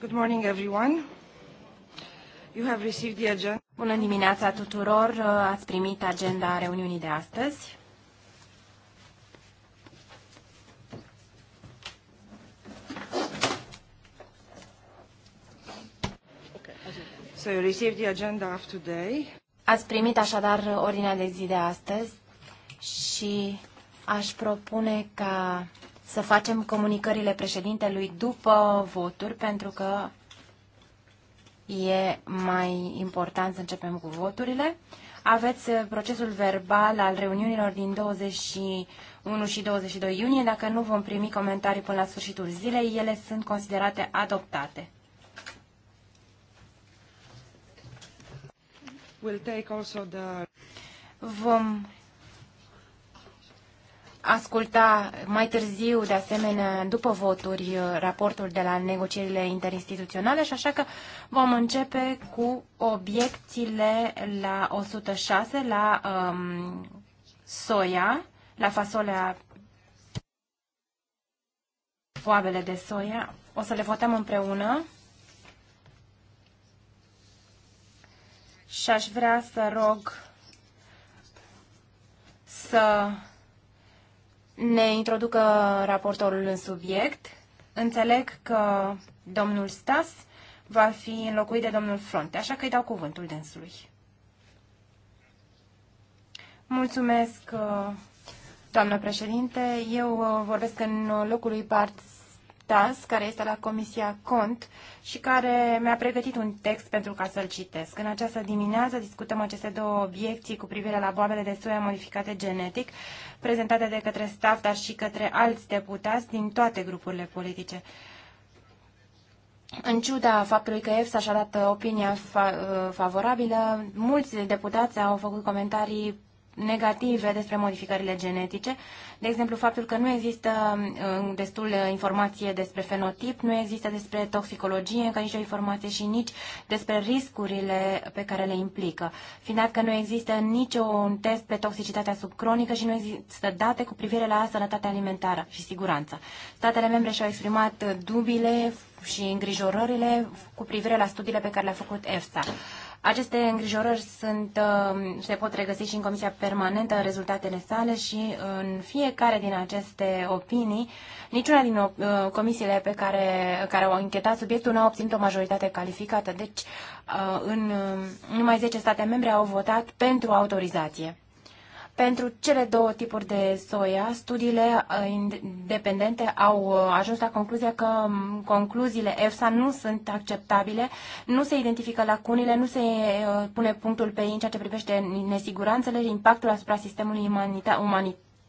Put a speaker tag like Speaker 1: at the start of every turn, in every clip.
Speaker 1: Good morning, everyone. You have received the agenda. Bună dimineața tuturor. Uh, ați primit agenda reuniunii de astăzi.
Speaker 2: So you received the agenda of today.
Speaker 1: Ați primit așadar ordinea de zi de astăzi și aș propune ca să facem comunicările președintelui după voturi, pentru că e mai important să începem cu voturile. Aveți procesul verbal al reuniunilor din 21 și 22 iunie. Dacă nu vom primi comentarii până la sfârșitul zilei, ele sunt considerate adoptate.
Speaker 2: We'll take also the...
Speaker 1: Vom asculta mai târziu, de asemenea, după voturi, uh, raportul de la negocierile interinstituționale și așa că vom începe cu obiecțiile la 106, la um, soia, la fasolea foabele de soia. O să le votăm împreună. Și aș vrea să rog să ne introducă raportorul în subiect. Înțeleg că domnul Stas va fi înlocuit de domnul Fronte, așa că îi dau cuvântul dânsului. Mulțumesc, doamnă președinte. Eu uh, vorbesc în locul lui Bart Tas, care este la Comisia Cont și care mi-a pregătit un text pentru ca să-l citesc. În această dimineață discutăm aceste două obiecții cu privire la boabele de soia modificate genetic, prezentate de către staff, dar și către alți deputați din toate grupurile politice. În ciuda faptului că EFSA și-a dat opinia fa- favorabilă, mulți deputați au făcut comentarii negative despre modificările genetice. De exemplu, faptul că nu există um, destul uh, informație despre fenotip, nu există despre toxicologie, încă nicio informație și nici despre riscurile pe care le implică. Fiind dat că nu există niciun test pe toxicitatea subcronică și nu există date cu privire la sănătatea alimentară și siguranța. Statele membre și-au exprimat dubile și îngrijorările cu privire la studiile pe care le-a făcut EFSA. Aceste îngrijorări sunt, uh, se pot regăsi și în Comisia Permanentă în rezultatele sale și în fiecare din aceste opinii, niciuna din uh, comisiile pe care, care au închetat subiectul nu a obținut o majoritate calificată. Deci, uh, în numai 10 state membre au votat pentru autorizație. Pentru cele două tipuri de soia, studiile uh, independente au uh, ajuns la concluzia că um, concluziile EFSA nu sunt acceptabile, nu se identifică lacunile, nu se uh, pune punctul pe ei în ceea ce privește nesiguranțele, impactul asupra sistemului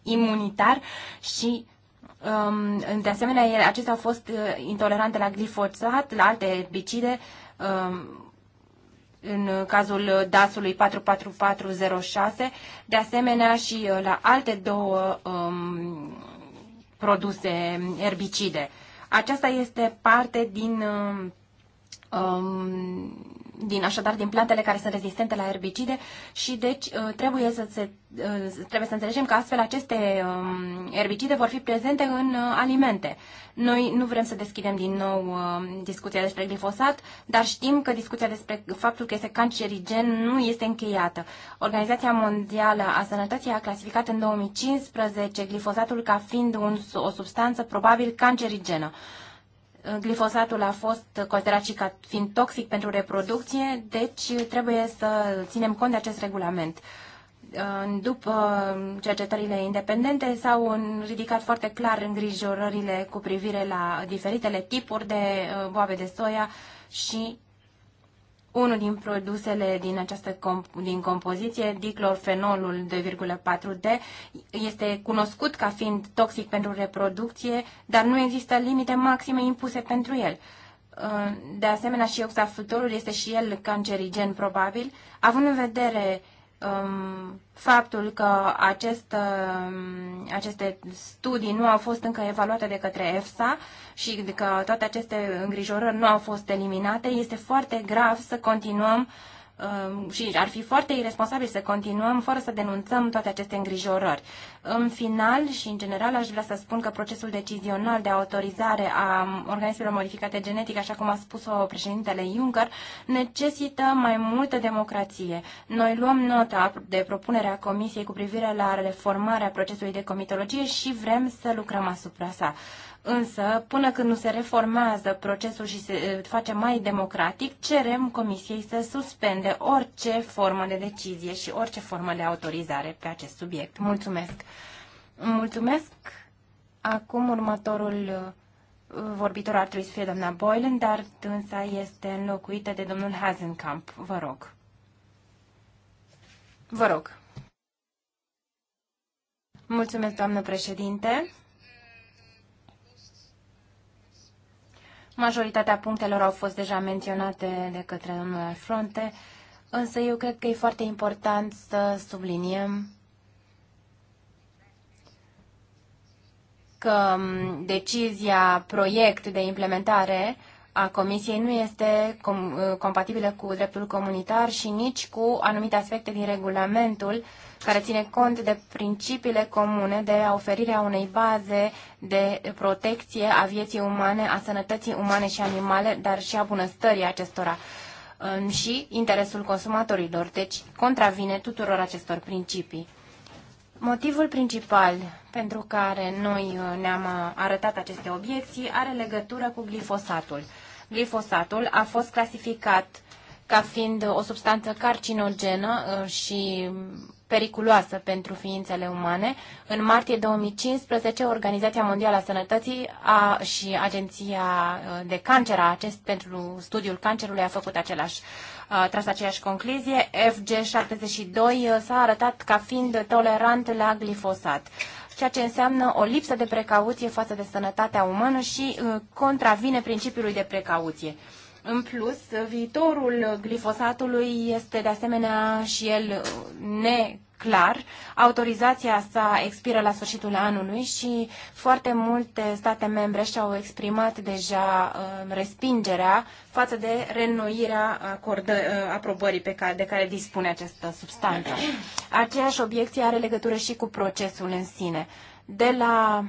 Speaker 1: imunitar și um, de asemenea, acestea au fost intolerante la glifosat, la alte herbicide, um, în cazul DAS-ului 44406, de asemenea și uh, la alte două um, produse erbicide. Aceasta este parte din um, um din, așadar din plantele care sunt rezistente la erbicide și deci uh, trebuie să, se, uh, trebuie să înțelegem că astfel aceste um, erbicide vor fi prezente în uh, alimente. Noi nu vrem să deschidem din nou discuția despre glifosat, dar știm că discuția despre faptul că este cancerigen nu este încheiată. Organizația Mondială a Sănătății a clasificat în 2015 glifosatul ca fiind un, o substanță probabil cancerigenă glifosatul a fost considerat și ca fiind toxic pentru reproducție, deci trebuie să ținem cont de acest regulament. După cercetările independente s-au ridicat foarte clar îngrijorările cu privire la diferitele tipuri de uh, boabe de soia și unul din produsele din această comp- din compoziție, diclorfenolul 2,4D, este cunoscut ca fiind toxic pentru reproducție, dar nu există limite maxime impuse pentru el. Uh, de asemenea, și oxaflutorul este și el cancerigen, probabil. Având în vedere um, faptul că acest, um, aceste studii nu au fost încă evaluate de către EFSA și că toate aceste îngrijorări nu au fost eliminate, este foarte grav să continuăm uh, Um, și ar fi foarte irresponsabil să continuăm fără să denunțăm toate aceste îngrijorări. În final și în general aș vrea să spun că procesul decizional de autorizare a organismelor modificate genetic, așa cum a spus-o președintele Juncker, necesită mai multă democrație. Noi luăm nota de propunerea Comisiei cu privire la reformarea procesului de comitologie și vrem să lucrăm asupra sa. Însă, până când nu se reformează procesul și se face mai democratic, cerem Comisiei să suspende orice formă de decizie și orice formă de autorizare pe acest subiect. Mulțumesc! Mulțumesc! Acum următorul vorbitor ar trebui să fie doamna Boylan, dar însă este înlocuită de domnul Hazenkamp. Vă rog. Vă rog. Mulțumesc, doamnă președinte. Majoritatea punctelor au fost deja menționate de către domnul alfronte, însă eu cred că e foarte important să subliniem că mm, decizia proiect de implementare a Comisiei nu este com- uh, compatibilă cu dreptul comunitar și nici cu anumite aspecte din regulamentul care ține cont de principiile comune de oferirea unei baze de protecție a vieții umane, a sănătății umane și animale, dar și a bunăstării acestora um, și interesul consumatorilor, deci contravine tuturor acestor principii. Motivul principal pentru care noi uh, ne-am uh, arătat aceste obiecții are legătură cu glifosatul glifosatul a fost clasificat ca fiind o substanță carcinogenă uh, și periculoasă pentru ființele umane. În martie 2015, Organizația Mondială a Sănătății a, și Agenția uh, de Cancer a acest, pentru studiul cancerului a făcut același a uh, tras aceeași concluzie, FG72 s-a arătat ca fiind tolerant la glifosat ceea ce înseamnă o lipsă de precauție față de sănătatea umană și uh, contravine principiului de precauție. În plus, viitorul glifosatului este de asemenea și el uh, ne clar. Autorizația sa expiră la sfârșitul anului și foarte multe state membre și-au exprimat deja um, respingerea față de reînnoirea acordă, uh, aprobării pe care, de care dispune această substanță. Aceeași obiecție are legătură și cu procesul în sine. De la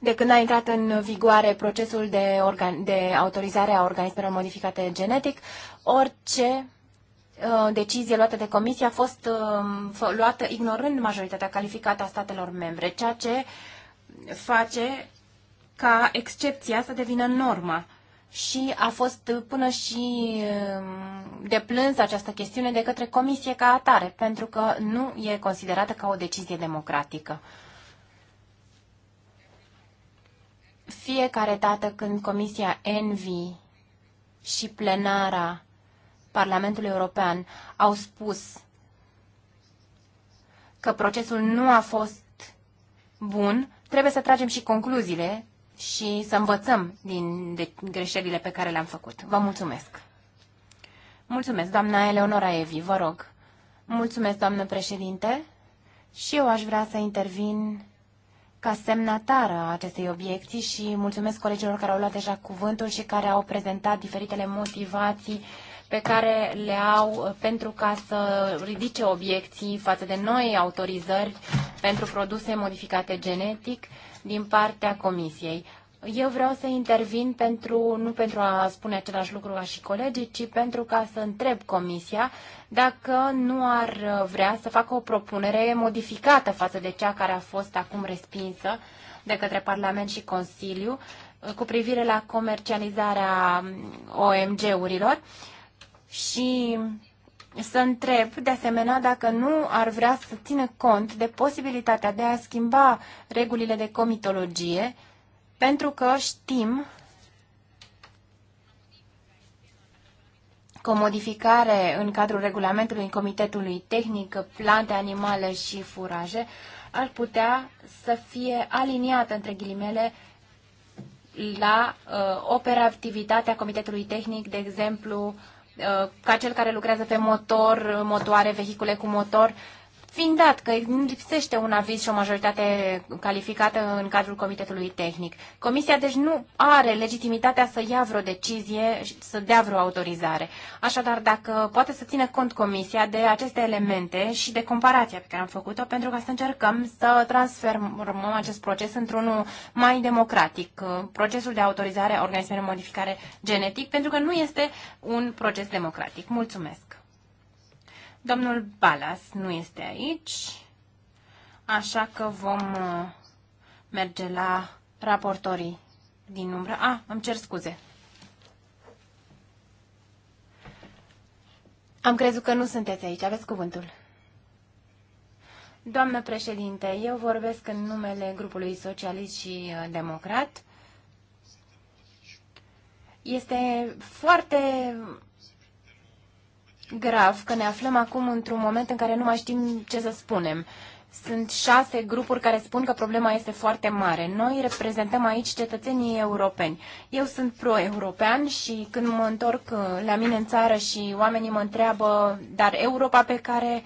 Speaker 1: de când a intrat în vigoare procesul de, organ, de autorizare a organismelor modificate genetic, orice Uh, decizie luată de comisie a fost uh, luată ignorând majoritatea calificată a statelor membre, ceea ce face ca excepția să devină normă. Și a fost până și uh, deplâns această chestiune de către comisie ca atare, pentru că nu e considerată ca o decizie democratică. Fiecare dată când Comisia Envi și plenara Parlamentului European au spus că procesul nu a fost bun, trebuie să tragem și concluziile și să învățăm din greșelile pe care le-am făcut. Vă mulțumesc! Mulțumesc, doamna Eleonora Evi, vă rog. Mulțumesc, doamnă președinte. Și eu aș vrea să intervin ca semnatară a acestei obiecții și mulțumesc colegilor care au luat deja cuvântul și care au prezentat diferitele motivații uh, pe care le au pentru ca să ridice obiecții față de noi autorizări pentru produse modificate genetic din partea Comisiei. Eu vreau să intervin pentru, nu pentru a spune același lucru ca și colegii, ci pentru ca să întreb Comisia dacă nu ar vrea să facă o propunere modificată față de cea care a fost acum respinsă de către Parlament și Consiliu cu privire la comercializarea um, OMG-urilor și să întreb, de asemenea, dacă nu ar vrea să țină cont de posibilitatea de a schimba regulile de comitologie, pentru că știm că o modificare în cadrul regulamentului Comitetului Tehnic Plante, Animale și Furaje ar putea să fie aliniată, între ghilimele, la uh, operativitatea Comitetului Tehnic, de exemplu, uh, ca cel care lucrează pe motor, motoare, vehicule cu motor, Fiind dat că lipsește un aviz și o majoritate calificată în cadrul Comitetului Tehnic, Comisia deci nu are legitimitatea să ia vreo decizie, să dea vreo autorizare. Așadar, dacă poate să țină cont Comisia de aceste elemente și de comparația pe care am făcut-o, pentru ca să încercăm să transformăm acest proces într-unul mai democratic, procesul de autorizare a organismelor modificare genetic, pentru că nu este un proces democratic. Mulțumesc! Domnul Balas nu este aici, așa că vom uh, merge la raportorii din umbră. A, ah, îmi cer scuze. Am crezut că nu sunteți aici. Aveți cuvântul. Doamnă președinte, eu vorbesc în numele grupului socialist și uh, democrat. Este foarte grav că ne aflăm acum într-un moment în care nu mai știm ce să spunem. Sunt șase grupuri care spun că problema este foarte mare. Noi reprezentăm aici cetățenii europeni. Eu sunt pro-european și când mă întorc uh, la mine în țară și oamenii mă întreabă, dar Europa pe care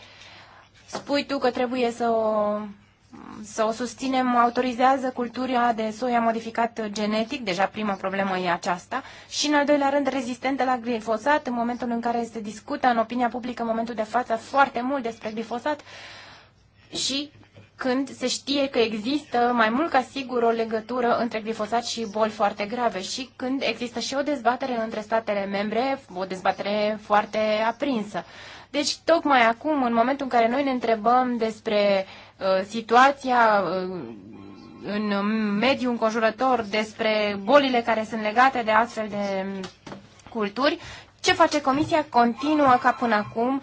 Speaker 1: spui tu că trebuie să o să o susținem, autorizează cultura de soia modificat genetic, deja prima problemă e aceasta, și în al doilea rând rezistentă la glifosat, în momentul în care se discută în opinia publică în momentul de față foarte mult despre glifosat și când se știe că există mai mult ca sigur o legătură între glifosat și boli foarte grave și când există și o dezbatere între statele membre, o dezbatere foarte aprinsă. Deci, tocmai acum, în momentul în care noi ne întrebăm despre uh, Uh, situația uh, în mediul înconjurător, despre bolile care sunt legate de astfel de culturi. Ce face Comisia? Continuă ca până acum uh,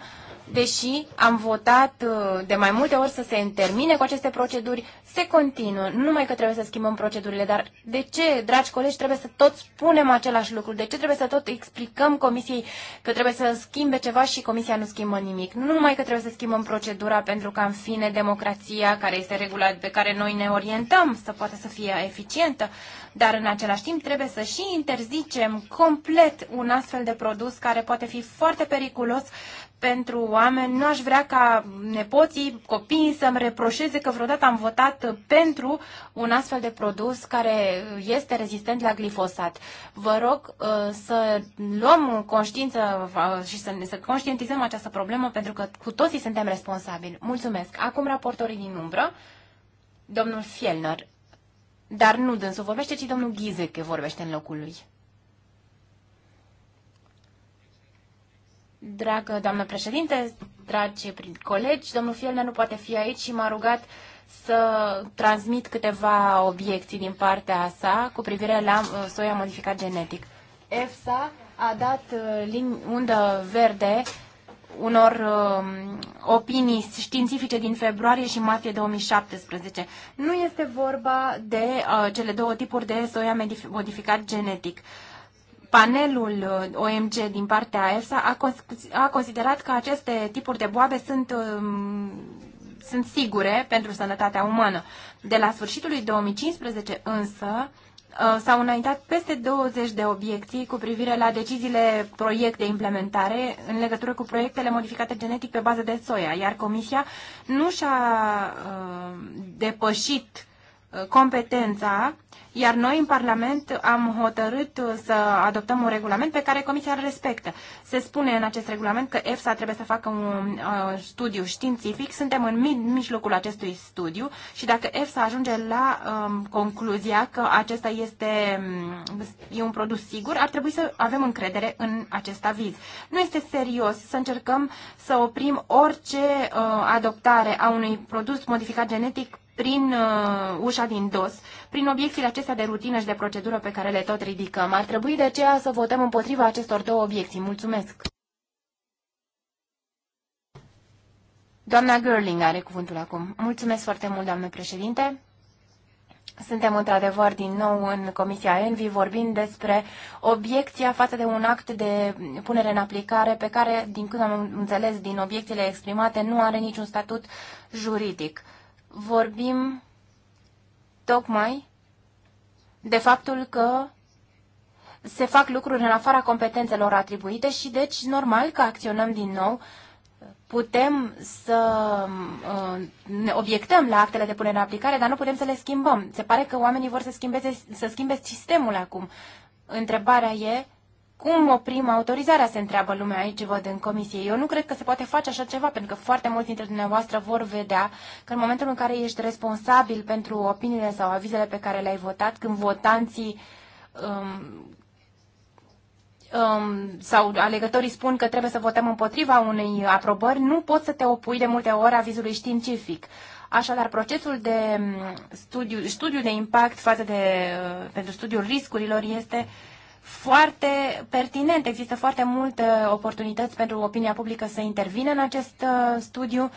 Speaker 1: deși am votat uh, de mai multe ori să se termine cu aceste proceduri, se continuă. Nu numai că trebuie să schimbăm procedurile, dar de ce, dragi colegi, trebuie să tot spunem același lucru? De ce trebuie să tot explicăm comisiei că trebuie să schimbe ceva și comisia nu schimbă nimic? Nu numai că trebuie să schimbăm procedura pentru că în fine, democrația, care este regulată pe care noi ne orientăm, să poată să fie eficientă, dar în același timp trebuie să și interzicem complet un astfel de produs care poate fi foarte periculos pentru oameni. Nu aș vrea ca nepoții, copiii să-mi reproșeze că vreodată am votat pentru un astfel de produs care este rezistent la glifosat. Vă rog uh, să luăm conștiință uh, și să, să conștientizăm această problemă pentru că cu toții suntem responsabili. Mulțumesc. Acum raportorii din umbră, domnul Fielner, dar nu dânsul vorbește, ci domnul că vorbește în locul lui. Dragă doamnă președinte, dragi colegi, domnul Fielner nu poate fi aici și m-a rugat să transmit câteva obiecții din partea sa cu privire la uh, soia modificat genetic.
Speaker 3: EFSA a
Speaker 1: dat uh, undă verde unor um, opinii științifice din februarie și martie 2017. Nu este vorba de uh, cele două tipuri de soia modificat genetic. Uh, panelul uh, OMG din partea EFSA a considerat că aceste tipuri de boabe sunt, um, sunt sigure pentru sănătatea umană. De la sfârșitul lui 2015 însă uh, s-au înaintat peste 20 de obiecții cu privire la deciziile proiect de implementare în legătură cu proiectele modificate genetic pe bază de soia, iar Comisia nu și-a uh, depășit competența iar noi în Parlament am hotărât să adoptăm un regulament pe care Comisia îl respectă. Se spune în acest regulament că EFSA trebuie să facă un uh, studiu științific, suntem în mijlocul acestui studiu și dacă EFSA ajunge la um, concluzia că acesta este mm, e un produs sigur, ar trebui să avem încredere în acest aviz. Nu este serios să încercăm să oprim orice uh, adoptare a unui produs modificat genetic prin uh, ușa din dos, prin obiecțiile acestea de rutină și de procedură pe care le tot ridicăm. Ar trebui de aceea să votăm împotriva acestor două obiecții. Mulțumesc! Doamna Gerling are cuvântul acum. Mulțumesc foarte mult, doamnă președinte. Suntem într-adevăr din nou în Comisia Envi vorbind despre obiecția față de un act de punere în aplicare pe care, din când am înțeles din obiecțiile exprimate, nu are niciun statut juridic vorbim tocmai de faptul că se fac lucruri în afara competențelor atribuite și deci normal că acționăm din nou putem să uh, ne obiectăm la actele de punere în aplicare, dar nu putem să le schimbăm. Se pare că oamenii vor să schimbe, să schimbe sistemul acum. Întrebarea e cum oprim autorizarea, se întreabă lumea aici, văd în comisie. Eu nu cred că se poate face așa ceva, pentru că foarte mulți dintre dumneavoastră vor vedea că în momentul în care ești responsabil pentru opiniile sau avizele pe care le-ai votat, când votanții um, um, sau alegătorii spun că trebuie să votăm împotriva unei aprobări, nu poți să te opui de multe ori avizului științific. Așadar, procesul de um, studiu, studiu de impact față de, uh, pentru studiul riscurilor este uh, foarte pertinent. Există foarte multe oportunități pentru opinia publică să intervină în acest uh, studiu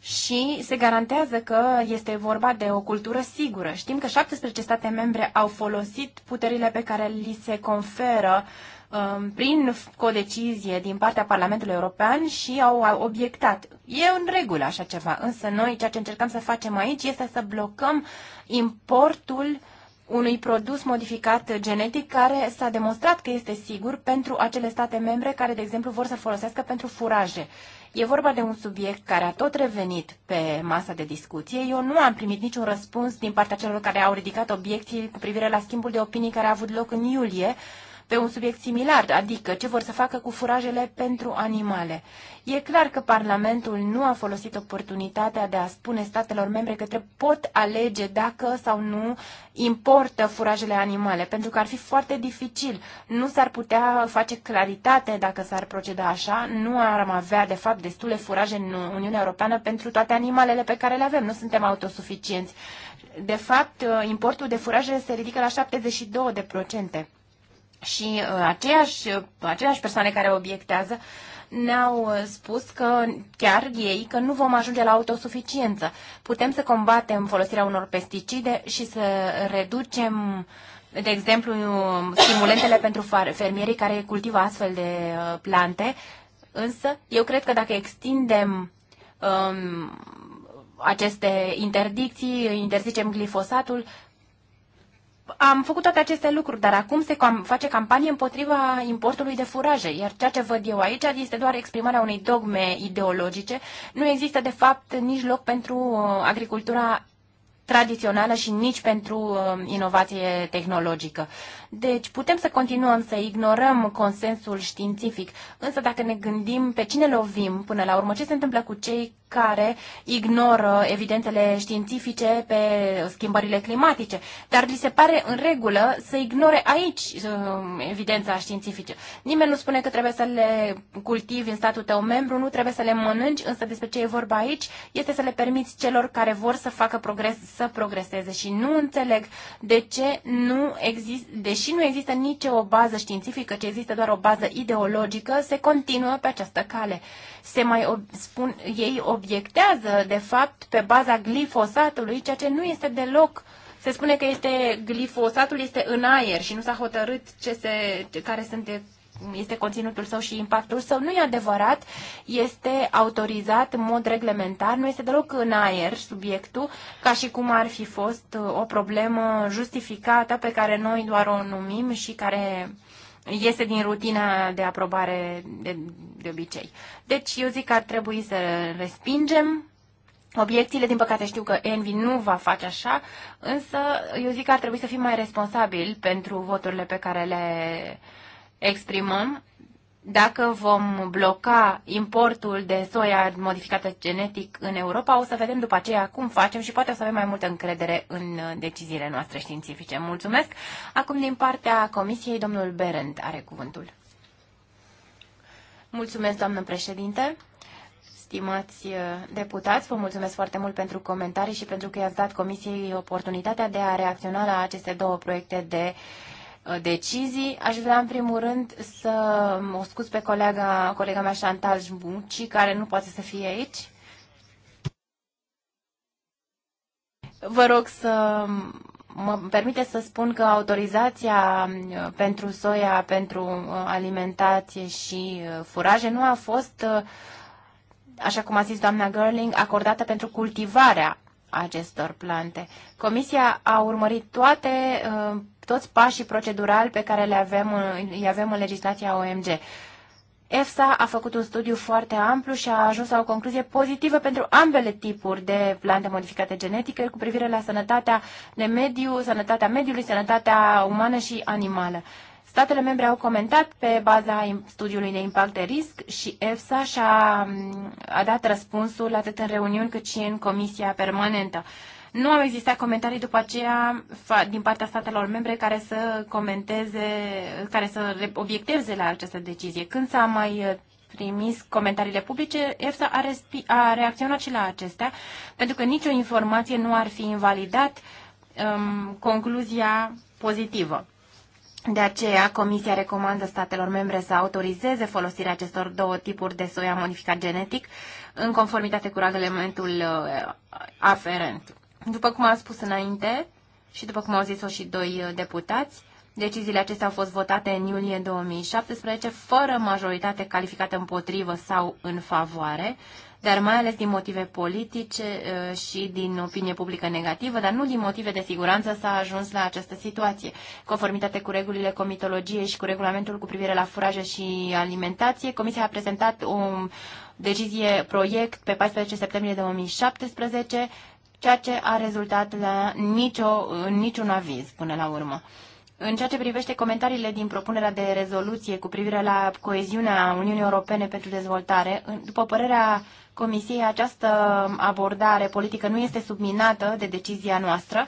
Speaker 1: și se garantează că este vorba de o cultură sigură. Știm că 17 state membre au folosit puterile pe care li se conferă um, prin codecizie din partea Parlamentului European și au obiectat. E în regulă așa ceva, însă noi ceea ce încercăm să facem aici este să blocăm importul uh, unui produs modificat genetic care s-a demonstrat că este sigur pentru acele state membre care, de exemplu, vor să folosească pentru furaje. E vorba de un subiect care a tot revenit pe masa de discuție. Eu nu am primit niciun răspuns din partea celor care au ridicat obiecții cu privire la schimbul de opinii care a avut loc în iulie pe un subiect similar, adică ce vor să facă cu furajele pentru animale. E clar că Parlamentul nu a folosit oportunitatea de a spune statelor membre că pot alege dacă sau nu importă furajele animale, pentru că ar fi foarte dificil. Nu s-ar putea face claritate dacă s-ar proceda așa, nu ar avea de fapt destule furaje în Uniunea Europeană pentru toate animalele pe care le avem, nu suntem autosuficienți. De fapt, importul de furaje se ridică la 72%. Și uh, aceiași, aceleași persoane care obiectează ne-au uh, spus că chiar ei că nu vom ajunge la autosuficiență. Putem să combatem folosirea unor pesticide și să reducem, de exemplu, stimulentele pentru fermierii care cultivă astfel de uh, plante, însă eu cred că dacă extindem um, aceste interdicții, interzicem glifosatul, am făcut toate aceste lucruri, dar acum se cam, face campanie împotriva importului de furaje, iar ceea ce văd eu aici este doar exprimarea unei dogme ideologice. Nu există, de fapt, nici loc pentru uh, agricultura tradițională și nici pentru uh, inovație tehnologică. Deci putem să continuăm să ignorăm consensul științific, însă dacă ne gândim pe cine lovim până la urmă, ce se întâmplă cu cei care ignoră evidențele științifice pe schimbările climatice, dar li se pare în regulă să ignore aici um, evidența științifică. Nimeni nu spune că trebuie să le cultivi în statul tău membru, nu trebuie să le mănânci, însă despre ce e vorba aici este să le permiți celor care vor să facă progres să progreseze și nu înțeleg de ce nu există, deși nu există nicio o bază științifică, ci există doar o bază ideologică, se continuă pe această cale. Se mai spun, ei obiectează, de fapt, pe baza glifosatului, ceea ce nu este deloc se spune că este glifosatul este în aer și nu s-a hotărât ce se, care sunt este conținutul său și impactul său, nu e adevărat, este autorizat în mod reglementar, nu este deloc în aer subiectul, ca și cum ar fi fost uh, o problemă justificată pe care noi doar o numim și care iese din rutina de aprobare de, de obicei. Deci eu zic că ar trebui să respingem obiecțiile, din păcate știu că Envy nu va face așa, însă eu zic că ar trebui să fim mai responsabili pentru voturile pe care le exprimăm dacă vom bloca importul de soia modificată genetic în Europa, o să vedem după aceea cum facem și poate o să avem mai multă încredere în uh, deciziile noastre științifice. Mulțumesc! Acum, din partea Comisiei, domnul Berend are cuvântul. Mulțumesc, doamnă președinte! Stimați uh, deputați, vă mulțumesc foarte mult pentru comentarii și pentru că i-ați dat Comisiei oportunitatea de a reacționa la aceste două proiecte de uh, Uh, decizii. Aș vrea în primul rând să o scuz pe colega, colega mea Chantal Jbunci, care nu poate să fie aici. Vă rog să mă permite să spun că autorizația uh, pentru soia, pentru uh, alimentație și furaje nu a fost, așa cum a zis doamna Gerling, acordată pentru cultivarea acestor plante. Comisia a urmărit toate, uh, toți pașii procedurali pe care le avem, uh, îi avem în legislația OMG. EFSA a făcut un studiu foarte amplu și a ajuns la o concluzie pozitivă pentru ambele tipuri de plante modificate genetică cu privire la sănătatea de mediu, sănătatea mediului, sănătatea umană și animală. Statele membre au comentat pe baza studiului de impact de risc și EFSA și-a mm, a dat răspunsul atât în reuniuni cât și în comisia permanentă. Nu au existat comentarii după aceea din partea statelor membre care să comenteze, care să obiecteze la această decizie. Când s-a mai primis eh, comentariile publice, EFSA a, respi- a reacționat și la acestea, pentru că nicio informație nu ar fi invalidat um, concluzia pozitivă. De aceea, Comisia recomandă statelor membre să autorizeze folosirea acestor două tipuri de soia modificat genetic în conformitate cu reglementul uh, aferent. După cum am spus înainte și după cum au zis-o și doi uh, deputați, deciziile acestea au fost votate în iulie 2017 fără majoritate calificată împotrivă sau în favoare, dar mai ales din motive politice uh, și din opinie publică negativă, dar nu din motive de siguranță s-a ajuns la această situație. Conformitate cu regulile comitologiei și cu regulamentul cu privire la furaje și alimentație, Comisia a prezentat o decizie proiect pe 14 septembrie 2017, ceea ce a rezultat la nicio, niciun aviz până la urmă. În ceea ce privește comentariile din propunerea de rezoluție cu privire la coeziunea Uniunii Europene pentru dezvoltare, după părerea Comisiei, această abordare politică nu este subminată de decizia noastră,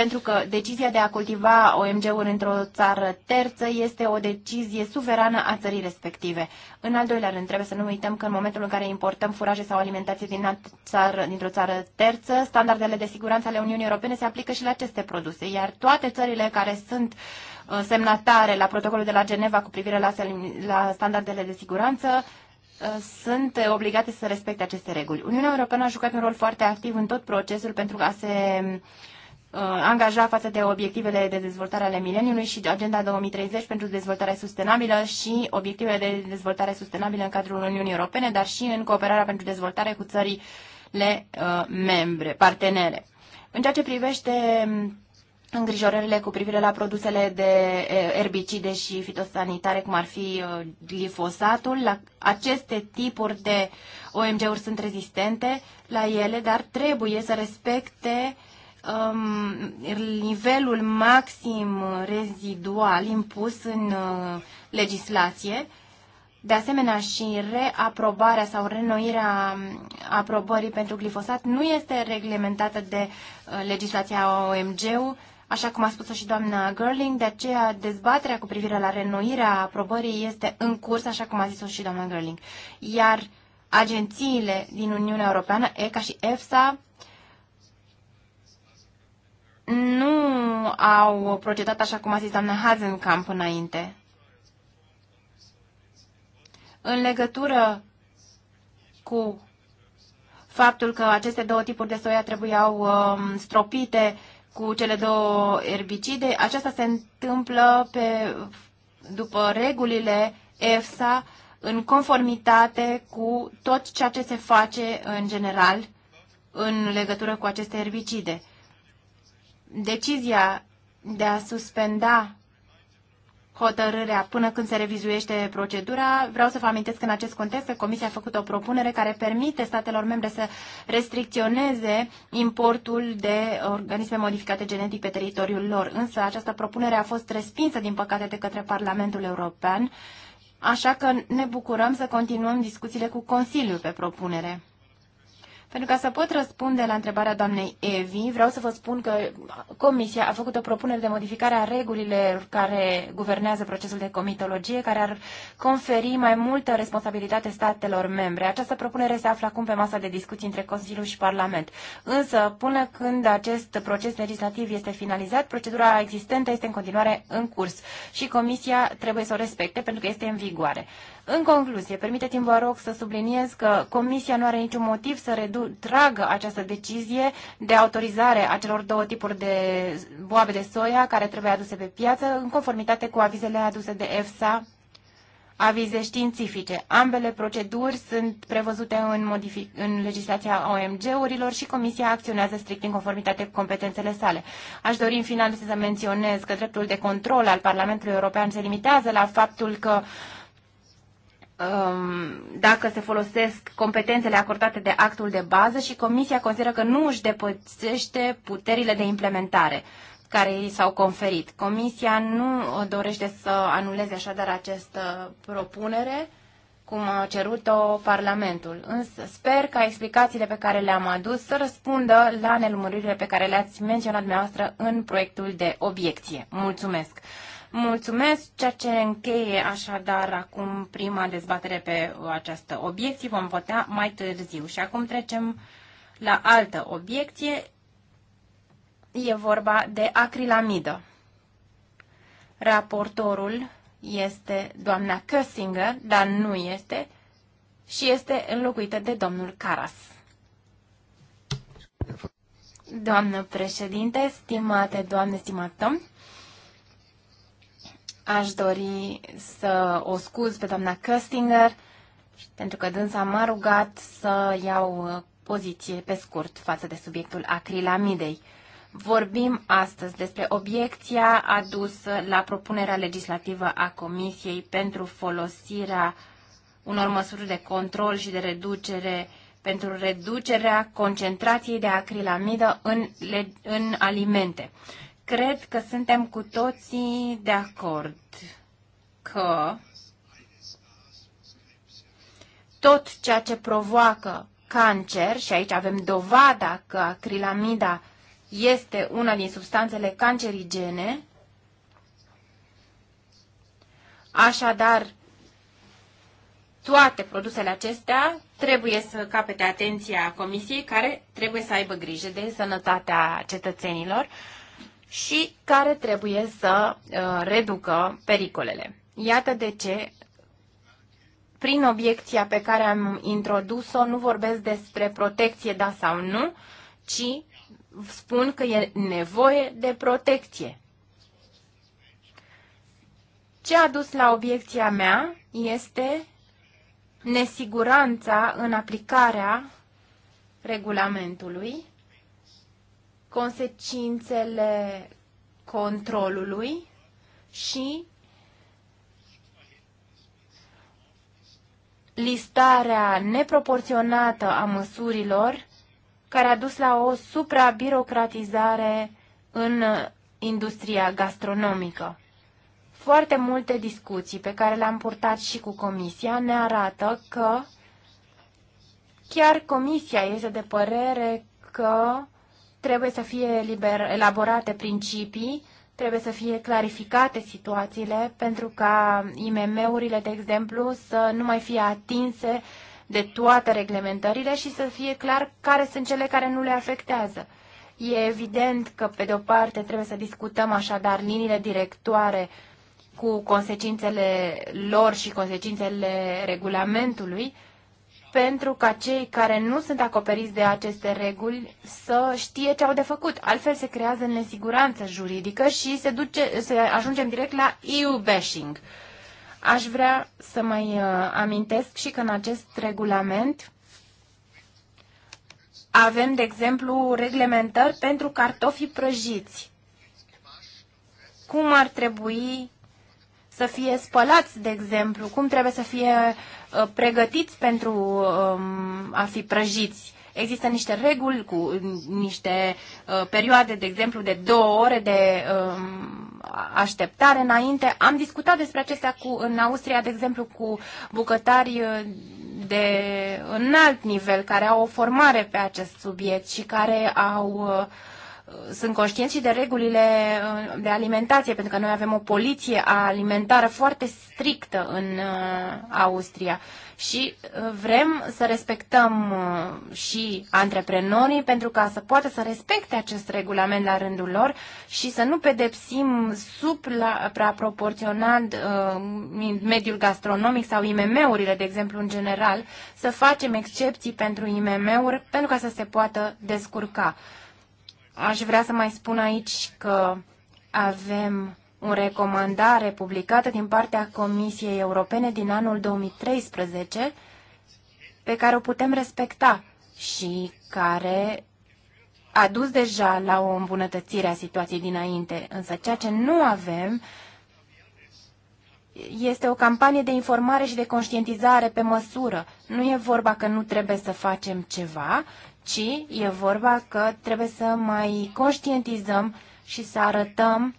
Speaker 1: pentru că decizia de a cultiva OMG-uri într-o țară terță este o decizie suverană a țării respective. În al doilea rând, trebuie să nu uităm că în momentul în care importăm furaje sau alimentație din țară, dintr-o țară terță, standardele de siguranță ale Uniunii Europene se aplică și la aceste produse, iar toate țările care sunt uh, semnatare la protocolul de la Geneva cu privire la, la standardele de siguranță uh, sunt obligate să respecte aceste reguli. Uniunea Europeană a jucat un rol foarte activ în tot procesul pentru a se uh, Uh, angaja față de obiectivele de dezvoltare ale mileniului și Agenda 2030 pentru dezvoltare sustenabilă și obiectivele de dezvoltare sustenabilă în cadrul Uniunii Europene, dar și în cooperarea pentru dezvoltare cu țările uh, membre, partenere. În ceea ce privește um, îngrijorările cu privire la produsele de uh, erbicide și fitosanitare, cum ar fi glifosatul. La aceste tipuri de OMG-uri sunt rezistente la ele, dar trebuie să respecte Um, nivelul maxim rezidual impus în uh, legislație, de asemenea și reaprobarea sau renoirea um, aprobării pentru glifosat nu este reglementată de uh, legislația omg Așa cum a spus-o și doamna Gerling, de aceea dezbaterea cu privire la renoirea aprobării este în curs, așa cum a zis-o și doamna Gerling. Iar agențiile din Uniunea Europeană, ECA și EFSA, nu au procedat așa cum a zis doamna Hazenkamp înainte. În legătură cu faptul că aceste două tipuri de soia trebuiau um, stropite cu cele două erbicide, aceasta se întâmplă pe, după regulile EFSA în conformitate cu tot ceea ce se face în general în legătură cu aceste erbicide decizia de a suspenda hotărârea până când se revizuiește procedura. Vreau să vă amintesc în acest context că Comisia a făcut o propunere care permite statelor membre să restricționeze importul de organisme modificate genetic pe teritoriul lor. Însă această propunere a fost respinsă, din păcate, de către Parlamentul European, așa că ne bucurăm să continuăm discuțiile cu Consiliul pe propunere. Pentru ca să pot răspunde la întrebarea doamnei Evi, vreau să vă spun că Comisia a făcut o propunere de modificare a regulilor care guvernează procesul de comitologie, care ar conferi mai multă responsabilitate statelor membre. Această propunere se află acum pe masa de discuții între Consiliu și Parlament. Însă, până când acest proces legislativ este finalizat, procedura existentă este în continuare în curs și Comisia trebuie să o respecte pentru că este în vigoare. În concluzie, permiteți-mi, vă rog, să subliniez că Comisia nu are niciun motiv să retragă această decizie de autorizare a celor două tipuri de boabe de soia care trebuie aduse pe piață în conformitate cu avizele aduse de EFSA avize științifice. Ambele proceduri sunt prevăzute în, în legislația OMG-urilor și Comisia acționează strict în conformitate cu competențele sale. Aș dori în final să menționez că dreptul de control al Parlamentului European se limitează la faptul că Um, dacă se folosesc competențele acordate de actul de bază și Comisia consideră că nu își depățește puterile de implementare care i s-au conferit. Comisia nu dorește să anuleze așadar această propunere cum a cerut-o Parlamentul. Însă sper ca explicațiile pe care le-am adus să răspundă la nelumăririle pe care le-ați menționat dumneavoastră în proiectul de obiecție. Mulțumesc! Mulțumesc, ceea ce încheie așadar acum prima dezbatere pe această obiecție. Vom vota mai târziu și acum trecem la altă obiecție. E vorba de acrilamidă. Raportorul este doamna Kössinger, dar nu este, și este înlocuită de domnul Caras. Doamnă președinte, stimate doamne, stimat domn, Aș dori să o scuz pe doamna Köstinger, pentru că dânsa m-a rugat să iau uh, poziție pe scurt față de subiectul acrilamidei. Vorbim astăzi despre obiecția adusă la propunerea legislativă a Comisiei pentru folosirea unor măsuri de control și de reducere pentru reducerea concentrației de acrilamidă în, în alimente. Cred că suntem cu toții de acord că tot ceea ce provoacă cancer, și aici avem dovada că acrilamida este una din substanțele cancerigene, așadar toate produsele acestea trebuie să capete atenția comisiei care trebuie să aibă grijă de sănătatea cetățenilor și care trebuie să uh, reducă pericolele. Iată de ce, prin obiecția pe care am introdus-o, nu vorbesc despre protecție da sau nu, ci spun că e nevoie de protecție. Ce a dus la obiecția mea este nesiguranța în aplicarea regulamentului consecințele controlului și listarea neproporționată a măsurilor care a dus la o suprabirocratizare în industria gastronomică. Foarte multe discuții pe care le-am purtat și cu Comisia ne arată că chiar Comisia este de părere că Trebuie să fie liber, elaborate principii, trebuie să fie clarificate situațiile pentru ca IMM-urile, de exemplu, să nu mai fie atinse de toate reglementările și să fie clar care sunt cele care nu le afectează. E evident că, pe de o parte, trebuie să discutăm așadar liniile directoare cu consecințele lor și consecințele regulamentului, pentru ca cei care nu sunt acoperiți de aceste reguli să știe ce au de făcut. Altfel se creează nesiguranță juridică și se, duce, se ajungem direct la EU-bashing. Aș vrea să mai uh, amintesc și că în acest regulament avem, de exemplu, reglementări pentru cartofii prăjiți. Cum ar trebui să fie spălați, de exemplu, cum trebuie să fie Uh, pregătiți pentru um, a fi prăjiți. Există niște reguli cu niște uh, perioade, de exemplu, de două ore de um, așteptare înainte. Am discutat despre acestea cu, în Austria, de exemplu, cu bucătari uh, de înalt nivel care au o formare pe acest subiect și care au uh, sunt conștienți și de regulile uh, de alimentație, pentru că noi avem o poliție alimentară foarte strictă în uh, Austria și uh, vrem să respectăm și antreprenorii pentru ca să poată să respecte acest regulament la rândul lor și să nu pedepsim supraproporțional mediul gastronomic sau IMM-urile, de exemplu, în general, să facem excepții pentru IMM-uri pentru ca să se poată descurca. Aș vrea să mai spun aici că avem o recomandare publicată din partea Comisiei Europene din anul 2013 pe care o putem respecta și care a dus deja la o îmbunătățire a situației dinainte. Însă ceea ce nu avem este o campanie de informare și de conștientizare pe măsură. Nu e vorba că nu trebuie să facem ceva, ci e vorba că trebuie să mai conștientizăm și să arătăm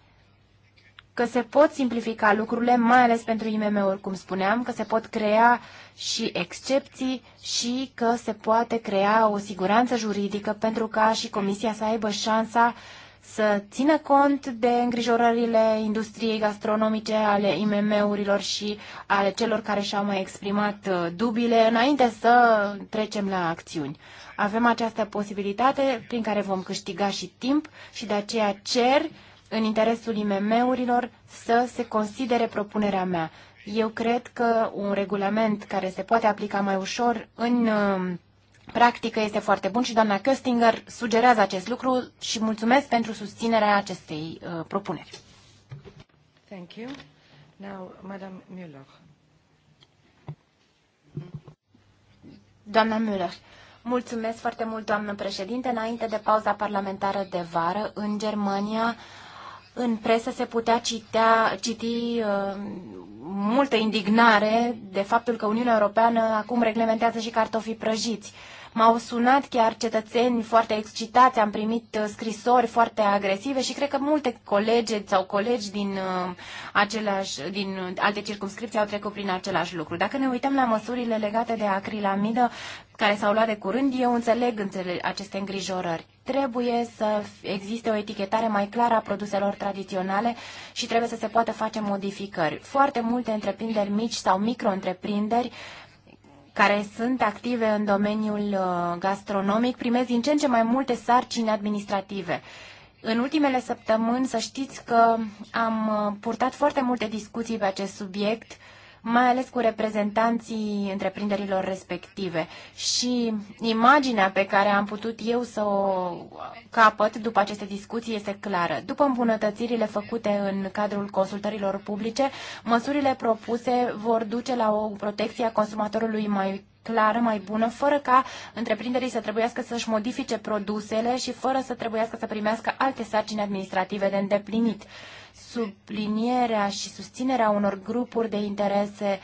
Speaker 1: că se pot simplifica lucrurile, mai ales pentru IMM-uri, cum spuneam, că se pot crea și excepții și că se poate crea o siguranță juridică pentru ca și Comisia să aibă șansa să țină cont de îngrijorările industriei gastronomice, ale IMM-urilor și ale celor care și-au mai exprimat uh, dubile înainte să trecem la acțiuni. Avem această posibilitate prin care vom câștiga și timp și de aceea cer în interesul IMM-urilor să se considere propunerea mea. Eu cred că un regulament care se poate aplica mai ușor în uh, practică este foarte bun și doamna Köstinger sugerează acest lucru și mulțumesc pentru susținerea acestei uh, propuneri.
Speaker 2: Thank you. Now, Madame Müller.
Speaker 1: Doamna Müller, Mulțumesc foarte mult, doamnă președinte. Înainte de pauza parlamentară de vară, în Germania, în presă se putea citea, citi uh, multă indignare de faptul că Uniunea Europeană acum reglementează și cartofii prăjiți. Uh, M-au sunat chiar cetățeni foarte excitați, am primit uh, scrisori foarte agresive și cred că multe colege sau colegi din, uh, același, din alte circumscripții au trecut prin același lucru. Dacă ne uităm la măsurile legate de acrilamidă care s-au luat de curând, eu înțeleg, înțeleg aceste îngrijorări trebuie să existe o etichetare mai clară a produselor tradiționale și trebuie să se poată face modificări. Foarte multe întreprinderi mici sau micro-întreprinderi care sunt active în domeniul uh, gastronomic primesc din ce în ce mai multe sarcini administrative. În ultimele săptămâni, să știți că am uh, purtat foarte multe discuții pe acest subiect mai ales cu reprezentanții întreprinderilor respective. Și imaginea pe care am putut eu să o capăt după aceste discuții este clară. După îmbunătățirile făcute în cadrul consultărilor publice, măsurile propuse vor duce la o protecție a consumatorului mai clară, mai bună, fără ca întreprinderii să trebuiască să-și modifice produsele și fără să trebuiască să primească alte sarcini administrative de îndeplinit sublinierea și susținerea unor grupuri de interese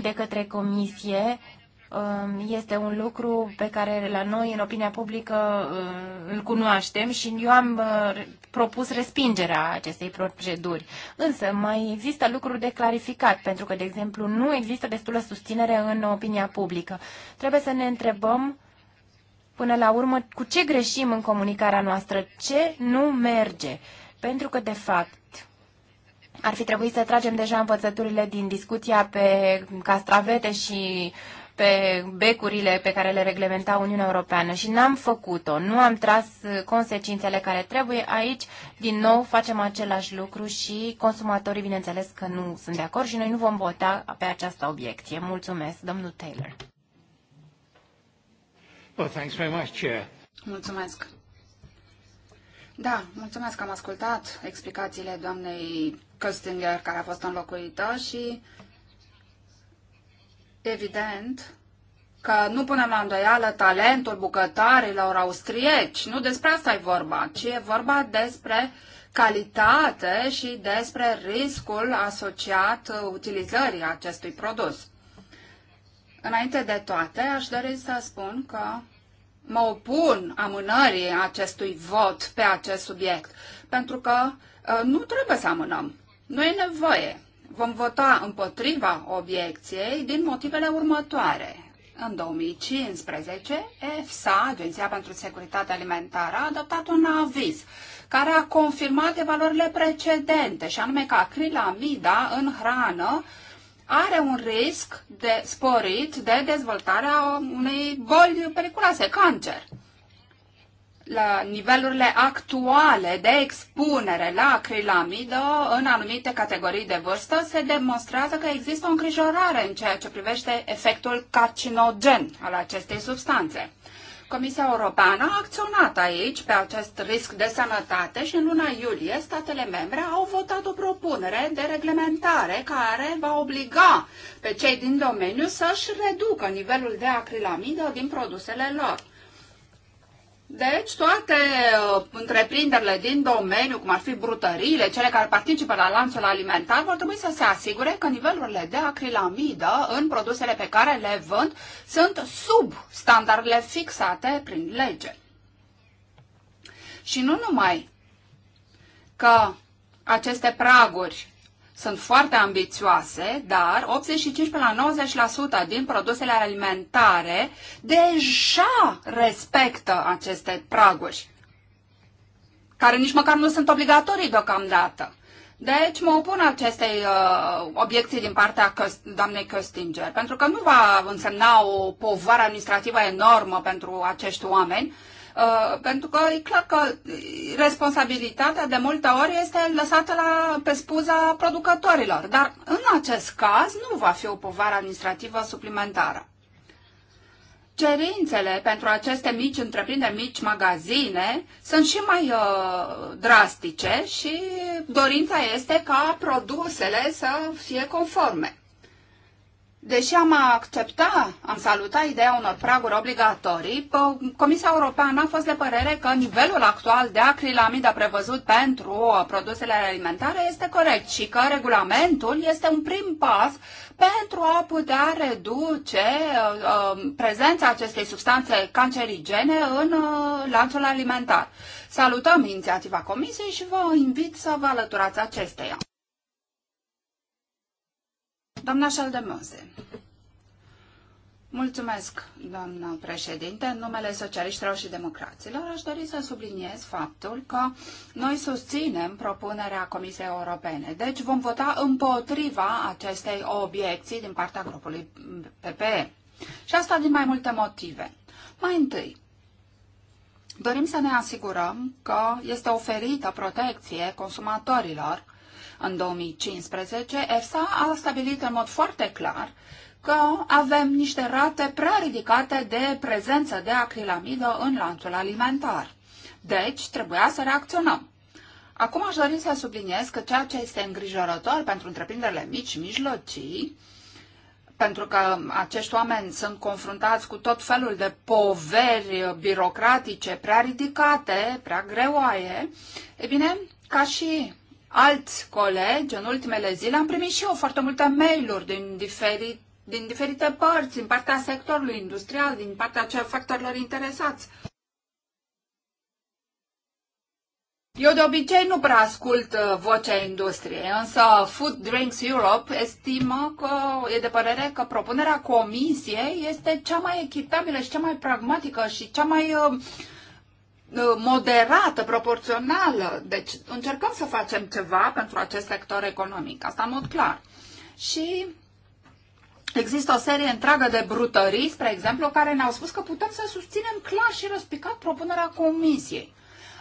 Speaker 1: de către comisie um, este un lucru pe care la noi, în opinia publică, um, îl cunoaștem și eu am uh, propus respingerea acestei proceduri. Însă mai există lucruri de clarificat, pentru că, de exemplu, nu există destulă susținere în opinia publică. Trebuie să ne întrebăm până la urmă cu ce greșim în comunicarea noastră, ce nu merge. Pentru că, de fapt, ar fi trebuit să tragem deja învățăturile din discuția pe castravete și pe becurile pe care le reglementa Uniunea Europeană și n-am făcut-o, nu am tras consecințele care trebuie aici, din nou facem același lucru și consumatorii, bineînțeles că nu sunt de acord și noi nu vom vota pe această obiecție.
Speaker 2: Mulțumesc, domnul Taylor.
Speaker 3: Well, thanks very much, Chair.
Speaker 2: Mulțumesc. Da, mulțumesc că am ascultat explicațiile doamnei Köstinger, care a fost înlocuită și evident că nu punem la îndoială talentul bucătarilor austrieci. Nu despre asta e vorba, ci e vorba despre calitate și despre riscul asociat utilizării acestui produs. Înainte de toate, aș dori să spun că mă opun amânării acestui vot pe acest subiect, pentru că uh, nu trebuie să amânăm. Nu e nevoie. Vom vota împotriva obiecției din motivele următoare. În 2015, EFSA, Agenția pentru Securitate Alimentară, a adoptat un aviz care a confirmat valorile precedente, și anume că acrilamida în hrană are un risc de sporit de dezvoltarea unei boli periculoase, cancer la nivelurile actuale de expunere la acrilamidă în anumite categorii de vârstă, se demonstrează că există o îngrijorare în ceea ce privește efectul carcinogen al acestei substanțe. Comisia Europeană a acționat aici pe acest risc de sănătate și în luna iulie statele membre au votat o propunere de reglementare care va obliga pe cei din domeniu să-și reducă nivelul de acrilamidă din produsele lor. Deci toate uh, întreprinderile din domeniu, cum ar fi brutăriile, cele care participă la lanțul alimentar, vor trebui să se asigure că nivelurile de acrilamidă în produsele pe care le vând sunt sub standardele fixate prin lege. Și nu numai că aceste praguri sunt foarte ambițioase, dar 85 până la 90% din produsele alimentare deja respectă aceste praguri, care nici măcar nu sunt obligatorii deocamdată. Deci mă opun acestei uh, obiecții din partea Căst- doamnei Köstinger, pentru că nu va însemna o povară administrativă enormă pentru acești oameni, uh, Uh, pentru că e clar că responsabilitatea de multe ori este lăsată la, pe spuza producătorilor, dar în acest caz nu va fi o povară administrativă suplimentară. Cerințele pentru aceste mici întreprinderi, mici magazine, sunt și mai uh, drastice și dorința este ca produsele să fie conforme. Deși am accepta, am salutat ideea unor praguri obligatorii, Comisia Europeană a fost de părere că nivelul actual de acrilamidă prevăzut pentru uh, produsele alimentare este corect și că regulamentul este un prim pas pentru a putea reduce uh, uh, prezența acestei substanțe cancerigene în uh, lanțul alimentar. Salutăm inițiativa Comisiei și vă invit să vă alăturați acesteia. Doamna Șaldemose. Mulțumesc, doamnă președinte. În numele socialiștilor și democraților aș dori să subliniez faptul că noi susținem propunerea Comisiei Europene. Deci vom vota împotriva acestei obiecții din partea grupului PPE. Și asta din mai multe motive. Mai întâi, dorim să ne asigurăm că este oferită protecție consumatorilor în 2015, EFSA a stabilit în mod foarte clar că avem niște rate prea ridicate de prezență de acrilamidă în lanțul alimentar. Deci, trebuia să reacționăm. Acum aș dori să subliniez că ceea ce este îngrijorător pentru întreprinderile mici și mijlocii, pentru că acești oameni sunt confruntați cu tot felul de poveri birocratice prea ridicate, prea greoaie, e bine, ca și alți colegi, în ultimele zile am primit și eu foarte multe mail-uri din, diferit, din diferite părți, din partea sectorului industrial, din partea factorilor interesați. Eu de obicei nu prea ascult uh, vocea industriei, însă Food Drinks Europe estimă că e de părere că propunerea comisiei este cea mai echitabilă și cea mai pragmatică și cea mai uh, Uh, moderată, proporțională. Deci încercăm să facem ceva pentru acest sector economic. Asta în mod clar. Și Există o serie întreagă de brutării, spre exemplu, care ne-au spus că putem să susținem clar și răspicat propunerea comisiei.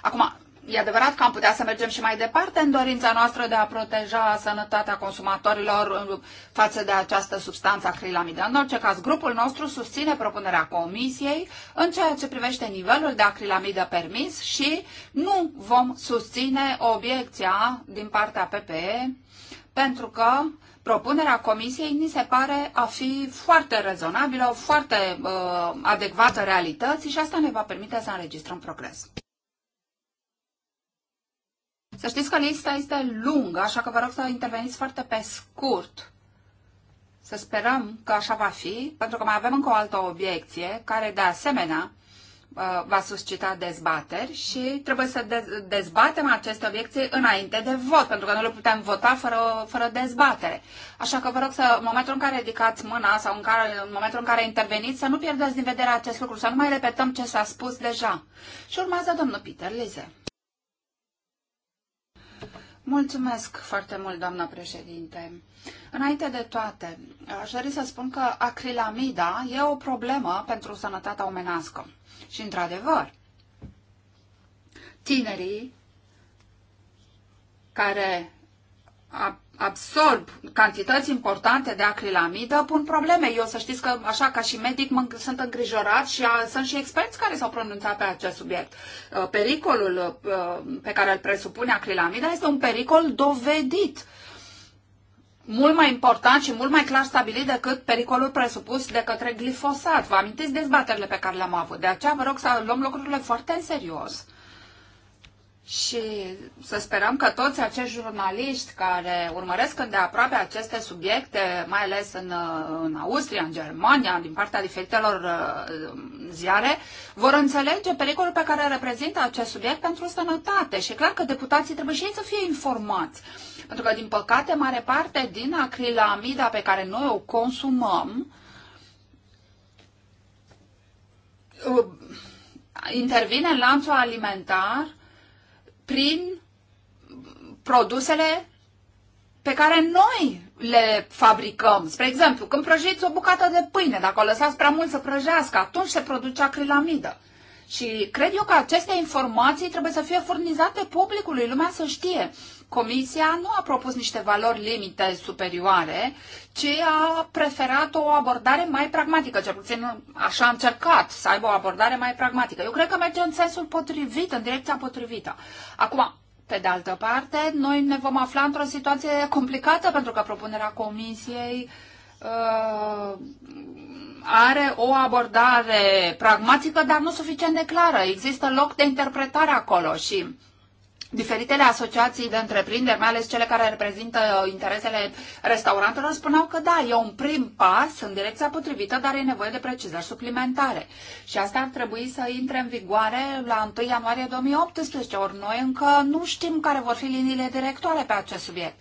Speaker 2: Acum, E adevărat că am putea să mergem și mai departe în dorința noastră de a proteja sănătatea consumatorilor față de această substanță acrilamidă. În orice caz, grupul nostru susține propunerea comisiei în ceea ce privește nivelul de acrilamidă permis și nu vom susține obiecția din partea PPE pentru că propunerea comisiei ni se pare a fi foarte rezonabilă, foarte uh, adecvată realității și asta ne va permite să înregistrăm progres. Să știți că lista este lungă, așa că vă rog să interveniți foarte pe scurt. Să sperăm că așa va fi, pentru că mai avem încă o altă obiecție, care de asemenea uh, va suscita dezbateri și trebuie să dezbatem aceste obiecții înainte de vot, pentru că nu le putem vota fără, fără dezbatere. Așa că vă rog să, în momentul în care ridicați mâna sau în, care, în momentul în care interveniți, să nu pierdeți din vedere acest lucru, să nu mai repetăm ce s-a spus deja. Și urmează domnul Peter Lize. Mulțumesc foarte mult, doamna președinte. Înainte de toate, aș dori să spun că acrilamida e o problemă pentru sănătatea omenească. Și, într-adevăr, tinerii care absorb cantități importante de acrilamidă pun probleme. Eu să știți că, așa ca și medic, mă, sunt îngrijorat și a, sunt și experți care s-au pronunțat pe acest subiect. Uh, pericolul uh, pe care îl presupune acrilamida este un pericol dovedit mult mai important și mult mai clar stabilit decât pericolul presupus de către glifosat. Vă amintiți dezbaterile pe care le-am avut. De aceea vă rog să luăm lucrurile foarte în serios. Și să sperăm că toți acești jurnaliști care urmăresc îndeaproape aceste subiecte, mai ales în, în Austria, în Germania, din partea diferitelor uh, ziare, vor înțelege pericolul pe care reprezintă acest subiect pentru sănătate. Și clar că deputații trebuie și ei să fie informați. Pentru că, din păcate, mare parte din acrilamida pe care noi o consumăm, uh, intervine în lanțul alimentar prin produsele pe care noi le fabricăm. Spre exemplu, când prăjiți o bucată de pâine, dacă o lăsați prea mult să prăjească, atunci se produce acrilamidă. Și cred eu că aceste informații trebuie să fie furnizate publicului, lumea să știe. Comisia nu a propus niște valori limite superioare, ci a preferat o abordare mai pragmatică, cel puțin așa a încercat să aibă o abordare mai pragmatică. Eu cred că merge în sensul potrivit, în direcția potrivită. Acum, pe de altă parte, noi ne vom afla într-o situație complicată pentru că propunerea Comisiei uh, are o abordare pragmatică, dar nu suficient de clară. Există loc de interpretare acolo și Diferitele asociații de întreprinderi, mai ales cele care reprezintă interesele restaurantelor, spuneau că da, e un prim pas în direcția potrivită, dar e nevoie de precizări suplimentare. Și asta ar trebui să intre în vigoare la 1 ianuarie 2018, ori noi încă nu știm care vor fi liniile directoare pe acest subiect.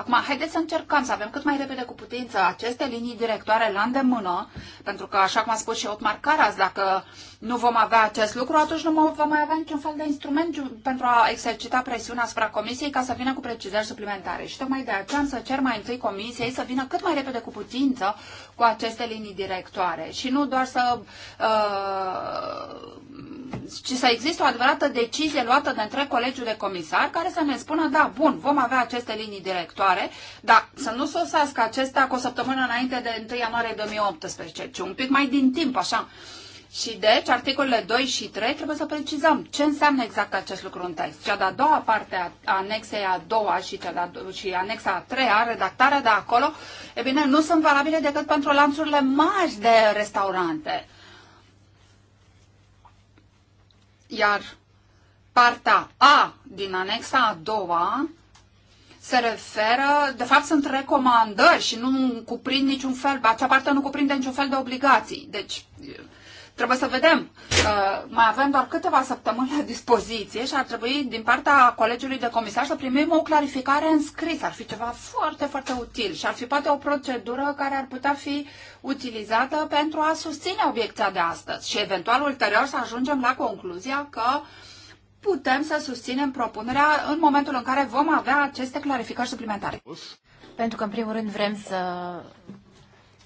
Speaker 2: Acum, haideți să încercăm să avem cât mai repede cu putință aceste linii directoare la îndemână, pentru că, așa cum a spus și Otmar Caras, dacă nu vom avea acest lucru, atunci nu vom mai avea niciun fel de instrument pentru a exercita presiunea asupra Comisiei ca să vină cu precizări suplimentare. Și tocmai de aceea am să cer mai întâi Comisiei să vină cât mai repede cu putință cu aceste linii directoare și nu doar să uh, și să existe o adevărată decizie luată de între colegiul de comisar care să ne spună, da, bun, vom avea aceste linii directoare, dar să nu sosească acestea cu o săptămână înainte de 1 ianuarie 2018, ci un pic mai din timp, așa. Și deci, articolele 2 și 3 trebuie să precizăm ce înseamnă exact acest lucru în text. Cea de-a doua parte a anexei a doua și, cea de-a, și anexa a treia, redactarea de acolo, e bine, nu sunt valabile decât pentru lanțurile mari de restaurante. Iar partea A din anexa a doua se referă, de fapt sunt recomandări și nu cuprind niciun fel, acea parte nu cuprinde niciun fel de obligații. Deci Trebuie să vedem. Uh, mai avem doar câteva săptămâni la dispoziție și ar trebui din partea colegiului de comisar să primim o clarificare în scris. Ar fi ceva foarte, foarte util și ar fi poate o procedură care ar putea fi utilizată pentru a susține obiecția de astăzi și eventual ulterior să ajungem la concluzia că putem să susținem propunerea în momentul în care vom avea aceste clarificări suplimentare. Pentru că, în primul rând, vrem să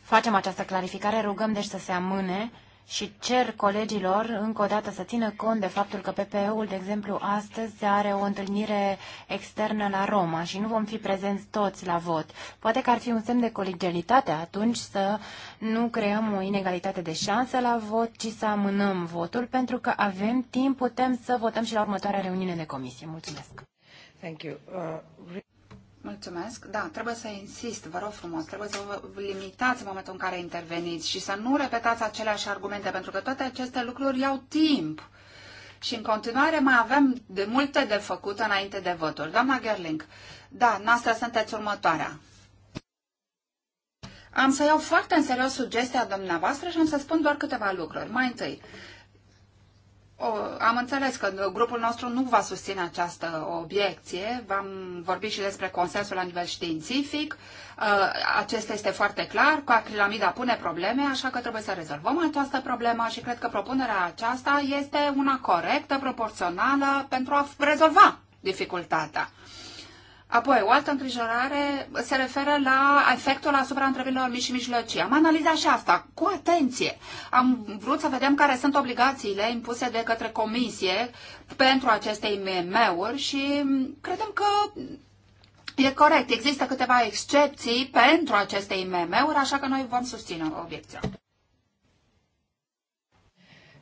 Speaker 2: facem această
Speaker 1: clarificare, rugăm deci să se amâne și cer colegilor încă o dată să țină cont de faptul că PPE-ul, de exemplu, astăzi are o întâlnire externă la Roma și nu vom fi prezenți toți la vot. Poate că ar fi un semn de colegialitate atunci să nu creăm o inegalitate de șansă la vot, ci să amânăm votul, pentru că avem timp, putem să votăm și la următoarea reuniune de comisie. Mulțumesc!
Speaker 2: Thank you. Uh, Mulțumesc. Da, trebuie să insist, vă rog frumos, trebuie să vă limitați în momentul în care interveniți și să nu repetați aceleași argumente, pentru că toate aceste lucruri iau timp. Și în continuare mai avem de multe de făcut înainte de voturi. Doamna Gerling, da, noastră sunteți următoarea. Am să iau foarte în serios sugestia dumneavoastră și am să spun doar câteva lucruri. Mai întâi, o, am înțeles că grupul nostru nu va susține această obiecție. V-am vorbit și despre consensul la nivel științific. Uh, acesta este foarte clar, că acrilamida pune probleme, așa că trebuie să rezolvăm această problemă și cred că propunerea aceasta este una corectă, proporțională pentru a rezolva dificultatea. Apoi, o altă îngrijorare se referă la efectul asupra întreprinderilor mici și mijlocii. Am analizat și asta cu atenție. Am vrut să vedem care sunt obligațiile impuse de către comisie pentru aceste IMM-uri și credem că e corect. Există câteva excepții pentru aceste IMM-uri, așa că noi vom susține obiecția.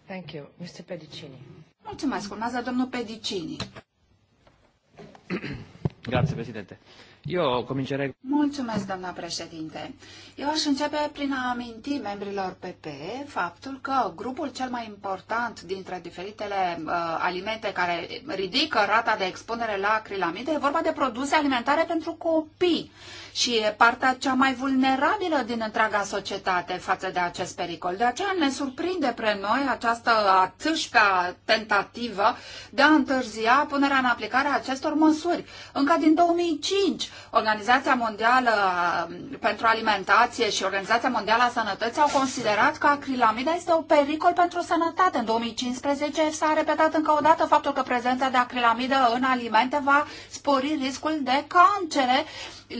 Speaker 2: Thank you. Mr. Pedicini. Mulțumesc. Urmează domnul Pedicini.
Speaker 1: Grazie, Presidente.
Speaker 2: Eu comincerei... Mulțumesc, doamna președinte. Eu aș începe prin a aminti membrilor PP faptul că grupul cel mai important dintre diferitele uh, alimente care ridică rata de expunere la acrilamide e vorba de produse alimentare pentru copii și e partea cea mai vulnerabilă din întreaga societate față de acest pericol. De aceea ne surprinde pre noi această atâșca tentativă de a întârzia punerea în aplicare a acestor măsuri. Încă din 2005, Organizația Mondială um, pentru Alimentație și Organizația Mondială a Sănătății au considerat că acrilamida este un pericol pentru sănătate. În 2015 s-a repetat încă o dată faptul că prezența de acrilamidă în alimente va spori riscul de cancere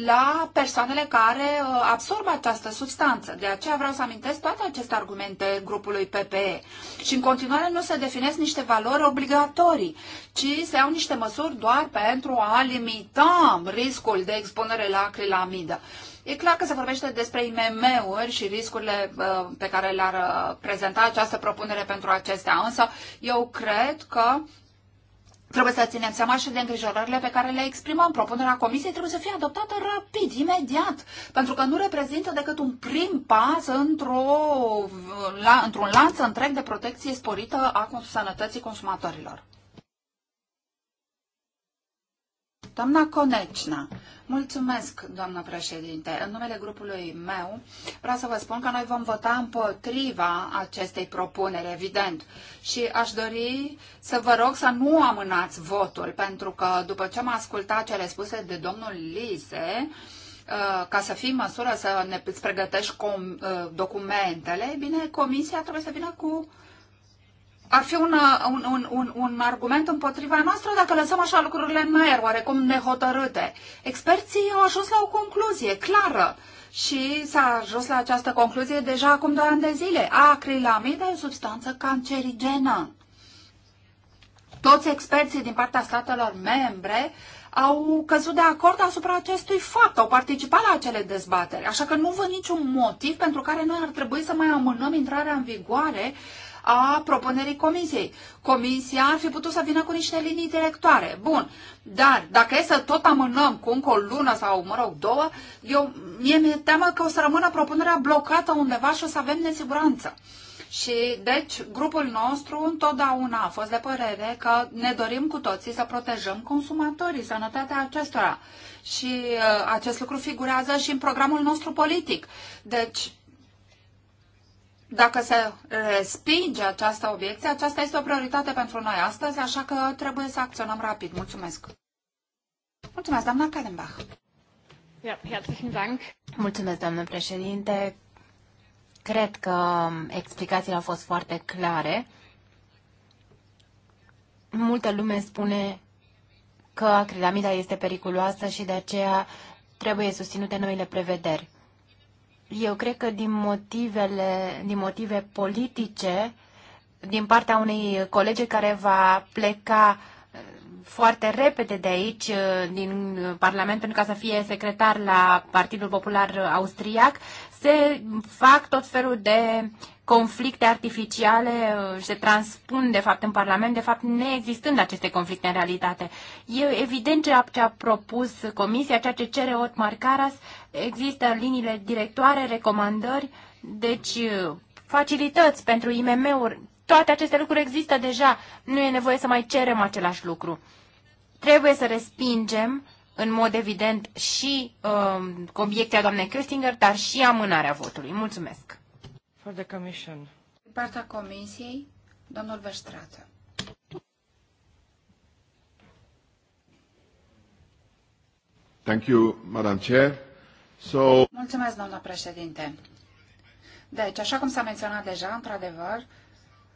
Speaker 2: la persoanele care uh, absorbă această substanță. De aceea vreau să amintesc toate aceste argumente grupului PPE. Și în continuare nu se definesc niște valori obligatorii, ci se iau niște măsuri doar pentru a limita riscul de expunere la acrilamidă. E clar că se vorbește despre IMM-uri și riscurile uh, pe care le-ar uh, prezenta această propunere pentru acestea, însă eu cred că Trebuie să ținem seama și de îngrijorările pe care le exprimăm. Propunerea Comisiei trebuie să fie adoptată rapid, imediat, pentru că nu reprezintă decât un prim pas într-o, la, într-un lanț întreg de protecție sporită a sănătății consumatorilor. Doamna Conecna, mulțumesc, doamna președinte. În numele grupului meu vreau să vă spun că noi vom vota împotriva acestei propuneri, evident. Și aș dori să vă rog să nu amânați votul, pentru că după ce am ascultat cele spuse de domnul Lise, uh, ca să fii în măsură să ne pregătești uh, documentele, bine, comisia trebuie să vină cu ar fi un, uh, un, un, un, un argument împotriva noastră dacă lăsăm așa lucrurile în aer, oarecum nehotărâte. Experții au ajuns la o concluzie clară și s-a ajuns la această concluzie deja acum doi ani de zile. Acrilamida e o substanță cancerigenă. Toți experții din partea statelor membre au căzut de acord asupra acestui fapt, au participat la acele dezbateri. Așa că nu văd niciun motiv pentru care noi ar trebui să mai amânăm intrarea în vigoare a propunerii comisiei. Comisia ar fi putut să vină cu niște linii directoare. Bun, dar dacă e să tot amânăm cu încă o lună sau, mă rog, două, eu, mie mi-e teamă că o să rămână propunerea blocată undeva și o să avem nesiguranță. Și, deci, grupul nostru întotdeauna a fost de părere că ne dorim cu toții să protejăm consumatorii, sănătatea acestora. Și uh, acest lucru figurează și în programul nostru politic. Deci, dacă se respinge această obiecție, aceasta este o prioritate pentru noi astăzi, așa că trebuie să acționăm rapid. Mulțumesc! Mulțumesc, doamna Kallenbach!
Speaker 3: herzlichen Dank.
Speaker 2: Mulțumesc, doamnă președinte.
Speaker 1: Cred că explicațiile au fost foarte clare. Multă lume spune că acrilamida este periculoasă și de aceea trebuie susținute noile prevederi. Eu cred că din motivele, din motive politice, din partea unei colege care va pleca uh, foarte repede de aici, uh, din Parlament, pentru ca să fie secretar la Partidul Popular Austriac, se fac tot felul de conflicte artificiale uh, se transpun, de fapt, în Parlament, de fapt, neexistând aceste conflicte în realitate. E evident a, ce a propus Comisia, ceea ce cere Otmar Caras, există liniile directoare, recomandări, deci uh, facilități pentru IMM-uri. Toate aceste lucruri există deja, nu e nevoie să mai cerem același lucru. Trebuie să respingem în mod evident și uh, obiecția doamnei Köstinger, dar și amânarea votului. Mulțumesc!
Speaker 2: For the commission. Din partea comisiei, domnul Verstrată. Thank you, Madam Chair. So... Mulțumesc, domnul președinte. Deci, așa cum s-a menționat deja, într-adevăr,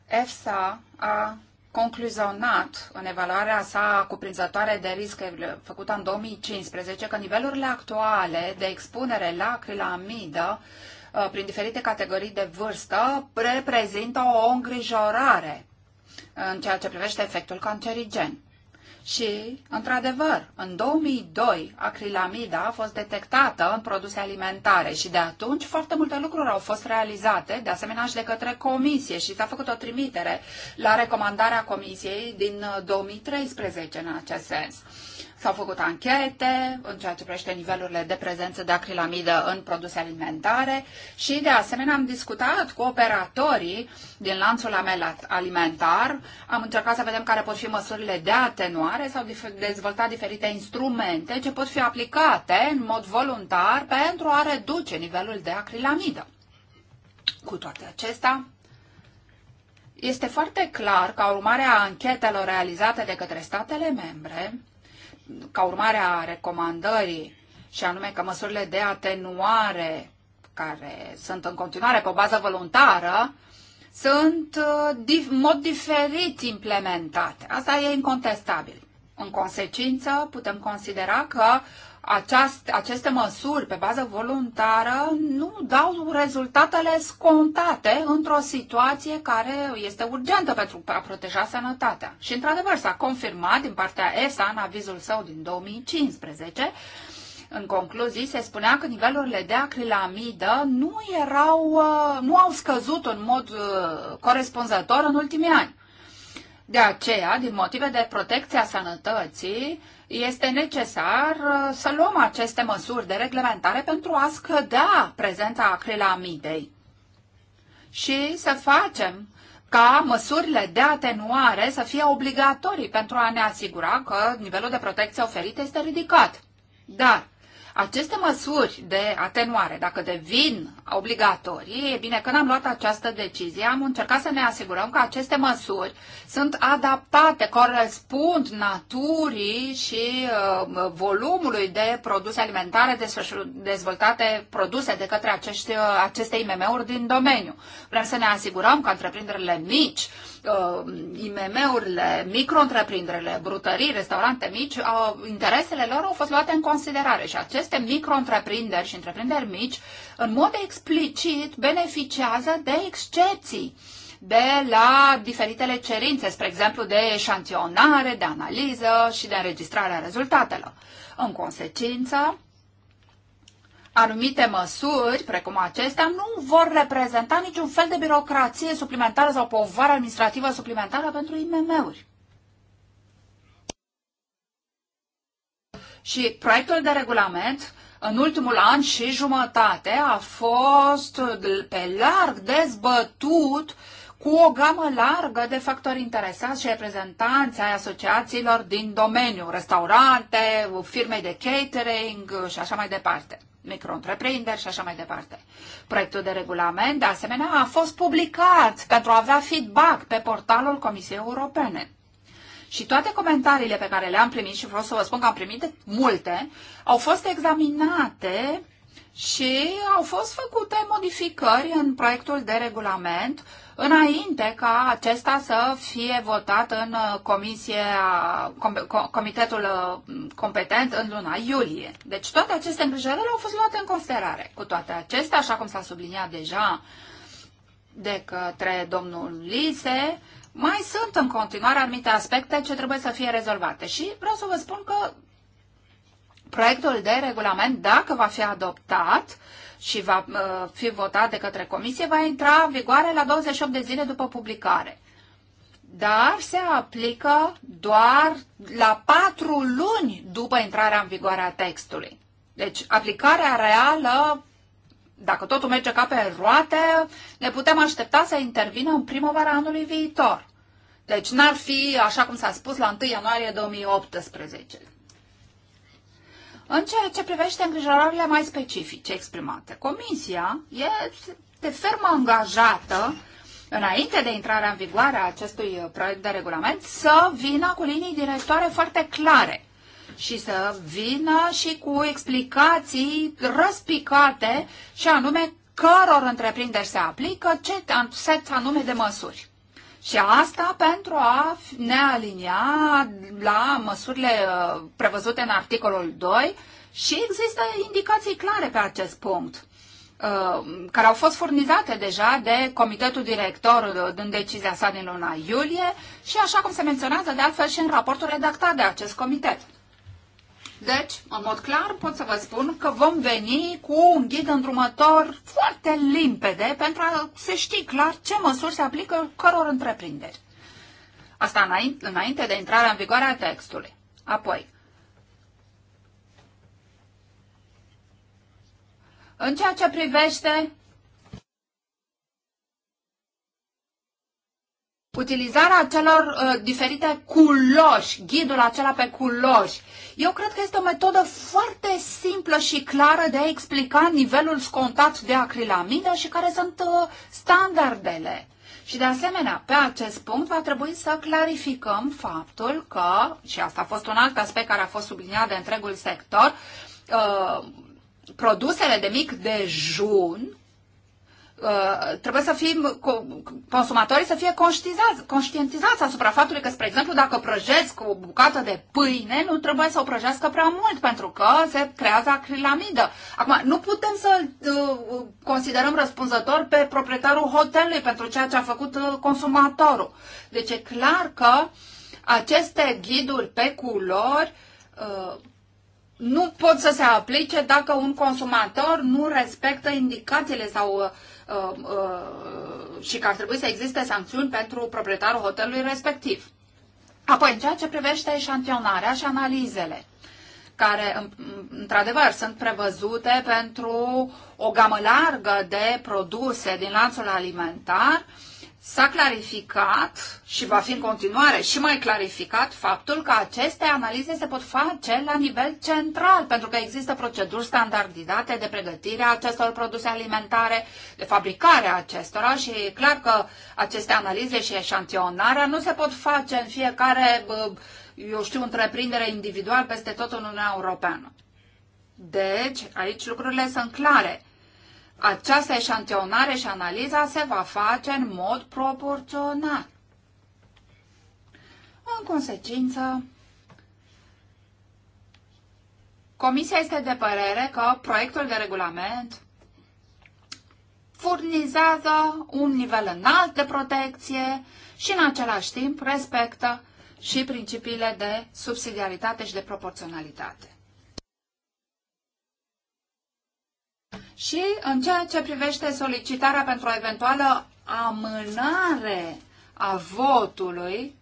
Speaker 2: EFSA a concluzionat în evaluarea sa cuprinzătoare de risc făcută în 2015 că nivelurile actuale de expunere la acrilamidă Uh, prin diferite categorii de vârstă reprezintă o îngrijorare în ceea ce privește efectul cancerigen. Și, într-adevăr, în 2002, acrilamida a fost detectată în produse alimentare și de atunci foarte multe lucruri au fost realizate, de asemenea și de către comisie și s-a făcut o trimitere la recomandarea comisiei din 2013 în acest sens. S-au făcut anchete în ceea ce privește nivelurile de prezență de acrilamidă în produse alimentare și, de asemenea, am discutat cu operatorii din lanțul alimentar. Am încercat să vedem care pot fi măsurile de atenuare. sau dezvoltat diferite instrumente ce pot fi aplicate în mod voluntar pentru a reduce nivelul de acrilamidă. Cu toate acestea, este foarte clar, că urmare a anchetelor realizate de către statele membre, ca urmare a recomandării, și anume că măsurile de atenuare, care sunt în continuare pe o bază voluntară, sunt uh, dif- mod diferit implementate. Asta e incontestabil. În consecință, putem considera că aceast, aceste măsuri pe bază voluntară nu dau rezultatele scontate într-o situație care este urgentă pentru a proteja sănătatea. Și, într-adevăr, s-a confirmat din partea ESA în avizul său din 2015 în concluzii, se spunea că nivelurile de acrilamidă nu, erau, uh, nu au scăzut în mod uh, corespunzător în ultimii ani. De aceea, din motive de protecție a sănătății, este necesar uh, să luăm aceste măsuri de reglementare pentru a scădea prezența acrilamidei și să facem ca măsurile de atenuare să fie obligatorii pentru a ne asigura că nivelul de protecție oferit este ridicat. Dar aceste măsuri de atenuare, dacă devin obligatorii, e bine că am luat această decizie, am încercat să ne asigurăm că aceste măsuri sunt adaptate, corespund naturii și uh, volumului de produse alimentare dezvoltate, produse de către acești, uh, aceste IMM-uri din domeniu. Vrem să ne asigurăm că întreprinderile mici, uh, uh, um, IMM-urile, micro-întreprinderile, brutării, restaurante mici, uh, interesele lor au fost luate în considerare și aceste micro-întreprinderi și întreprinderi mici, în mod explicit, beneficiază de excepții de la diferitele cerințe, spre exemplu de eșantionare, de analiză și de înregistrarea rezultatelor. În consecință, anumite măsuri, precum acestea, nu vor reprezenta niciun fel de birocrație suplimentară sau povară administrativă suplimentară pentru IMM-uri. Și proiectul de regulament în ultimul an și jumătate a fost pe larg dezbătut cu o gamă largă de factori interesați și reprezentanți ai asociațiilor din domeniu, restaurante, firme de catering și așa mai departe micro-întreprinderi și așa mai departe. Proiectul de regulament, de asemenea, a fost publicat pentru a avea feedback pe portalul Comisiei Europene. Și toate comentariile pe care le-am primit, și vreau să vă spun că am primit multe, au fost examinate și au fost făcute modificări în proiectul de regulament uh, înainte ca acesta să fie votat în uh, comisie, com, comitetul uh, competent în luna iulie. Deci toate aceste îngrijorări au fost luate în considerare. Cu toate acestea, așa cum s-a subliniat deja de către domnul Lise, mai sunt în continuare anumite aspecte ce trebuie să fie rezolvate și vreau să vă spun că proiectul de regulament, dacă va fi adoptat, uh, și va uh, fi votat de către comisie, va intra în vigoare la 28 de zile după publicare. Dar se aplică doar la patru luni după intrarea în vigoare a textului. Deci, aplicarea reală, dacă totul merge ca pe roate, ne putem aștepta să intervină în primăvara anului viitor. Deci n-ar fi, așa cum s-a spus, la 1 ianuarie 2018. În ceea ce privește îngrijorările mai specifice exprimate, Comisia este ferm angajată înainte de intrarea în vigoare a acestui uh, proiect de regulament, să vină cu linii directoare foarte clare și să vină și cu explicații răspicate și anume căror întreprinderi se aplică, ce set anume de măsuri. Și asta pentru a ne alinia la măsurile uh, prevăzute în articolul 2 și există indicații clare pe acest punct uh, care au fost furnizate deja de comitetul director în uh, decizia sa din luna iulie și așa cum se menționează de altfel și în raportul redactat de acest comitet. Deci, în mod clar, pot să vă spun că vom veni cu un ghid îndrumător foarte limpede pentru a se ști clar ce măsuri se aplică căror întreprinderi. Asta înainte de intrarea în vigoare a textului. Apoi, în ceea ce privește utilizarea acelor uh, diferite culoși, ghidul acela pe culoși, eu cred că este o metodă foarte simplă și clară de a explica nivelul scontat de acrilamidă și care sunt uh, standardele. Și de asemenea, pe acest punct va trebui să clarificăm faptul că, și asta a fost un alt aspect care a fost subliniat de întregul sector, uh, produsele de mic dejun Uh, trebuie să fim, consumatorii să fie conștientizați, conștientizați asupra faptului că, spre exemplu, dacă prăjesc o bucată de pâine, nu trebuie să o prăjească prea mult, pentru că se creează acrilamidă. Acum, nu putem să uh, considerăm răspunzător pe proprietarul hotelului pentru ceea ce a făcut uh, consumatorul. Deci e clar că aceste ghiduri pe culori uh, nu pot să se aplice dacă un consumator nu respectă indicațiile sau uh, uh, și că ar trebui să existe sancțiuni pentru proprietarul hotelului respectiv. Apoi, în ceea ce privește eșantionarea și analizele, care, într-adevăr, sunt prevăzute pentru o gamă largă de produse din lanțul alimentar, uh, s-a clarificat și va fi în continuare și mai clarificat faptul că aceste analize se pot face la nivel central, pentru că există proceduri standardizate de pregătire a acestor produse alimentare, de fabricare a acestora și e clar că aceste analize și eșantionarea nu se pot face în fiecare, eu știu, întreprindere individual peste tot în Uniunea Europeană. Deci, aici lucrurile sunt clare. Această eșantionare și analiza se va face în mod proporțional. În consecință, Comisia este de părere că proiectul de regulament furnizează un nivel înalt de protecție și în același timp respectă și principiile de subsidiaritate și de proporționalitate. Și în ceea ce privește solicitarea pentru o eventuală amânare a votului,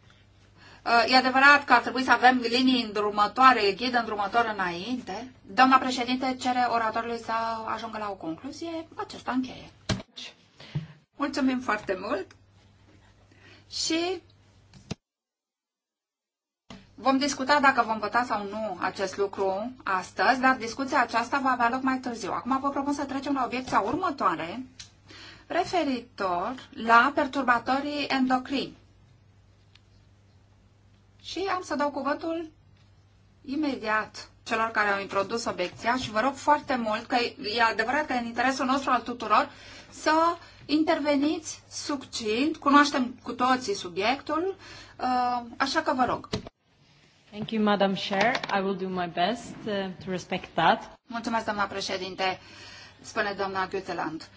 Speaker 2: uh, e adevărat că ar trebui să avem linii îndrumătoare, ghid îndrumător înainte. Doamna președinte cere oratorului să ajungă la o concluzie, acesta încheie. Mulțumim foarte mult și Vom discuta dacă vom vota sau nu acest lucru astăzi, dar discuția aceasta va avea loc mai târziu. Acum vă propun să trecem la obiecția următoare, referitor la perturbatorii endocrini. Și am să dau cuvântul imediat celor care au introdus obiecția și vă rog foarte mult că e adevărat că e în interesul nostru al tuturor să interveniți succint, cunoaștem cu toții subiectul, ă, așa că vă rog.
Speaker 3: Thank you, Madam Chair. I will do my best uh, to respect that.
Speaker 2: Mulțumesc, doamna președinte, spune doamna Guteland.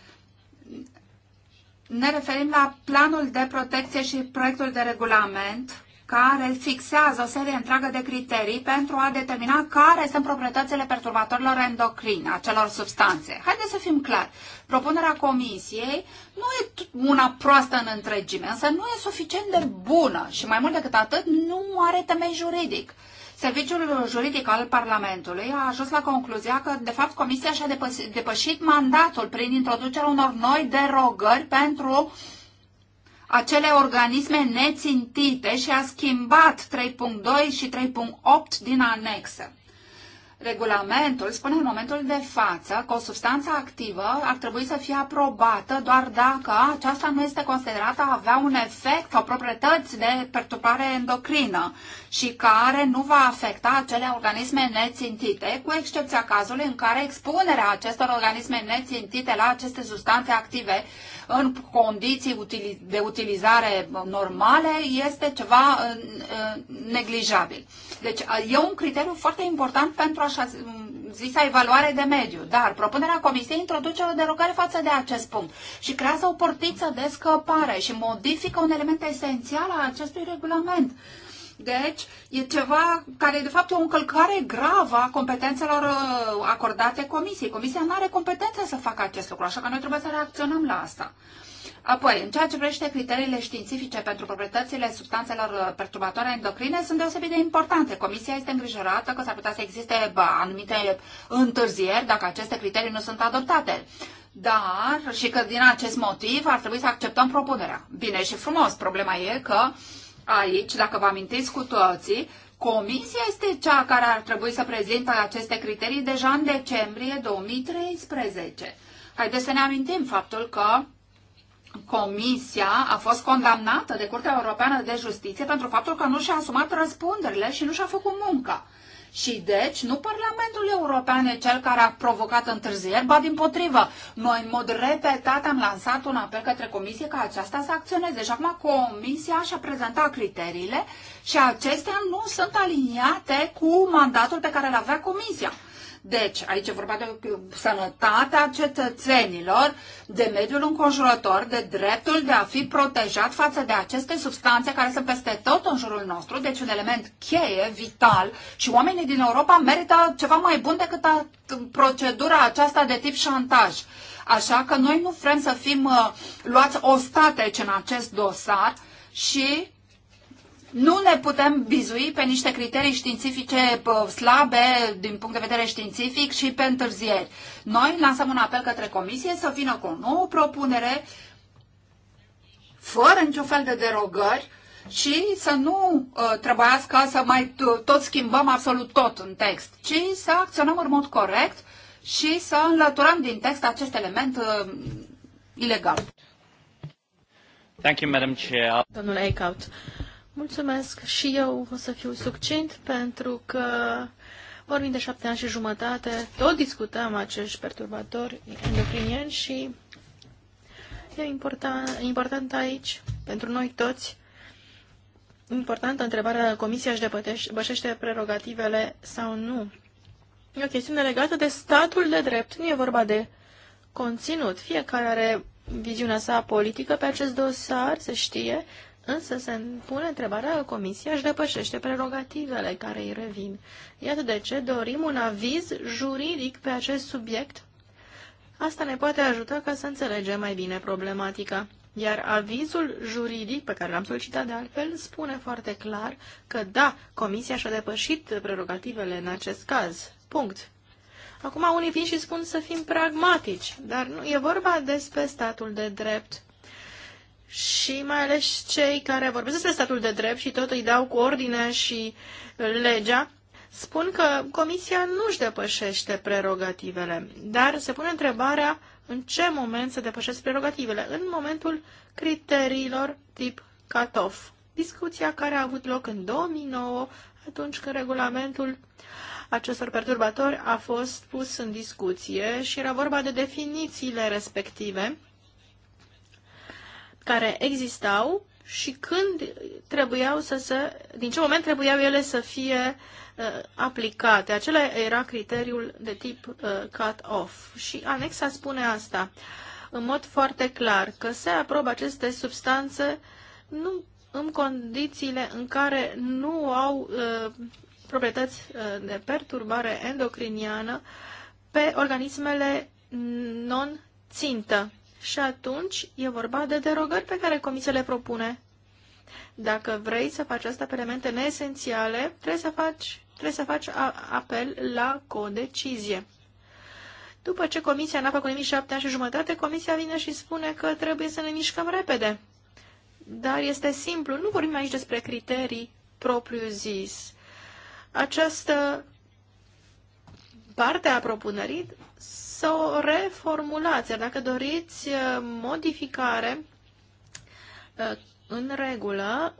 Speaker 2: Ne referim la planul de protecție și proiectul de regulament care fixează o serie întreagă de criterii pentru a determina care sunt proprietățile perturbatorilor endocrine, acelor substanțe. Haideți să fim clari. Propunerea comisiei nu e una proastă în întregime, însă nu e suficient de bună și mai mult decât atât nu are temei juridic. Serviciul juridic al Parlamentului a ajuns la concluzia că, de fapt, Comisia și-a depășit mandatul prin introducerea unor noi derogări pentru uh, acele organisme nețintite și a schimbat 3.2 și 3.8 din anexă. Regulamentul spune în momentul de față că o substanță activă ar trebui să fie aprobată doar dacă aceasta nu este considerată a avea un efect sau proprietăți de perturbare endocrină și care nu va afecta acele organisme nețintite, cu excepția cazului în care expunerea acestor organisme nețintite la aceste substanțe active în condiții de utilizare normale este ceva neglijabil. Deci e un criteriu foarte important pentru așa zisa evaluare de mediu, dar propunerea Comisiei introduce o derogare față de acest punct și creează o portiță de scăpare și modifică un element esențial al acestui regulament deci, e ceva care de fapt, e o încălcare gravă a competențelor uh, acordate Comisiei. Comisia nu are competențe să facă acest lucru, așa că noi trebuie să reacționăm la asta. Apoi, în ceea ce privește criteriile științifice pentru proprietățile substanțelor uh, perturbatoare endocrine, sunt deosebit de importante. Comisia este îngrijorată că s-ar putea să existe ba, anumite întârzieri dacă aceste criterii nu sunt adoptate. Dar, și că din acest motiv ar trebui să acceptăm propunerea. Bine și frumos, problema e că uh, aici, dacă vă amintiți cu toții, Comisia este cea care ar trebui să prezintă aceste criterii deja în decembrie 2013. Haideți să ne amintim faptul că Comisia a fost condamnată de Curtea Europeană de Justiție pentru faptul că nu și-a asumat răspunderile și nu și-a făcut munca. Și deci, nu Parlamentul European e cel care a provocat întârzieri, ba din potrivă. Noi, în mod repetat, am lansat un apel către Comisie ca aceasta să acționeze. Și acum Comisia și-a prezentat criteriile și acestea nu sunt aliniate cu mandatul pe care îl avea Comisia. Deci, aici e vorba de sănătatea cetățenilor, de mediul înconjurător, de dreptul de a fi protejat față de aceste substanțe care sunt peste tot în jurul nostru, deci un element cheie, vital și oamenii din Europa merită ceva mai bun decât a, procedura aceasta de tip șantaj. Așa că noi nu vrem să fim uh, luați ostateci în acest dosar și nu ne putem bizui pe niște criterii științifice slabe din punct de vedere științific și pe întârzieri. Noi lansăm un apel către Comisie să vină cu o nouă propunere fără niciun fel de derogări și să nu uh, trebuiască să mai tot schimbăm absolut tot în text, ci să acționăm în mod corect și să înlăturăm din text acest element uh, ilegal.
Speaker 3: Thank you, Madam Chair. Eichhout.
Speaker 2: Mulțumesc și eu
Speaker 3: o să fiu succint pentru că vorbim de șapte ani și jumătate, tot discutăm acești perturbatori endocrinieni și e important, important aici, pentru noi toți, importantă întrebarea Comisia își depășește prerogativele sau nu. E o chestiune legată de statul de drept, nu e vorba de conținut. Fiecare are viziunea sa politică pe acest dosar, se știe, Însă se pune întrebarea că Comisia își depășește prerogativele care îi revin. Iată de ce dorim un aviz juridic pe acest subiect. Asta ne poate ajuta ca să înțelegem mai bine problematica. Iar avizul juridic pe care l-am solicitat de altfel spune foarte clar că da, Comisia și-a depășit prerogativele în acest caz. Punct. Acum unii vin și spun să fim pragmatici, dar nu e vorba despre statul de drept și mai ales cei care vorbesc despre statul de drept și tot îi dau cu ordine și uh, legea, spun că Comisia nu-și depășește prerogativele, dar se pune întrebarea în ce moment se depășesc prerogativele, în momentul criteriilor tip cut-off. Discuția care a avut loc în 2009, atunci când regulamentul acestor perturbatori a fost pus în discuție și era vorba de definițiile respective care existau și când trebuiau să se, din ce moment trebuiau ele să fie uh, aplicate. Acela era criteriul de tip uh, cut-off. Și anexa spune asta în mod foarte clar, că se aprobă aceste substanțe nu în condițiile în care nu au uh, proprietăți uh, de perturbare endocriniană pe organismele non-țintă. Și atunci e vorba de derogări pe care comisia le propune. Dacă vrei să faci asta pe elemente neesențiale, trebuie să faci, trebuie să faci apel la codecizie. După ce comisia n-a făcut nimic șapte ani și jumătate, comisia vine și spune că trebuie să ne mișcăm repede. Dar este simplu, nu vorbim aici despre criterii propriu-zis. Această parte a propunerii să o reformulați, iar dacă doriți uh, modificare uh, în regulă,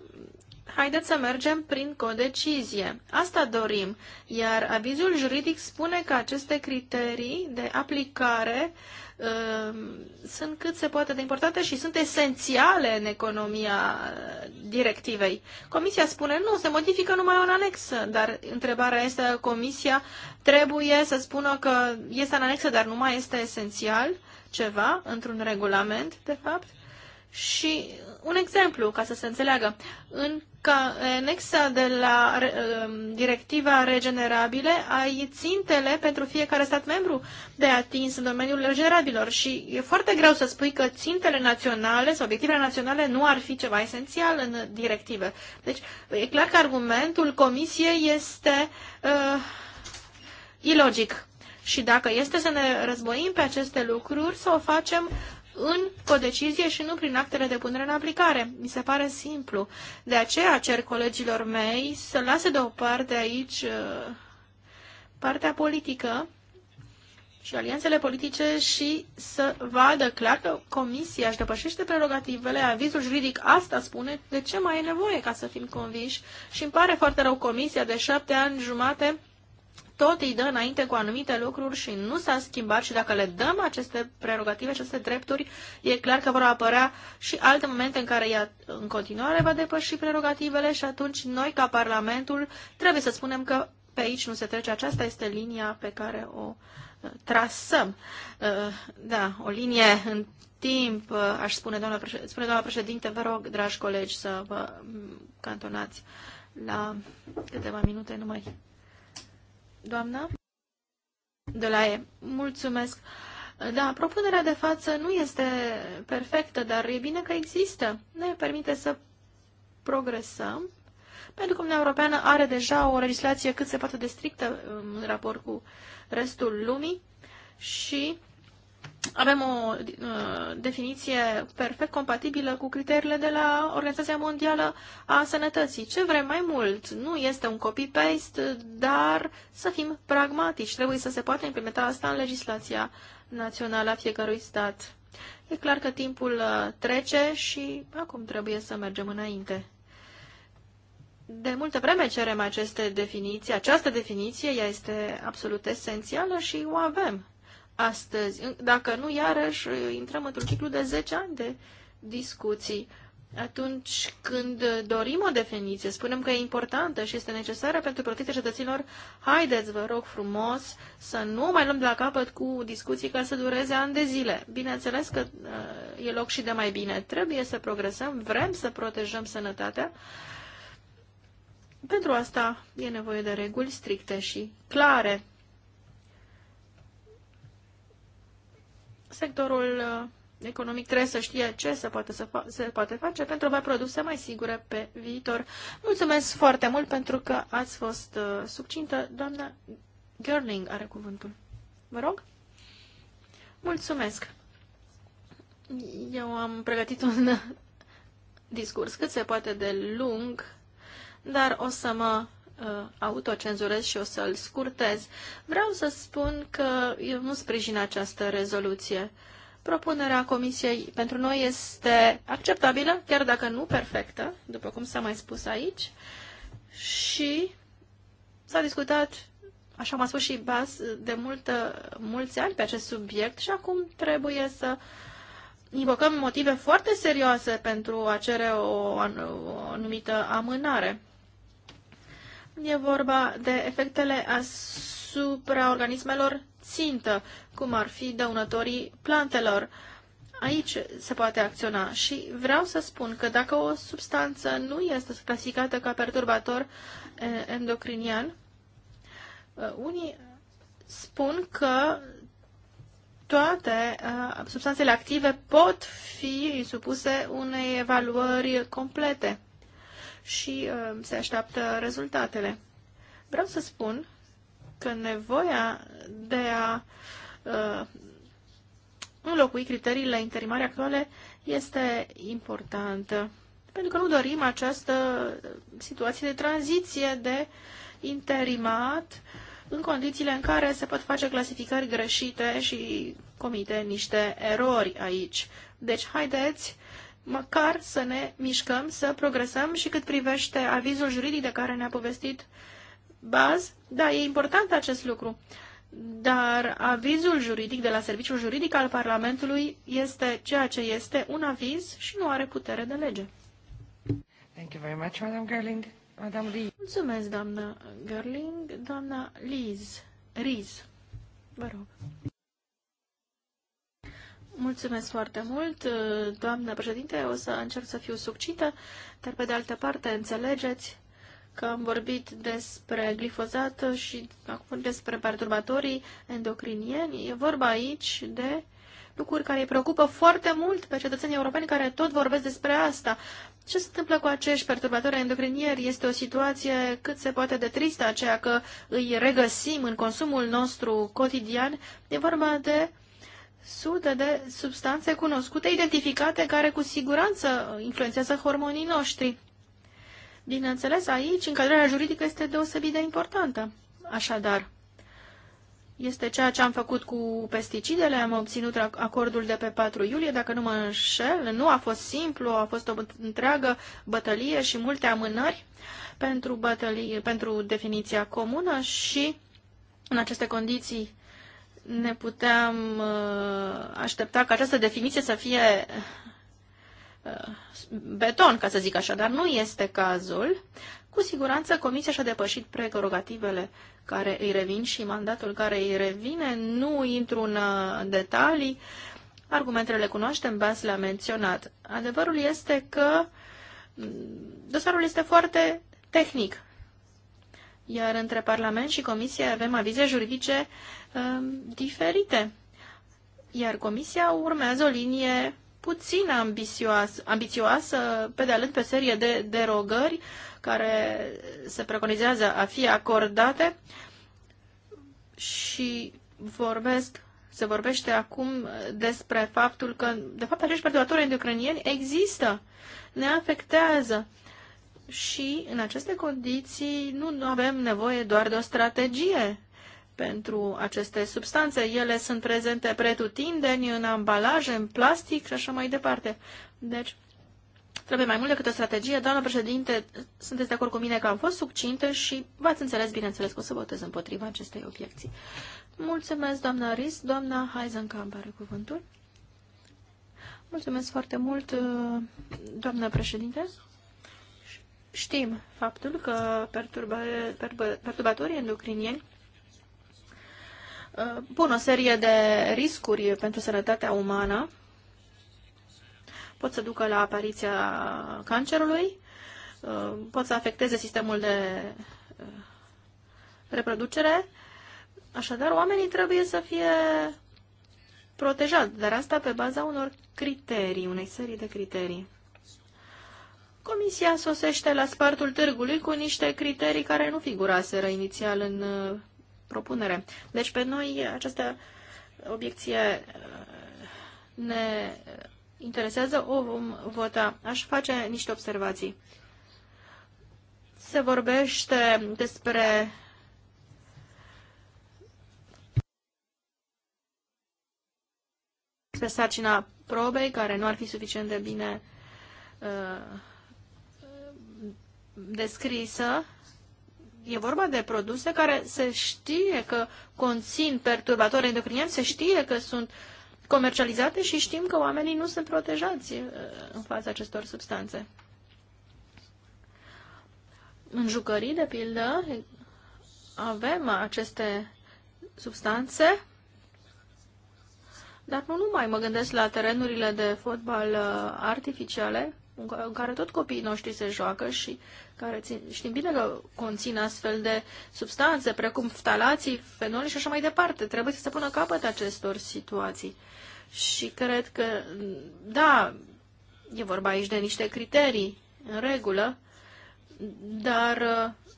Speaker 3: haideți să mergem prin codecizie. Asta dorim, iar avizul juridic spune că aceste criterii de aplicare uh, Ehm, sunt cât se poate de importante și sunt esențiale în economia eh, directivei. Comisia spune, nu, se modifică numai un anex, dar întrebarea este, Comisia trebuie să spună că este în anexă, dar nu mai este esențial ceva într-un regulament, de fapt? Și un exemplu ca să se înțeleagă. În anexa de la um, directiva regenerabile ai țintele pentru fiecare stat membru de atins în domeniul regenerabilor și e foarte greu să spui că țintele naționale sau obiectivele naționale nu ar fi ceva esențial în directive. Deci e clar că argumentul comisiei este uh, ilogic. Și dacă este să ne războim pe aceste lucruri, să o facem în decizie și nu prin actele de punere în aplicare. Mi se pare simplu. De aceea cer colegilor mei să lase deoparte aici uh, partea politică și alianțele politice și să vadă clar că Comisia își depășește prerogativele, avizul juridic asta spune, de ce mai e nevoie ca să fim conviși. Și îmi pare foarte rău Comisia de șapte ani jumate tot îi dă înainte cu anumite lucruri și nu s-a schimbat și dacă le dăm aceste prerogative, aceste drepturi, e clar că vor apărea și alte momente în care ea în continuare va depăși prerogativele și atunci noi ca Parlamentul trebuie să spunem că pe aici nu se trece. Aceasta este linia pe care o uh, trasăm. Uh, da, o linie în timp, uh, aș spune doamna, președinte, spune doamna președinte, vă rog, dragi colegi, să vă mm, cantonați la câteva minute numai doamna? De la E. Mulțumesc. Da, propunerea de față nu este perfectă, dar e bine că există. Ne permite să progresăm, pentru că Uniunea Europeană are deja o legislație cât se poate de strictă în raport cu restul lumii și avem o uh, definiție perfect compatibilă cu criteriile de la Organizația Mondială a Sănătății. Ce vrem mai mult? Nu este un copy-paste, dar să fim pragmatici. Trebuie să se poată implementa asta în legislația națională a fiecărui stat. E clar că timpul uh, trece și acum trebuie să mergem înainte. De multă vreme cerem aceste definiții. Această definiție ea este absolut esențială și o avem astăzi. Dacă nu, iarăși intrăm într-un ciclu de 10 ani de discuții. Atunci când dorim o definiție, spunem că e importantă și este necesară pentru protecția cetățenilor, haideți, vă rog frumos, să nu mai luăm de la capăt cu discuții care să dureze ani de zile. Bineînțeles că uh, e loc și de mai bine. Trebuie să progresăm, vrem să protejăm sănătatea. Pentru asta e nevoie de reguli stricte și clare. sectorul uh, economic trebuie să știe ce se poate, să fa- se poate face pentru a avea produse mai sigure pe viitor. Mulțumesc foarte mult pentru că ați fost uh, succintă. Doamna Gerling are cuvântul. Vă rog. Mulțumesc. Eu am pregătit un discurs cât se poate de lung, dar o să mă Uh, autocenzurez și o să-l scurtez. Vreau să spun că eu nu sprijin această rezoluție. Propunerea Comisiei pentru noi este acceptabilă, chiar dacă nu perfectă, după cum s-a mai spus aici, și s-a discutat, așa m-a spus și Bas, de multă, mulți ani pe acest subiect și acum trebuie să invocăm motive foarte serioase pentru a cere o, o anumită amânare. E vorba de efectele asupra organismelor țintă, cum ar fi dăunătorii plantelor. Aici se poate acționa și vreau să spun că dacă o substanță nu este clasificată ca perturbator endocrinian, unii spun că toate substanțele active pot fi supuse unei evaluări complete și uh, se așteaptă rezultatele. Vreau să spun că nevoia de a uh, înlocui criteriile interimare actuale este importantă, pentru că nu dorim această situație de tranziție de interimat în condițiile în care se pot face clasificări greșite și comite niște erori aici. Deci, haideți măcar să ne mișcăm, să progresăm și cât privește avizul juridic de care ne-a povestit Baz, da, e important acest lucru, dar avizul juridic de la Serviciul Juridic al Parlamentului este ceea ce este un aviz și nu are putere de lege.
Speaker 2: Thank you very much, Madam Gerling. Madam Lee. Mulțumesc,
Speaker 3: doamna Gerling. Doamna Liz. Riz. Vă rog. Mulțumesc foarte mult, doamnă președinte. O să încerc să fiu succită, dar pe de altă parte înțelegeți că am vorbit despre glifozat și acum despre perturbatorii endocrinieni. E vorba aici de lucruri care îi preocupă foarte mult pe cetățenii europeni care tot vorbesc despre asta. Ce se întâmplă cu acești perturbatori endocrinieri? Este o situație cât se poate de tristă, aceea că îi regăsim în consumul nostru cotidian. E vorba de sute de substanțe cunoscute, identificate, care cu siguranță influențează hormonii noștri. Bineînțeles, aici încadrarea juridică este deosebit de importantă. Așadar, este ceea ce am făcut cu pesticidele, am obținut acordul de pe 4 iulie, dacă nu mă înșel, nu a fost simplu, a fost o întreagă bătălie și multe amânări pentru, bătălie, pentru definiția comună și în aceste condiții ne puteam uh, aștepta ca această definiție să fie uh, beton, ca să zic așa, dar nu este cazul. Cu siguranță Comisia și-a depășit prerogativele care îi revin și mandatul care îi revine. Nu intru în uh, detalii, argumentele le cunoaștem, Bas le-a menționat. Adevărul este că mm, dosarul este foarte tehnic, iar între Parlament și Comisie avem avize juridice Um, diferite. Iar Comisia urmează o linie puțin ambițioasă, ambițioasă pedalând pe serie de derogări care se preconizează a fi acordate și vorbesc, se vorbește acum despre faptul că, de fapt, acești perturbatori endocrinieni există, ne afectează. Și în aceste condiții nu avem nevoie doar de o strategie pentru aceste substanțe. Ele sunt prezente pretutindeni în ambalaje, în plastic și așa mai departe. Deci, trebuie mai mult decât o strategie. Doamna președinte, sunteți de acord cu mine că am fost succintă și v-ați înțeles, bineînțeles, că o să votez împotriva acestei obiecții. Mulțumesc, doamna Ris. Doamna Heisenkamp are cuvântul. Mulțumesc foarte mult, doamna președinte. Știm faptul că perturbatorii endocrinieni pun uh, o serie de riscuri pentru sănătatea umană. Pot să ducă la apariția cancerului, uh, pot să afecteze sistemul de uh, reproducere. Așadar, oamenii trebuie să fie protejați, dar asta pe baza unor criterii, unei serii de criterii. Comisia sosește la spartul târgului cu niște criterii care nu figuraseră inițial în propunere. Deci pe noi această obiecție uh, ne interesează, o vom vota. Aș face niște observații. Se vorbește despre despre sarcina probei, care nu ar fi suficient de bine uh, descrisă E vorba de produse care se știe că conțin perturbatori endocrinieni, se știe că sunt comercializate și știm că oamenii nu sunt protejați uh, în fața acestor substanțe. În jucării, de pildă, avem aceste substanțe, dar nu numai. Mă gândesc la terenurile de fotbal uh, artificiale, în care tot copiii noștri se joacă și care țin, știm bine că conțin astfel de substanțe, precum ftalații, fenoli și așa mai departe. Trebuie să se pună capăt acestor situații. Și cred că, da, e vorba aici de niște criterii în regulă, dar uh,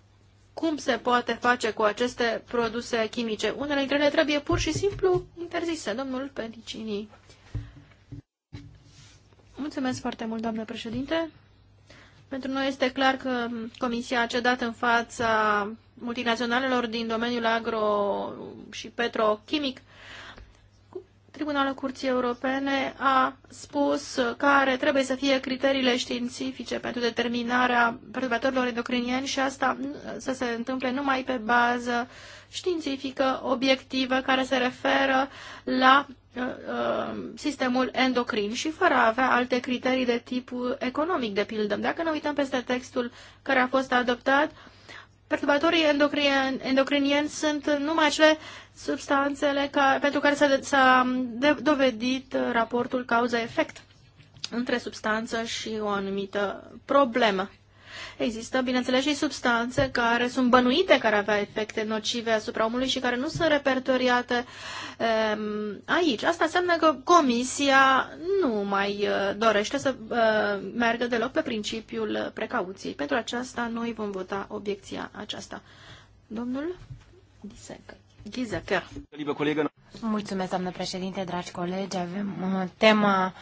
Speaker 3: cum se poate face cu aceste produse chimice? Unele dintre ele trebuie pur și simplu interzise. Domnul Pedicini Mulțumesc foarte mult, doamnă președinte. Pentru noi este clar că Comisia a cedat în fața multinaționalelor din domeniul agro și petrochimic. Tribunalul Curții Europene a spus care trebuie să fie criteriile științifice pentru determinarea perturbatorilor endocrinieni și asta să se întâmple numai pe bază uh, științifică, obiectivă, care se referă la uh, uh, sistemul endocrin și fără a avea alte criterii de tip economic, de pildă. Dacă ne uităm peste textul care a fost adoptat, perturbatorii endocrinieni sunt numai acele substanțele ca, pentru care s-a, dovedit raportul cauza-efect între substanță și o anumită problemă. Există, bineînțeles, și substanțe care sunt bănuite care avea efecte nocive asupra omului și care nu sunt repertoriate um, aici. Asta înseamnă că Comisia nu mai eh, dorește să uh, meargă deloc pe principiul precauției. Pentru aceasta noi vom vota obiecția aceasta. Domnul Disecă. Mulțumesc,
Speaker 1: doamnă președinte, dragi colegi. Avem o temă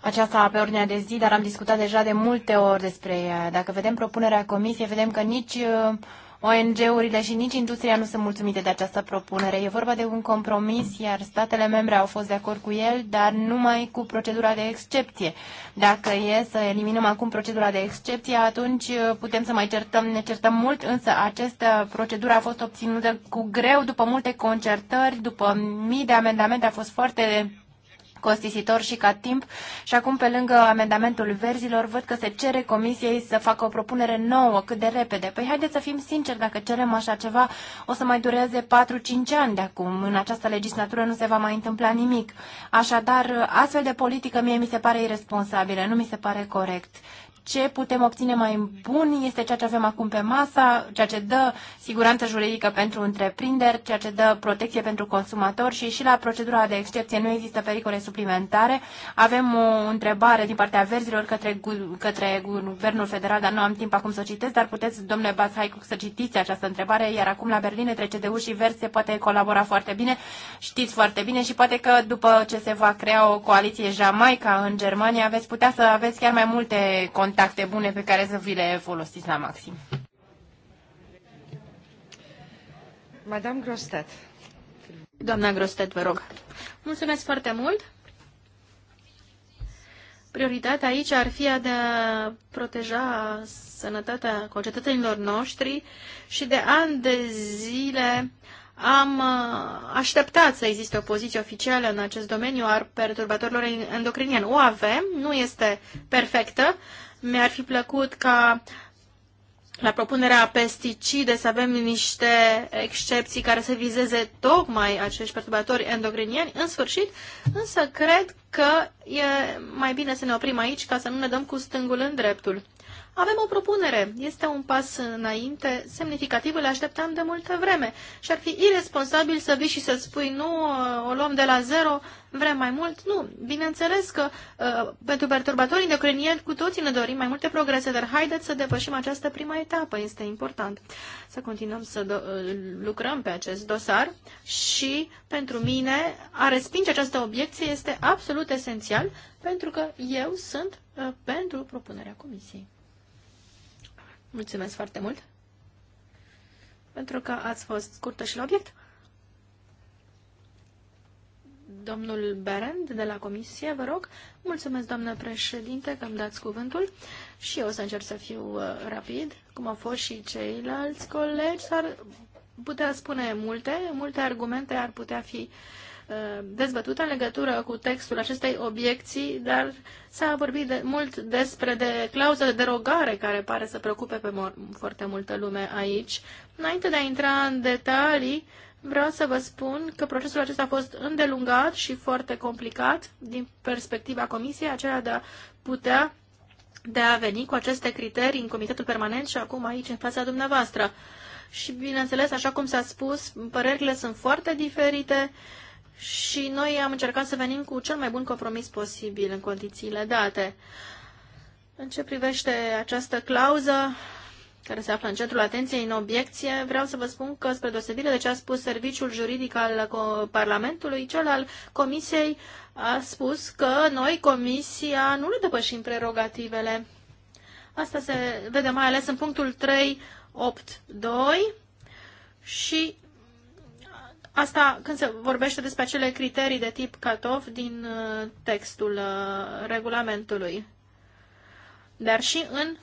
Speaker 1: aceasta pe ordinea de zi, dar am discutat deja de multe ori despre ea. Dacă vedem propunerea comisiei, vedem că nici uh, ONG-urile și nici industria nu sunt mulțumite de această propunere. E vorba de un compromis, iar statele membre au fost de acord cu el, dar numai cu procedura de excepție. Dacă e să eliminăm acum procedura de excepție, atunci uh, putem să mai certăm, ne certăm mult, însă această procedură a fost obținută cu greu, după multe concertări, după mii de amendamente, a fost foarte costisitor și ca timp. Și acum, pe lângă amendamentul verzilor, văd că se cere comisiei să facă o propunere nouă cât de repede. Păi haideți să fim sinceri, dacă cerem așa ceva, o să mai dureze 4-5 ani de acum. În această legislatură nu se va mai întâmpla nimic. Așadar, astfel de politică mie mi se pare irresponsabilă, nu mi se pare corect ce putem obține mai bun este ceea ce avem acum pe masă, ceea ce dă siguranță juridică pentru întreprinderi, ceea ce dă protecție pentru consumatori și și la procedura de excepție nu există pericole suplimentare. Avem o întrebare din partea verzilor către, către Guvernul Federal, dar nu am timp acum să o citesc, dar puteți, domnule Bashai, să citiți această întrebare, iar acum la Berlin între CDU și Verzi se poate colabora foarte bine, știți foarte bine și poate că după ce se va crea o coaliție Jamaica în Germania veți putea să aveți chiar mai multe contacte contacte bune pe care să vi le folosiți la maxim.
Speaker 3: Madame Grostet. Doamna Grostet, vă rog. Mulțumesc foarte mult. Prioritatea aici ar fi a de a proteja sănătatea concetățenilor noștri și de ani de zile am uh, așteptat să existe o poziție oficială în acest domeniu al perturbatorilor endocrinieni. O avem, nu este perfectă, mi-ar fi plăcut ca la propunerea pesticide să avem niște excepții care să vizeze tocmai acești perturbatori endocrinieni, în sfârșit, însă cred că e mai bine să ne oprim aici ca să nu ne dăm cu stângul în dreptul. Avem o propunere, este un pas înainte semnificativ, îl așteptam de multă vreme și ar fi irresponsabil să vii și să spui nu, o luăm de la zero, Vrem mai mult? Nu. Bineînțeles că uh, pentru perturbatorii endocrinieni cu toții ne dorim mai multe progrese, dar haideți să depășim această prima etapă. Este important să continuăm să uh, lucrăm pe acest dosar și pentru mine a respinge această obiecție este absolut esențial pentru că eu sunt uh, pentru propunerea comisiei. Mulțumesc foarte mult pentru că ați fost scurtă și la obiect. Domnul Berend de la Comisie, vă rog. Mulțumesc, doamnă președinte, că îmi dați cuvântul și eu o să încerc să fiu uh, rapid, cum au fost și ceilalți colegi. S-ar putea spune multe, multe argumente ar putea fi uh, dezbătută în legătură cu textul acestei obiecții, dar s-a vorbit de, mult despre de clauză de derogare care pare să preocupe pe foarte multă lume aici. Înainte de a intra în detalii, uh, Vreau să vă spun că procesul acesta a fost îndelungat și foarte complicat din perspectiva Comisiei, aceea de a putea de a veni cu aceste criterii în Comitetul Permanent și acum aici în fața dumneavoastră. Și bineînțeles, așa cum s-a spus, părerile sunt foarte diferite și noi am încercat să venim cu cel mai bun compromis posibil în condițiile date. În ce privește această clauză, care se află în centrul atenției în obiecție, vreau să vă spun că, spre deosebire de ce a spus Serviciul Juridic al Parlamentului, cel al Comisiei a spus că noi, Comisia, nu le depășim prerogativele. Asta se vede mai ales în punctul 3.8.2 și asta când se vorbește despre acele criterii de tip cut-off din uh, textul uh, regulamentului. Dar și în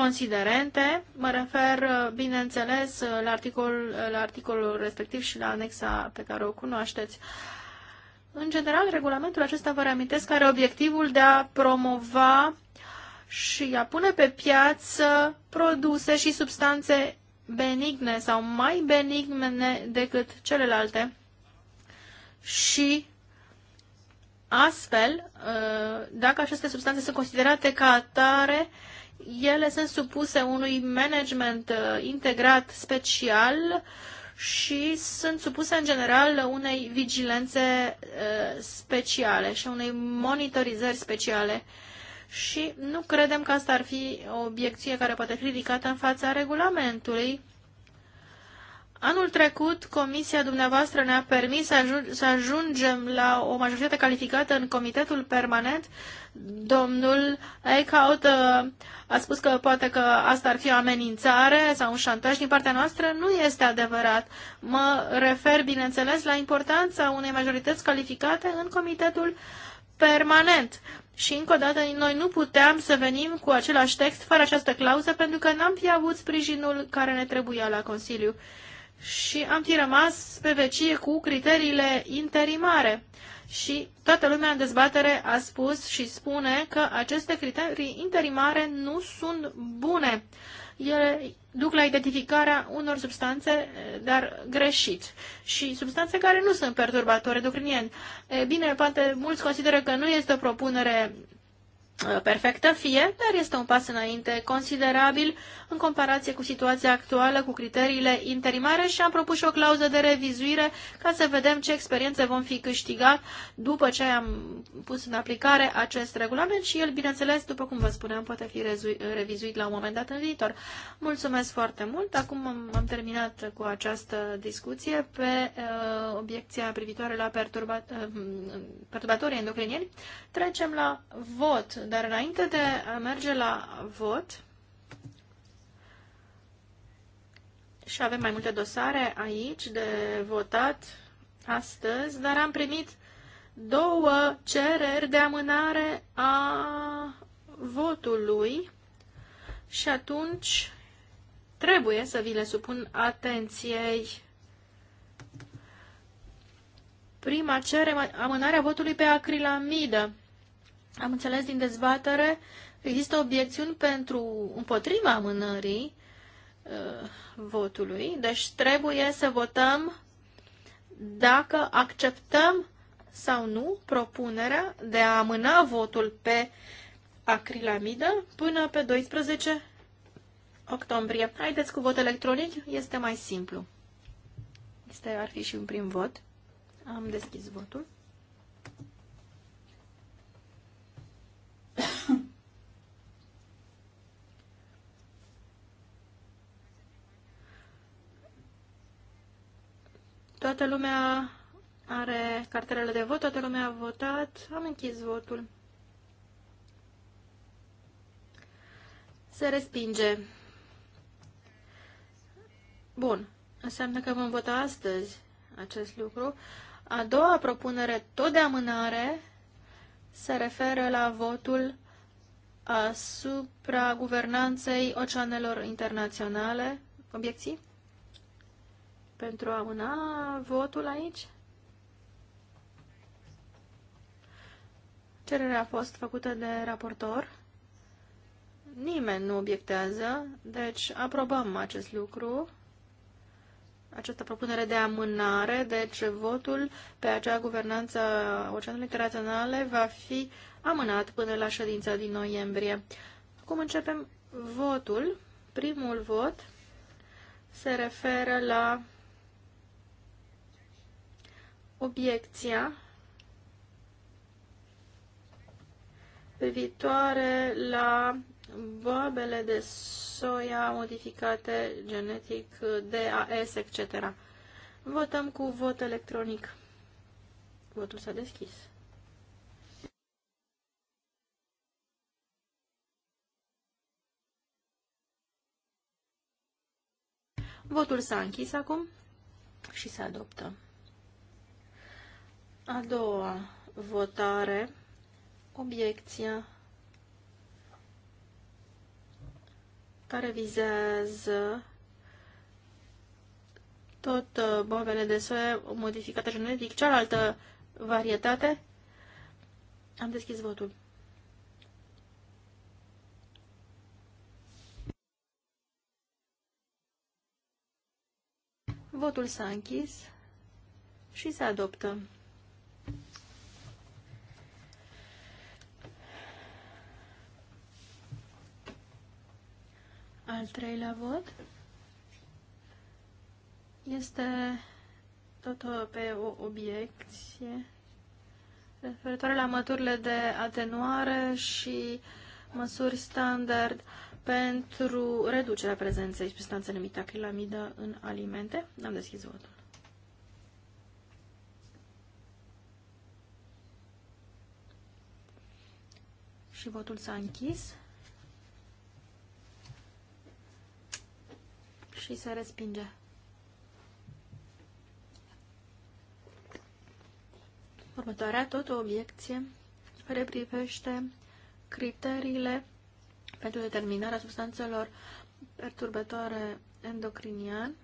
Speaker 3: considerente. Mă refer, uh, bineînțeles, uh, la, articol, uh, la articolul respectiv și la anexa pe care o cunoașteți. În general, regulamentul acesta, vă reamintesc, are obiectivul de a promova și a pune pe piață produse și substanțe benigne sau mai benigne decât celelalte și astfel, dacă aceste substanțe sunt considerate ca atare, ele sunt supuse unui management uh, integrat special și sunt supuse în general unei vigilențe uh, speciale și unei monitorizări speciale. Și nu credem că asta ar fi o obiecție care poate fi ridicată în fața regulamentului Anul trecut, comisia dumneavoastră ne-a permis să, ajung, să ajungem la o majoritate calificată în comitetul permanent. Domnul Eichhout uh, a spus că poate că asta ar fi o amenințare sau un șantaj din partea noastră. Nu este adevărat. Mă refer, bineînțeles, la importanța unei majorități calificate în comitetul permanent. Și încă o dată, noi nu puteam să venim cu același text fără această clauză pentru că n-am fi avut sprijinul care ne trebuia la Consiliu și am fi rămas pe vecie cu criteriile interimare. Și toată lumea în dezbatere a spus și spune că aceste criterii interimare nu sunt bune. Ele duc la identificarea unor substanțe, dar greșit, și substanțe care nu sunt perturbatoare endocrinieni. E bine, poate mulți consideră că nu este o propunere Uh, perfectă fie, dar este un pas înainte considerabil în comparație cu situația actuală, cu criteriile interimare și am propus și o clauză de revizuire ca să vedem ce experiențe vom fi câștigat după ce am pus în aplicare acest regulament și el, bineînțeles, după cum vă spuneam, poate fi revizuit la un moment dat în viitor. Mulțumesc foarte mult! Acum am terminat cu această discuție pe uh, obiecția privitoare la perturba- uh, perturbatorii endocrinieni. Trecem la vot dar înainte de a merge la vot, și avem mai multe dosare aici de votat astăzi, dar am primit două cereri de amânare a votului și atunci trebuie să vi le supun atenției. Prima cere amânarea votului pe acrilamidă. Am înțeles din dezbatere, există obiecțiuni pentru împotriva amânării uh, votului, deci trebuie să votăm dacă acceptăm sau nu propunerea de a amâna votul pe acrilamidă până pe 12 octombrie. Haideți cu vot electronic, este mai simplu. Este, ar fi și un prim vot. Am deschis votul. Toată lumea are cartelele de vot, toată lumea a votat. Am închis votul. Se respinge. Bun. Înseamnă că vom vota astăzi acest lucru. A doua propunere, tot de amânare, se referă la votul asupra guvernanței oceanelor internaționale. Obiecții? pentru a amâna votul aici? Cererea a fost făcută de raportor. Nimeni nu obiectează, deci aprobăm acest lucru, această propunere de amânare, deci votul pe acea guvernanță Oceanului Internaționale va fi amânat până la ședința din noiembrie. Acum începem votul. Primul vot se referă la obiecția privitoare la boabele de soia modificate genetic, DAS, etc. Votăm cu vot electronic. Votul s-a deschis. Votul s-a închis acum și se adoptă. A doua votare, obiecția care vizează tot uh, boabele de soia modificate genetic, deci cealaltă varietate. Am deschis votul. Votul s-a închis și se adoptă. Al treilea vot este tot pe o obiecție referitoare la măturile de atenuare și măsuri standard pentru reducerea prezenței substanței numite acrilamidă în alimente. Am deschis votul. Și votul s-a închis. și se respinge. Următoarea, tot o obiecție, care privește criteriile pentru determinarea substanțelor perturbatoare endocrinian.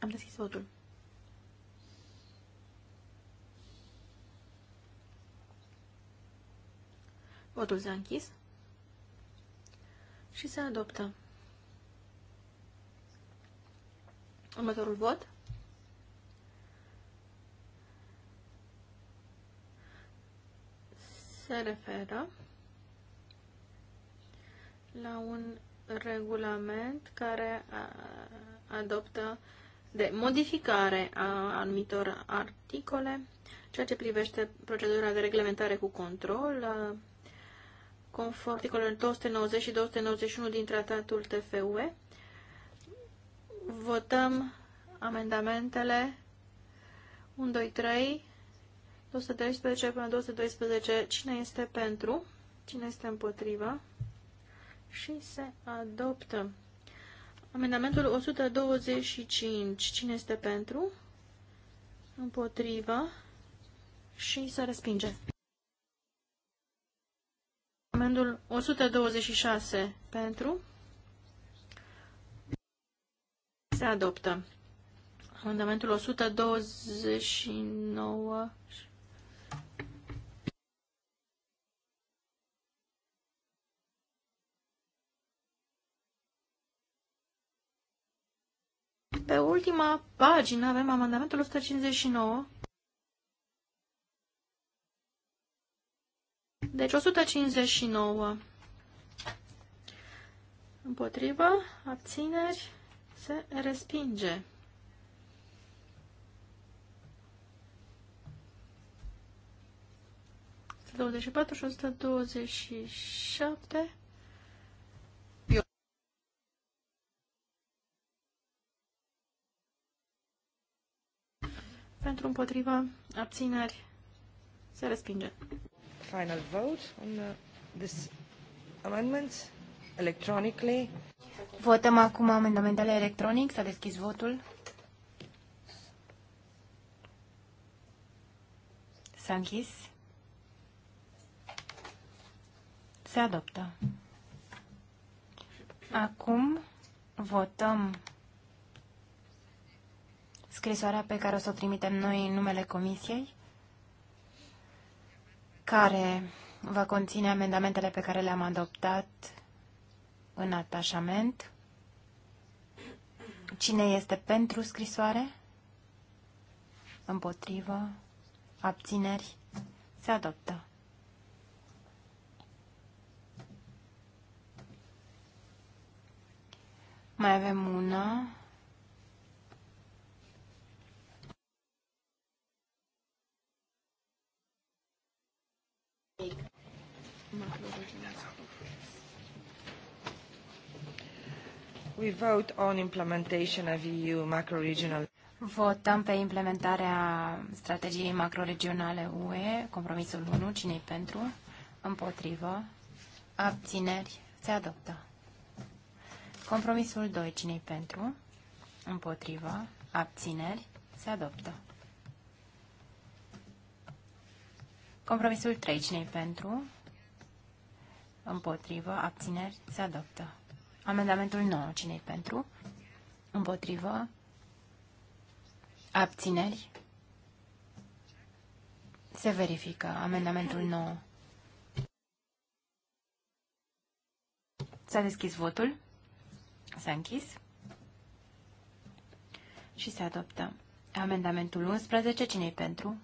Speaker 3: Am deschis votul. Votul s-a închis și se adoptă. Următorul vot. Se referă la un regulament care adoptă de modificare a anumitor articole, ceea ce privește procedura de reglementare cu control, conform articolului 290 și 291 din tratatul TFUE. Votăm amendamentele 1, 2, 3, 213 până 212. Cine este pentru? Cine este împotrivă Și se adoptă. Amendamentul 125. Cine este pentru? împotrivă Și se respinge. Amendul 126 pentru. Se adoptă. Amendamentul 129. Pe ultima pagină avem amendamentul 159. Deci 159 împotrivă, abțineri, se respinge. și 24 și 127 pentru împotriva abțineri se respinge final vote on this amendment electronically. Votăm
Speaker 1: acum amendamentele electronic. Să deschis votul. S-a închis. Se adoptă. Acum votăm scrisoarea pe care o să o trimitem noi în numele comisiei care va conține amendamentele pe care le-am adoptat în atașament. Cine este pentru scrisoare? Împotrivă? Abțineri? Se adoptă. Mai avem una
Speaker 2: We vote on implementation of EU macro-regional.
Speaker 1: Votăm pe implementarea strategiei macro-regionale UE, compromisul 1, cine pentru, împotrivă, abțineri, se adoptă. Compromisul 2, cine pentru, împotrivă, abțineri, se adoptă. Compromisul 3, cine pentru? Împotrivă, abțineri, se adoptă. Amendamentul 9, cine pentru? Împotrivă, abțineri, se verifică. Amendamentul 9. S-a deschis votul, s-a închis și se adoptă. Amendamentul 11, cine pentru?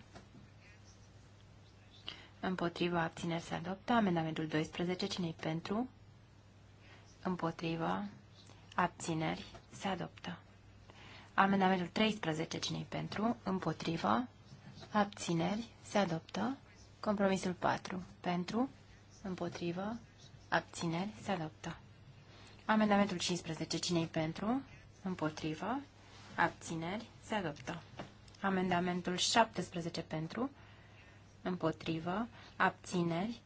Speaker 1: Împotriva abțineri se adoptă. Amendamentul 12. Cine-i pentru? Împotriva abțineri se adoptă. Amendamentul 13. Cine-i pentru? Împotriva abțineri se adoptă. Compromisul 4. Pentru? Împotriva Abțineri? Se adoptă. Amendamentul 15. Cine-i pentru? Împotriva Abțineri? Se adoptă. Amendamentul 17 pentru? împotrivă, abțineri,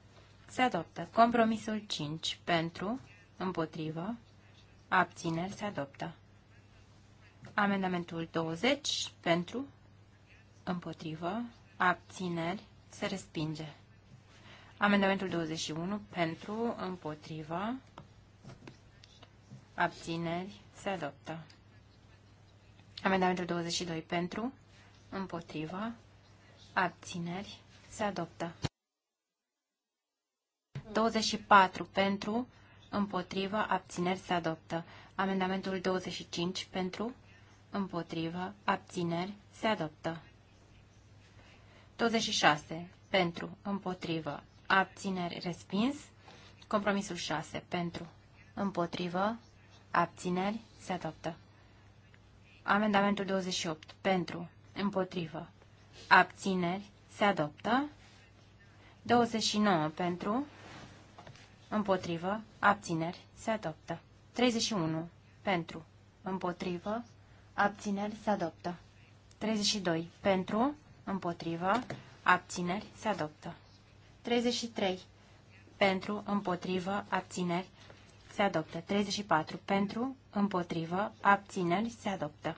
Speaker 1: se adoptă. Compromisul 5 pentru, împotrivă, abțineri, se adoptă. Amendamentul 20 pentru, împotrivă, abțineri, se respinge. Amendamentul 21 pentru, împotrivă, abțineri, se adoptă. Amendamentul 22 pentru, împotrivă, abțineri, se adoptă. 24 pentru, împotrivă, abțineri se adoptă. Amendamentul 25 pentru, împotrivă, abțineri se adoptă. 26 pentru, împotrivă, abțineri respins. Compromisul 6 pentru, împotrivă, abțineri se adoptă. Amendamentul 28 pentru, împotrivă, abțineri se adoptă. 29 pentru, împotrivă, abțineri, se adoptă. 31 pentru, împotrivă, abțineri, se adoptă. 32 pentru, împotrivă, abțineri, se adoptă. 33 pentru, împotrivă, abțineri, se adoptă. 34 pentru, împotrivă, abțineri, se adoptă.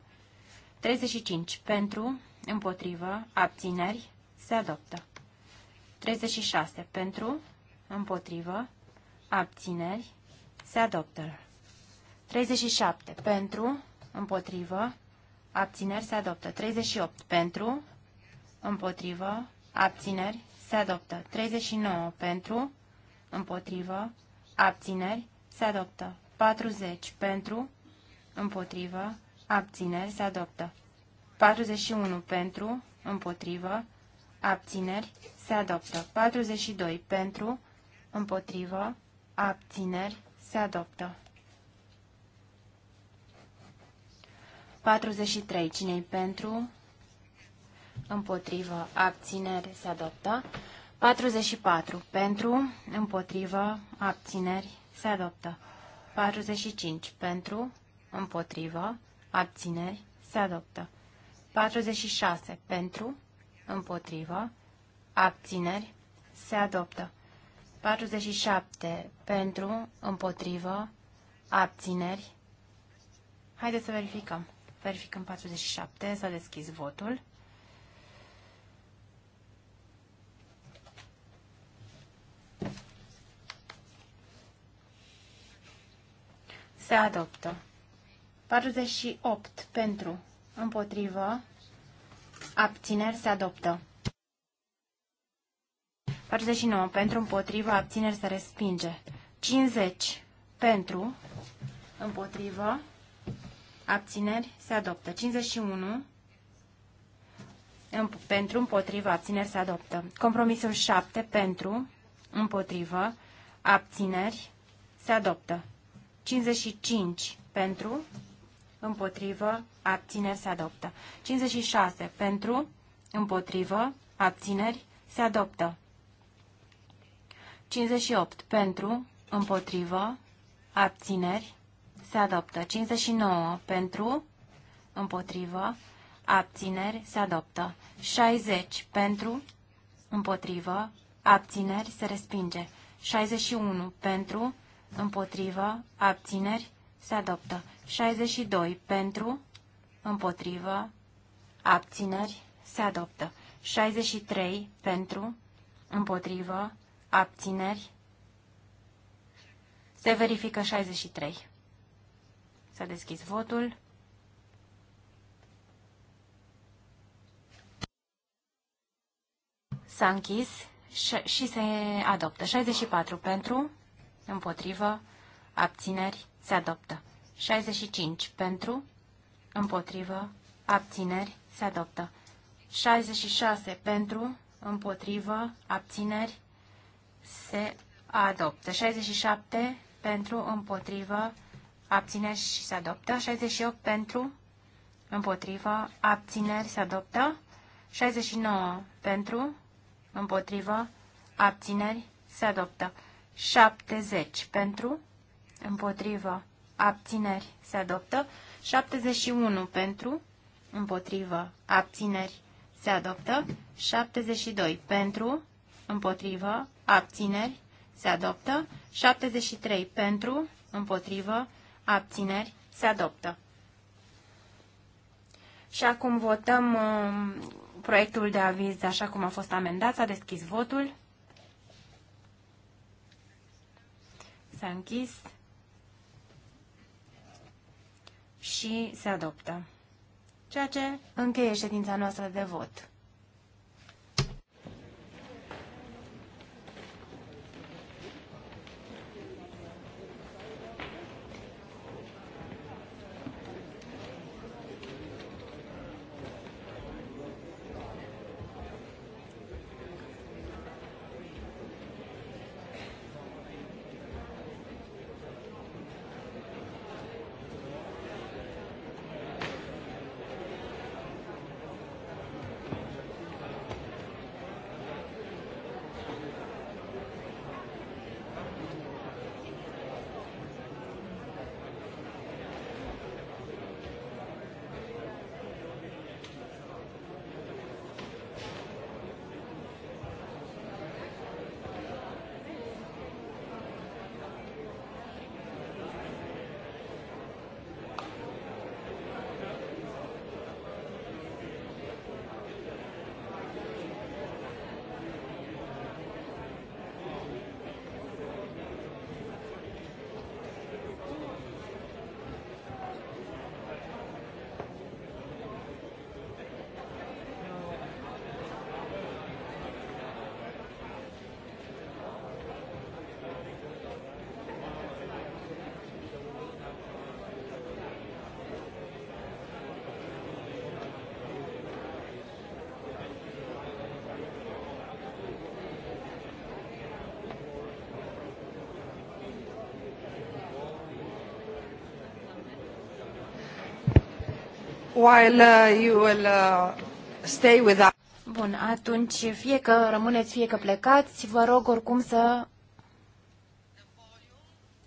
Speaker 1: 35 pentru, împotrivă, abțineri, se adoptă. 36. Pentru, împotrivă, abțineri, se adoptă. 37. Pentru, împotrivă, abțineri, se adoptă. 38. Pentru, împotrivă, abțineri, se adoptă. 39. Pentru, împotrivă, abțineri, se adoptă. 40. Pentru, împotrivă, abțineri, se adoptă. 41. Pentru, împotrivă, abțineri, se adoptă. 42 pentru, împotrivă, abțineri, se adoptă. 43. Cine-i pentru? Împotrivă. Abțineri se adoptă. 44. Pentru. Împotrivă. Abțineri se adoptă. 45. Pentru. Împotrivă. Abțineri se adoptă. 46. Pentru. Împotrivă. Abțineri. Se adoptă. 47. Pentru. Împotrivă. Abțineri. Haideți să verificăm. Verificăm 47. S-a deschis votul. Se adoptă. 48. Pentru. Împotrivă abțineri se adoptă. 49. Pentru împotrivă, abțineri se respinge. 50. Pentru împotrivă, abțineri se adoptă. 51. Pentru împotrivă, abțineri se adoptă. Compromisul 7. Pentru împotrivă, abțineri se adoptă. 55. Pentru împotrivă, abțineri se adoptă. 56 pentru, împotrivă, abțineri se adoptă. 58 pentru, împotrivă, abțineri se adoptă. 59 pentru, împotrivă, abțineri se adoptă. 60 pentru, împotrivă, abțineri se respinge. 61 pentru, împotrivă, abțineri se adoptă. 62 pentru, împotrivă, abțineri, se adoptă. 63 pentru, împotrivă, abțineri, se verifică 63. S-a deschis votul. S-a închis și se adoptă. 64 pentru, împotrivă, abțineri, se adoptă. 65 pentru, împotrivă, abțineri, se adoptă. 66 pentru, împotrivă, abțineri, se adoptă. 67 pentru, împotrivă, abțineri și se adoptă. 68 pentru, împotrivă, abțineri, se adoptă. 69 pentru, împotrivă, abțineri, se adoptă. 70 pentru, împotrivă, abțineri se adoptă. 71 pentru, împotrivă, abțineri se adoptă. 72 pentru, împotrivă, abțineri se adoptă. 73 pentru, împotrivă, abțineri se adoptă. Și acum votăm um, proiectul de aviz așa cum a fost amendat. S-a deschis votul. S-a închis. și se adoptă. Ceea ce încheie ședința noastră de vot.
Speaker 2: while uh, you will uh,
Speaker 1: stay with us. Bun, atunci fie că rămâneți, fie că plecați, vă rog oricum să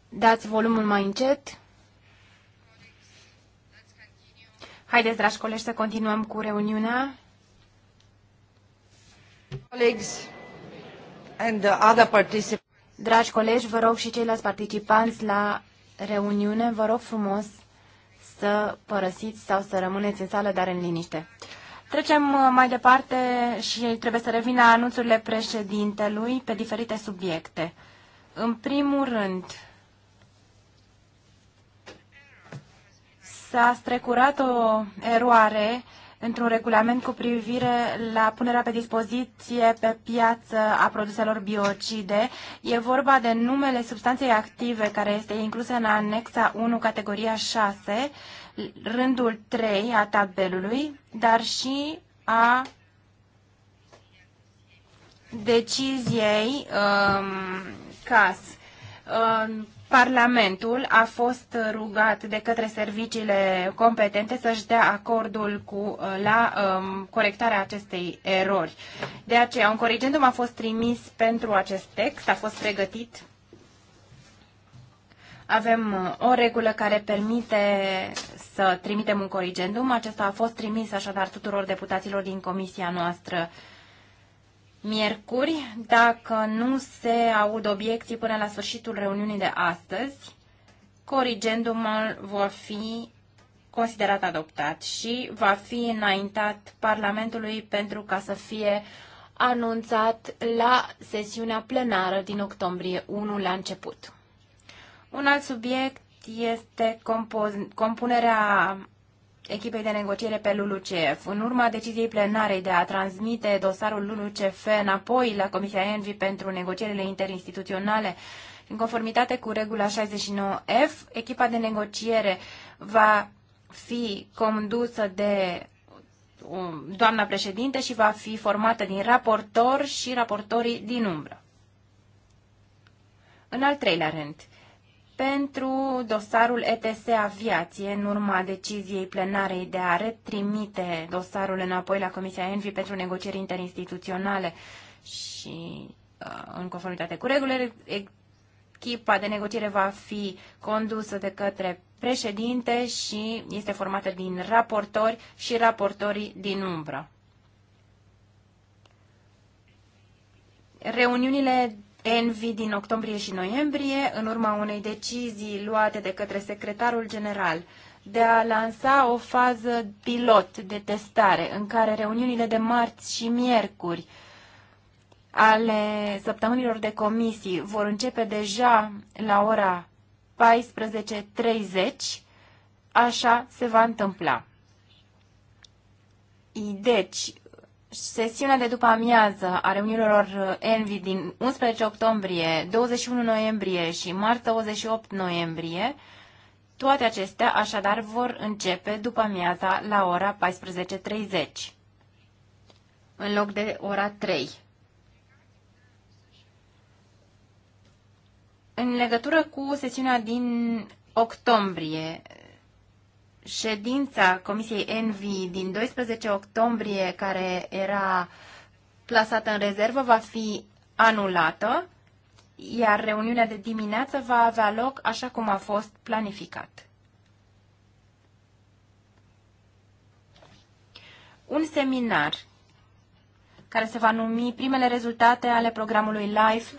Speaker 1: dați volumul mai încet. Haideți, dragi colegi, să continuăm cu reuniunea. and other Dragi colegi, vă rog și ceilalți participanți la reuniune, vă rog frumos să părăsiți sau să rămâneți în sală, dar în liniște. Trecem uh, mai departe și trebuie să revină anunțurile președintelui pe diferite subiecte. În primul rând, s-a strecurat o eroare într-un regulament cu privire la punerea pe dispoziție pe piață a produselor biocide. E vorba de numele substanței active care este inclusă în anexa 1, categoria 6, rândul 3 a tabelului, dar și a deciziei um, CAS. Um, Parlamentul a fost rugat de către serviciile competente să-și dea acordul cu, la um, corectarea acestei erori. De aceea, un corigendum a fost trimis pentru acest text, a fost pregătit. Avem uh, o regulă care permite să trimitem un corigendum. Acesta a fost trimis așadar tuturor deputaților din comisia noastră miercuri, dacă nu se aud obiecții până la sfârșitul reuniunii de astăzi, corigendumul va fi considerat adoptat și va fi înaintat Parlamentului pentru ca să fie anunțat la sesiunea plenară din octombrie 1 la început. Un alt subiect este compunerea echipei de negociere pe LULUCF. În urma deciziei plenarei de a transmite dosarul LULUCF înapoi la Comisia ENVI pentru negocierile interinstituționale, în conformitate cu regula 69F, echipa de negociere va fi condusă de um, doamna președinte și va fi formată din raportor și raportorii din umbră. În al treilea rând, pentru dosarul ETS Aviație, în urma deciziei plenarei de a retrimite dosarul înapoi la Comisia Envi pentru negocieri interinstituționale și uh, în conformitate cu regulile, echipa de negociere va fi condusă de către președinte și este formată din raportori și raportorii din umbră. Reuniunile Envi din octombrie și noiembrie, în urma unei decizii luate de către secretarul general de a lansa o fază pilot de testare, în care reuniunile de marți și miercuri ale săptămânilor de comisii vor începe deja la ora 14.30, așa se va întâmpla. Deci, sesiunea de după amiază a reuniunilor Envi din 11 octombrie, 21 noiembrie și martie 28 noiembrie, toate acestea așadar vor începe după amiaza la ora 14.30, în loc de ora 3. În legătură cu sesiunea din octombrie, ședința Comisiei Envi din 12 octombrie, care era plasată în rezervă, va fi anulată, iar reuniunea de dimineață va avea loc așa cum a fost planificat. Un seminar care se va numi Primele rezultate ale programului LIFE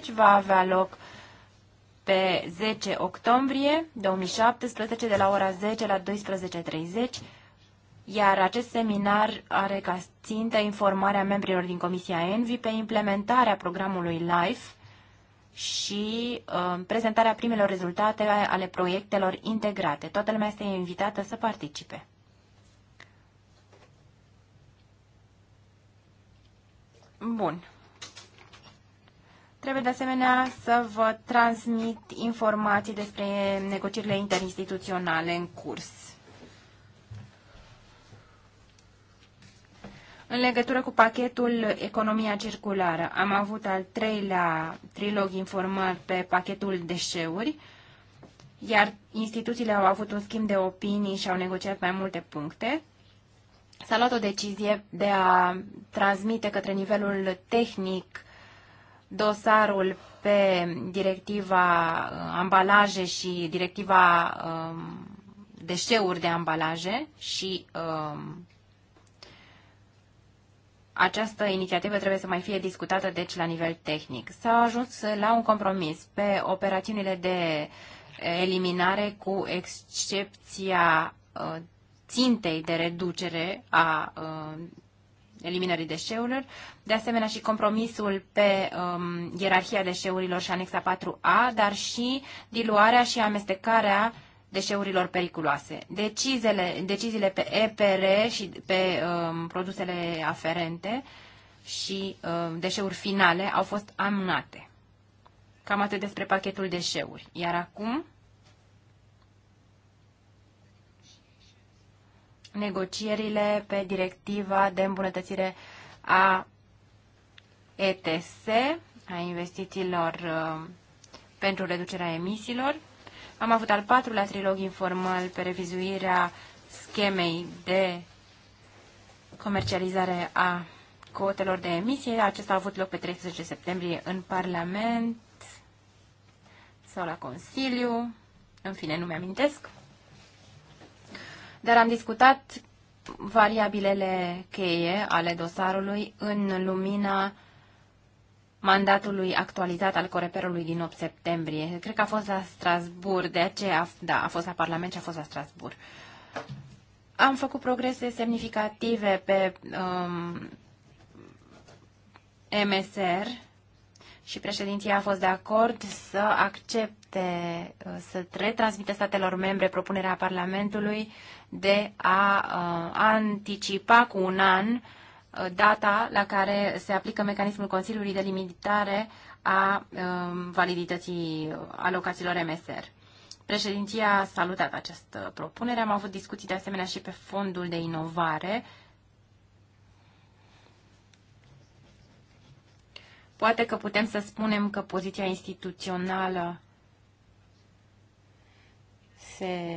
Speaker 1: 2014-2020 va avea loc pe 10 octombrie 2017 de la ora 10 la 12.30, iar acest seminar are ca țintă informarea membrilor din Comisia ENVI pe implementarea programului LIFE și uh, prezentarea primelor rezultate ale proiectelor integrate. Toată lumea este invitată să participe. Bun. Trebuie de asemenea să vă transmit informații despre negocierile interinstituționale în curs. În legătură cu pachetul Economia Circulară, am avut al treilea trilog informări pe pachetul deșeuri, iar instituțiile au avut un schimb de opinii și au negociat mai multe puncte. S-a luat o decizie de a transmite către nivelul tehnic dosarul pe directiva uh, ambalaje și directiva um, deșeuri de ambalaje și um, această inițiativă trebuie să mai fie discutată, deci, la nivel tehnic. S-a ajuns la un compromis pe operațiunile de uh, eliminare cu excepția uh, țintei de reducere a uh, eliminării deșeurilor, de asemenea și compromisul pe um, ierarhia deșeurilor și anexa 4A, dar și diluarea și amestecarea deșeurilor periculoase. Deciziile, deciziile pe EPR și pe um, produsele aferente și um, deșeuri finale au fost amânate. Cam atât despre pachetul deșeuri. Iar acum negocierile pe directiva de îmbunătățire a ETS, a investițiilor uh, pentru reducerea emisiilor. Am avut al patrulea trilog informal pe revizuirea schemei de comercializare a cotelor de emisie. Acesta a avut loc pe 13 septembrie în Parlament sau la Consiliu. În fine, nu mi-amintesc dar am discutat variabilele cheie ale dosarului în lumina mandatului actualizat al Coreperului din 8 septembrie. Cred că a fost la Strasburg, de aceea, da, a fost la Parlament și a fost la Strasburg. Am făcut progrese semnificative pe um, MSR și președinția a fost de acord să accepte, să retransmite statelor membre propunerea Parlamentului de a uh, anticipa cu un an uh, data la care se aplică mecanismul Consiliului de limitare a um, validității alocațiilor MSR. Președinția a salutat această propunere. Am avut discuții de asemenea și pe fondul de inovare. Poate că putem să spunem că poziția instituțională se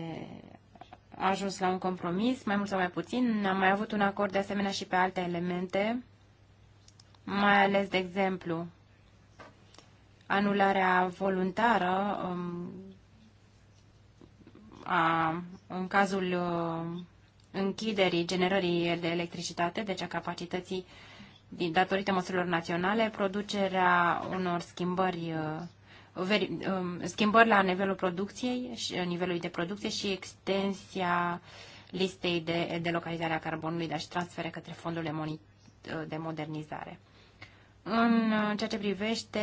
Speaker 1: ajuns la un compromis, mai mult sau mai puțin. Am mai avut un acord de asemenea și pe alte elemente, mai ales, de exemplu, anularea voluntară um, a, în cazul uh, închiderii generării de electricitate, deci a capacității din, datorită măsurilor naționale, producerea unor schimbări uh, Um, schimbări la nivelul producției și uh, nivelului de producție și extensia listei de localizare a carbonului, dar și transfere către fondurile uh, de modernizare. În uh, ceea ce privește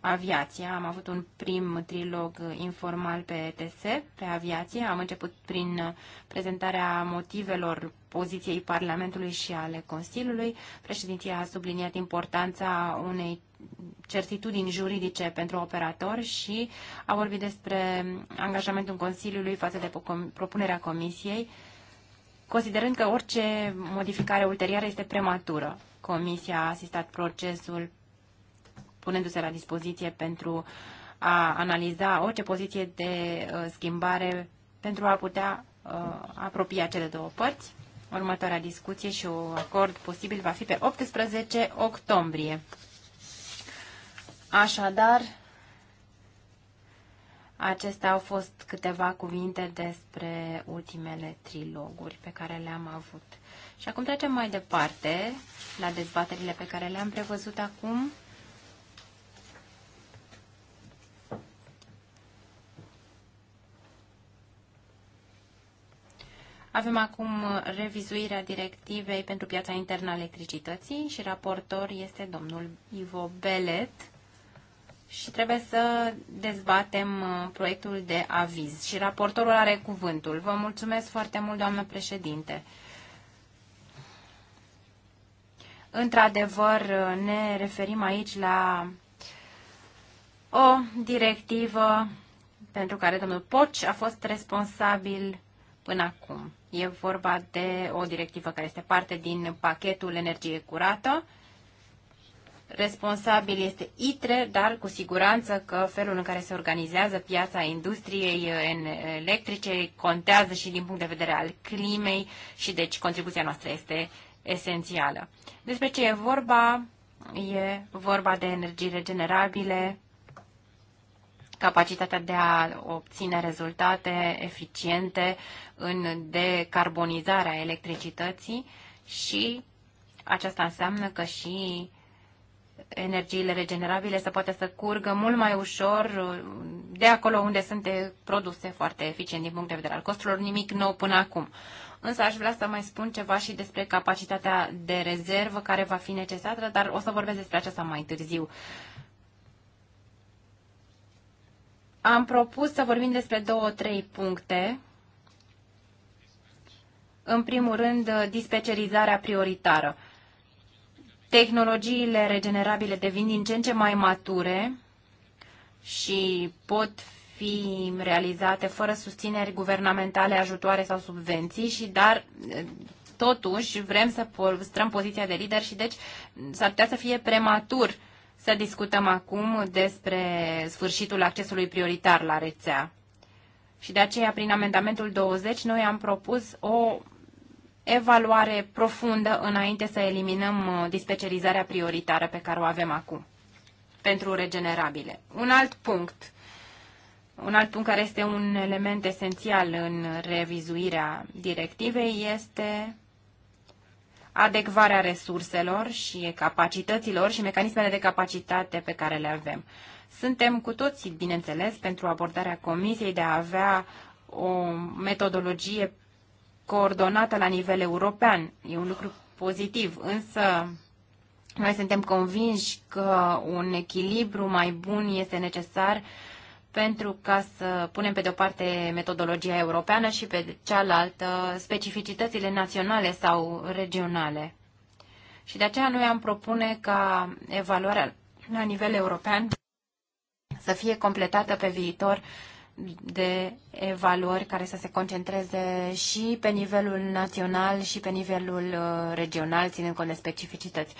Speaker 1: aviația. Am avut un prim trilog informal pe ETS, pe aviație. Am început prin prezentarea motivelor poziției Parlamentului și ale Consiliului. Președinția a subliniat importanța unei certitudini juridice pentru operator și a vorbit despre angajamentul Consiliului față de propunerea Comisiei, considerând că orice modificare ulterioară este prematură. Comisia a asistat procesul punându-se la dispoziție pentru a analiza orice poziție de uh, schimbare pentru a putea uh, apropia cele două părți. Următoarea discuție și un acord posibil va fi pe 18 octombrie. Așadar, Acestea au fost câteva cuvinte despre ultimele triloguri pe care le-am avut. Și acum trecem mai departe la dezbaterile pe care le-am prevăzut acum. Avem acum uh, revizuirea directivei pentru piața internă a electricității și raportor este domnul Ivo Belet și trebuie să dezbatem uh, proiectul de aviz și raportorul are cuvântul. Vă mulțumesc foarte mult, doamnă președinte. Într-adevăr, uh, ne referim aici la o directivă pentru care domnul Poci a fost responsabil până acum. E vorba de o directivă care este parte din pachetul energie curată. Responsabil este ITRE, dar cu siguranță că felul în care se organizează piața industriei electrice contează și din punct de vedere al climei și deci contribuția noastră este esențială. Despre ce e vorba? E vorba de energii regenerabile, capacitatea de a obține rezultate eficiente în decarbonizarea electricității și aceasta înseamnă că și energiile regenerabile să poată să curgă mult mai ușor de acolo unde sunt produse foarte eficient din punct de vedere al costurilor, nimic nou până acum. Însă aș vrea să mai spun ceva și despre capacitatea de rezervă care va fi necesară, dar o să vorbesc despre aceasta mai târziu. Am propus să vorbim despre două, trei puncte. În primul rând, uh, dispecerizarea prioritară. Tehnologiile regenerabile devin din ce în ce mai mature și pot fi realizate fără susțineri guvernamentale, ajutoare sau subvenții, și dar uh, totuși vrem să păstrăm poziția de lider și deci s-ar putea să fie prematur să discutăm acum despre sfârșitul accesului prioritar la rețea. Și de aceea, prin amendamentul 20, noi am propus o evaluare profundă înainte să eliminăm uh, dispecerizarea prioritară pe care o avem acum pentru regenerabile. Un alt punct, un alt punct care este un element esențial în revizuirea directivei este adecvarea resurselor și capacităților și mecanismele de capacitate pe care le avem. Suntem cu toții, bineînțeles, pentru abordarea Comisiei de a avea o metodologie coordonată la nivel european. E un lucru pozitiv, însă noi suntem convinși că un echilibru mai bun este necesar pentru ca să punem pe de-o parte metodologia europeană și pe cealaltă specificitățile naționale sau regionale. Și de aceea noi am propune ca evaluarea la nivel european să fie completată pe viitor de evaluări care să se concentreze și pe nivelul național și pe nivelul uh, regional, ținând cont de specificități.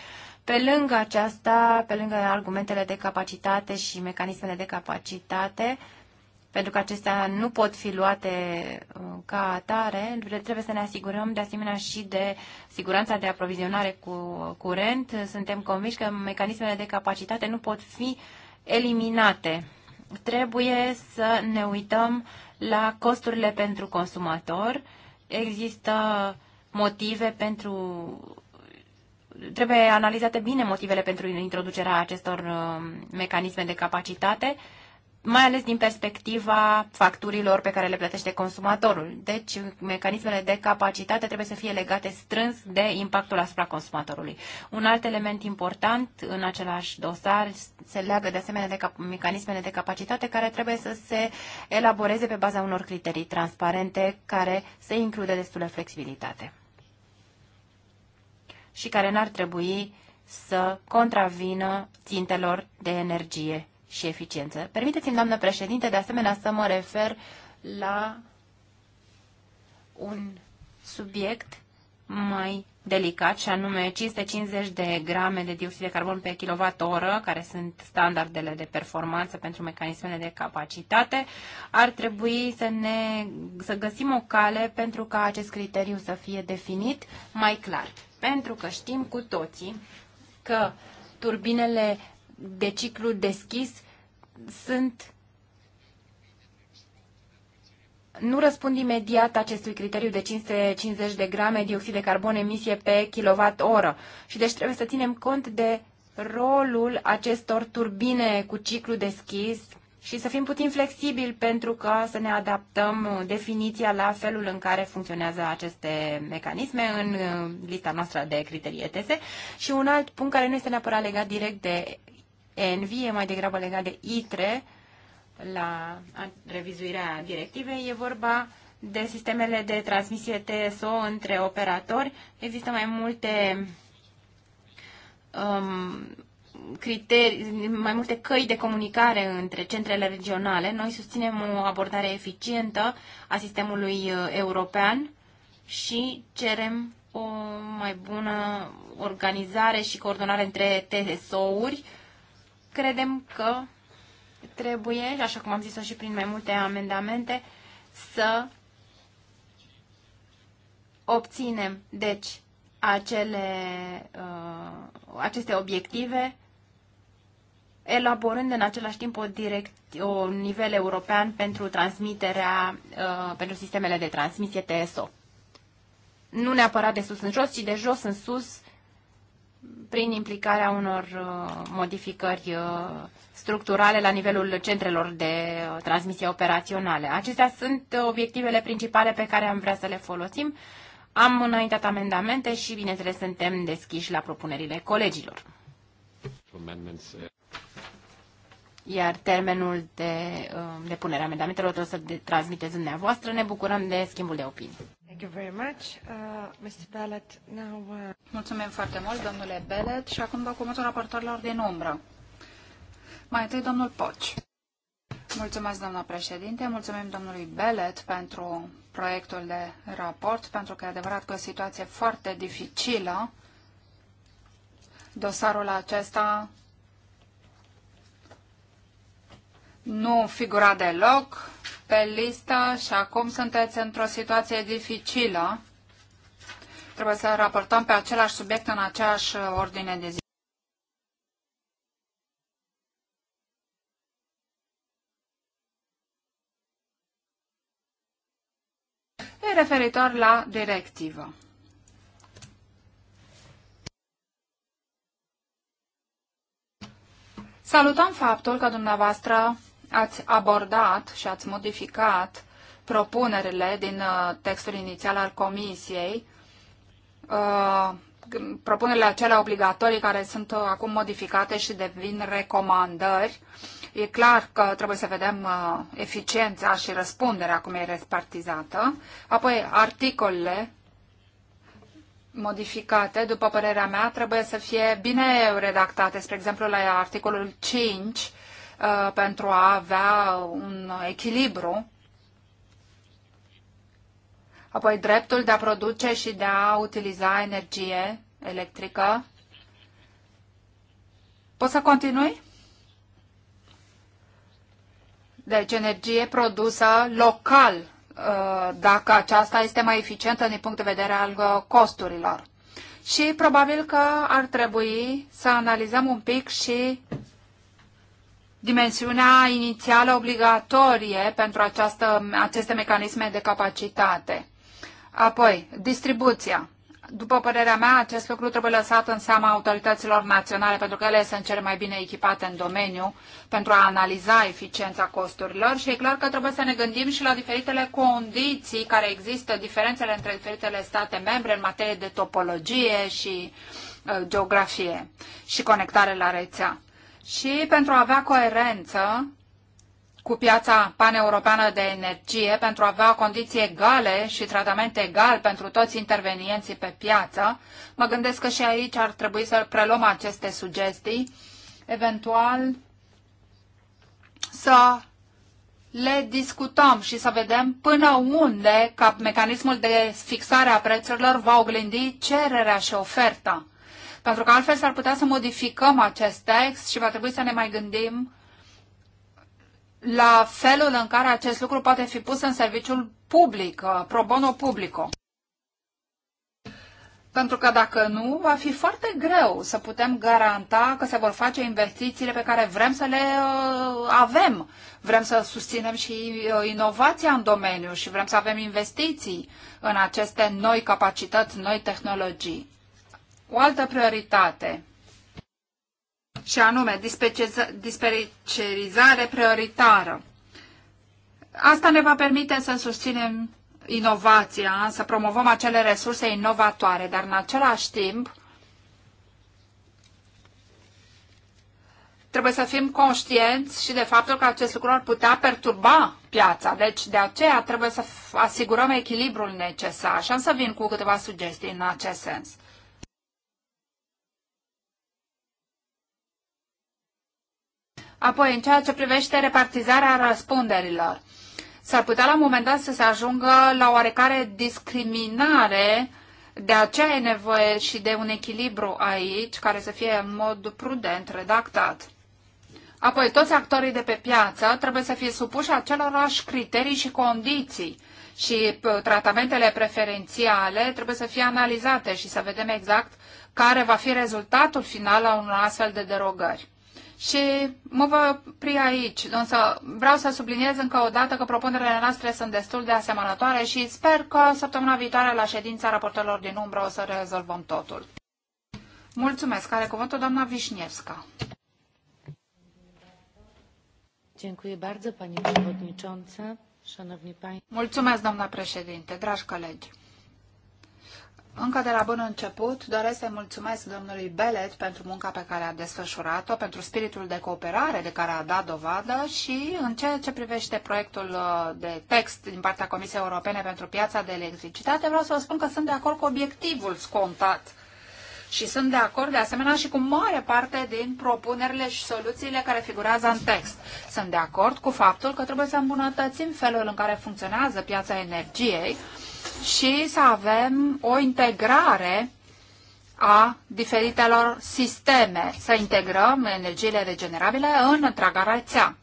Speaker 1: Pe lângă aceasta, pe lângă argumentele de capacitate și mecanismele de capacitate, pentru că acestea nu pot fi luate uh, ca atare, trebuie să ne asigurăm de asemenea și de siguranța de aprovizionare cu curent. Suntem convinși că mecanismele de capacitate nu pot fi eliminate. Trebuie să ne uităm la costurile pentru consumator. Există motive pentru trebuie analizate bine motivele pentru introducerea acestor uh, mecanisme de capacitate, mai ales din perspectiva facturilor pe care le plătește consumatorul. Deci, mecanismele de capacitate trebuie să fie legate strâns de impactul asupra consumatorului. Un alt element important în același dosar se leagă de asemenea de mecanismele de capacitate care trebuie să se elaboreze pe baza unor criterii transparente care să includă destulă flexibilitate și care n-ar trebui să contravină țintelor de energie și eficiență. Permiteți-mi, doamnă președinte, de asemenea să mă refer la un subiect mai delicat, și anume 550 de grame de dioxid de carbon pe kWh, care sunt standardele de performanță pentru mecanismele de capacitate, ar trebui să, ne, să găsim o cale pentru ca acest criteriu să fie definit mai clar. Pentru că știm cu toții că turbinele de ciclu deschis sunt nu răspund imediat acestui criteriu de 550 de grame dioxid de carbon emisie pe kWh și deci trebuie să ținem cont de rolul acestor turbine cu ciclu deschis și să fim puțin flexibili pentru ca să ne adaptăm definiția la felul în care funcționează aceste mecanisme în uh, lista noastră de criterii ETS. Și un alt punct care nu este neapărat legat direct de ENVI, e mai degrabă legat de ITRE la revizuirea directivei, e vorba de sistemele de transmisie TSO între operatori. Există mai multe um, criterii, mai multe căi de comunicare între centrele regionale. Noi susținem o abordare eficientă a sistemului uh, european și cerem o mai bună organizare și coordonare între TSO-uri. Credem că trebuie, așa cum am zis-o și prin mai multe amendamente, să obținem, deci, acele, uh, aceste obiective elaborând în același timp o direct, o nivel european pentru transmiterea, uh, pentru sistemele de transmisie TSO. Nu neapărat de sus în jos, ci de jos în sus, prin implicarea unor uh, modificări uh, structurale la nivelul centrelor de uh, transmisie operaționale. Acestea sunt uh, obiectivele principale pe care am vrea să le folosim. Am înaintat amendamente și, bineînțeles, suntem deschiși la propunerile colegilor iar termenul de um, depunere a amendamentelor trebuie să de transmiteți dumneavoastră. Ne bucurăm de schimbul de opinii.
Speaker 2: Thank you very much, uh, Mr. Bellet. Now, uh... Mulțumim foarte mult, domnule Bellet, și acum dau cuvântul raportorilor din umbră. Mai întâi, domnul Poci. Mulțumesc, doamna președinte, mulțumim domnului Belet pentru proiectul de raport, pentru că e adevărat că o situație foarte dificilă. Dosarul acesta nu figura deloc pe listă și acum sunteți într-o situație dificilă. Trebuie să raportăm pe același subiect în aceeași ordine de zi. E referitor la directivă. Salutăm faptul că dumneavoastră ați abordat și ați modificat propunerile din uh, textul inițial al Comisiei, uh, propunerile acelea obligatorii care sunt uh, acum modificate și devin recomandări. E clar că trebuie să vedem eficiența și răspunderea cum e repartizată. Apoi, articolele modificate, după părerea mea, trebuie să fie bine redactate. Spre exemplu, la articolul 5, Uh, pentru a avea un echilibru apoi dreptul de a produce și de a utiliza energie electrică. Poți să continui? Deci energie produsă local, uh, dacă aceasta este mai eficientă din punct de vedere al uh, costurilor. Și probabil că ar trebui să analizăm un pic și dimensiunea inițială obligatorie pentru această, aceste mecanisme de capacitate. Apoi, distribuția. După părerea mea, acest lucru trebuie lăsat în seama autorităților naționale, pentru că ele sunt cele mai bine echipate în domeniu pentru a analiza eficiența costurilor și e clar că trebuie să ne gândim și la diferitele condiții care există, diferențele între diferitele state membre în materie de topologie și uh, geografie și conectare la rețea și pentru a avea coerență cu piața paneuropeană de energie, pentru a avea condiții egale și tratament egal pentru toți intervenienții pe piață, mă gândesc că și aici ar trebui să preluăm aceste sugestii, eventual să le discutăm și să vedem până unde ca mecanismul de fixare a prețurilor va oglindi cererea și oferta. Pentru că altfel s-ar putea să modificăm acest text și va trebui să ne mai gândim la felul în care acest lucru poate fi pus în serviciul public, uh, pro bono publico. Pentru că dacă nu, va fi foarte greu să putem garanta că se vor face investițiile pe care vrem să le uh, avem. Vrem să susținem și uh, inovația în domeniu și vrem să avem investiții în aceste noi capacități, noi tehnologii o altă prioritate și anume dispecerizare prioritară. Asta ne va permite să susținem inovația, să promovăm acele resurse inovatoare, dar în același timp trebuie să fim conștienți și de faptul că acest lucru ar putea perturba piața. Deci de aceea trebuie să asigurăm echilibrul necesar. Și am să vin cu câteva sugestii în acest sens. Apoi, în ceea ce privește repartizarea răspunderilor, s-ar putea la un moment dat să se ajungă la oarecare discriminare, de aceea e nevoie și de un echilibru aici, care să fie în mod prudent redactat. Apoi, toți actorii de pe piață trebuie să fie supuși acelorași criterii și condiții și tratamentele preferențiale trebuie să fie analizate și să vedem exact care va fi rezultatul final al unor astfel de derogări. Și mă voi opri aici, însă vreau să subliniez încă o dată că propunerile noastre sunt destul de asemănătoare și sper că săptămâna viitoare la ședința raportelor din umbră o să rezolvăm totul. Mulțumesc. Are cuvântul doamna Vișnievska. Mulțumesc, doamna președinte, dragi colegi. Încă de la bun început doresc să-i mulțumesc domnului Belet pentru munca pe care a desfășurat-o, pentru spiritul de cooperare de care a dat dovadă și în ceea ce privește proiectul uh, de text din partea Comisiei Europene pentru piața de electricitate, vreau să vă spun că sunt de acord cu obiectivul scontat și sunt de acord de asemenea și cu mare parte din propunerile și soluțiile care figurează în text. Sunt de acord cu faptul că trebuie să îmbunătățim felul în care funcționează piața energiei, și să avem o integrare a diferitelor sisteme, să integrăm energiile regenerabile în întreaga rețea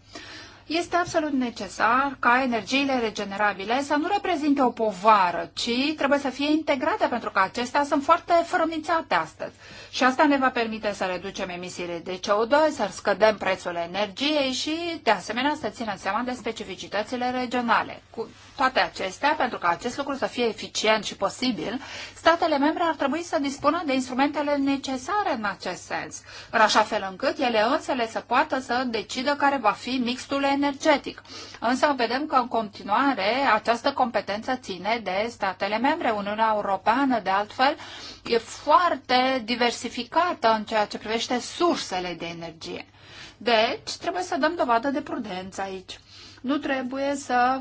Speaker 2: este absolut necesar ca energiile regenerabile să nu reprezinte o povară, ci trebuie să fie integrate, pentru că acestea sunt foarte fărămițate astăzi. Și asta ne va permite să reducem emisiile de CO2, să scădem prețul energiei și, de asemenea, să ținem seama de specificitățile regionale. Cu toate acestea, pentru că acest lucru să fie eficient și posibil, statele membre ar trebui să dispună de instrumentele necesare în acest sens, în așa fel încât ele însele să poată să decidă care va fi mixtul energetic. Însă vedem că în continuare această competență ține de statele membre. Uniunea Europeană, de altfel, e foarte diversificată în ceea ce privește sursele de energie. Deci, trebuie să dăm dovadă de prudență aici. Nu trebuie să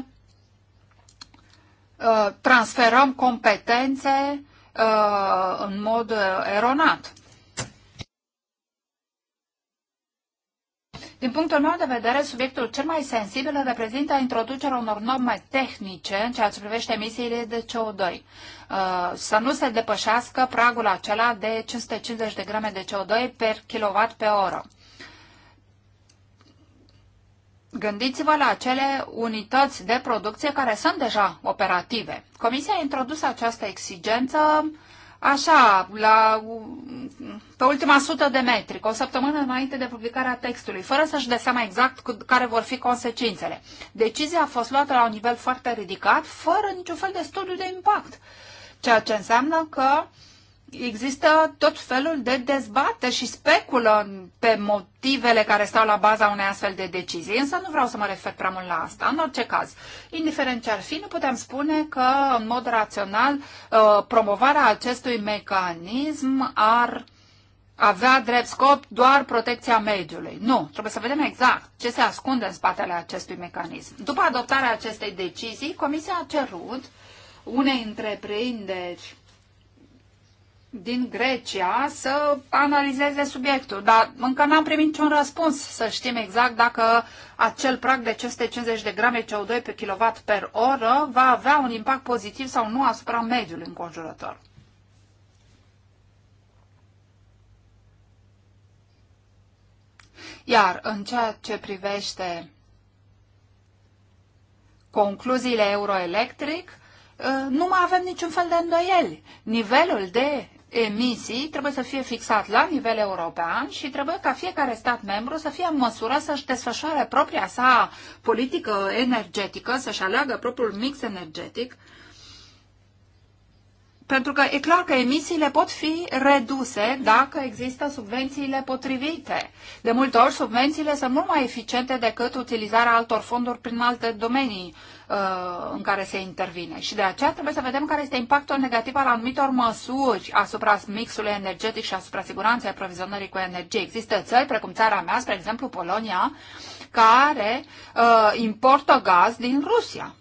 Speaker 2: uh, transferăm competențe Uh, în mod uh, eronat. Din punctul meu de vedere, subiectul cel mai sensibil reprezintă introducerea unor norme tehnice în ceea ce privește emisiile de CO2. Uh, să nu se depășească pragul acela de 550 de grame de CO2 per kilowatt pe oră. Gândiți-vă la acele unități de producție care sunt deja operative. Comisia a introdus această exigență așa, la, pe ultima sută de metri, cu o săptămână înainte de publicarea textului, fără să-și dea seama exact care vor fi consecințele. Decizia a fost luată la un nivel foarte ridicat, fără niciun fel de studiu de impact, ceea ce înseamnă că uh, există tot felul de dezbate și speculă pe motivele care stau la baza unei astfel de decizii, însă nu vreau să mă refer prea mult la asta. În orice caz, indiferent ce ar fi, nu putem spune că, în mod rațional, uh, promovarea acestui mecanism ar avea drept scop doar protecția mediului. Nu, trebuie să vedem exact ce se ascunde în spatele acestui mecanism. După adoptarea acestei decizii, Comisia a cerut unei întreprinderi din Grecia să analizeze subiectul, dar încă n-am primit niciun răspuns să știm exact dacă acel prag de 550 de grame CO2 pe kilowatt per oră va avea un impact pozitiv sau nu asupra mediului înconjurător. Iar în ceea ce privește concluziile Euroelectric, uh, nu mai avem niciun fel de îndoieli. Nivelul de emisii trebuie să fie fixat la nivel european și trebuie ca fiecare stat membru să fie în măsură să-și desfășoare propria sa politică energetică, să-și aleagă propriul mix energetic pentru că e clar că emisiile pot fi reduse dacă există subvențiile potrivite. De multe ori, subvențiile sunt mult mai eficiente decât utilizarea altor fonduri prin alte domenii uh, în care se intervine. Și de aceea trebuie să vedem care este impactul negativ al anumitor măsuri asupra mixului energetic și asupra siguranței aprovizionării cu energie. Există țări, precum țara mea, spre exemplu Polonia, care uh, importă gaz din Rusia.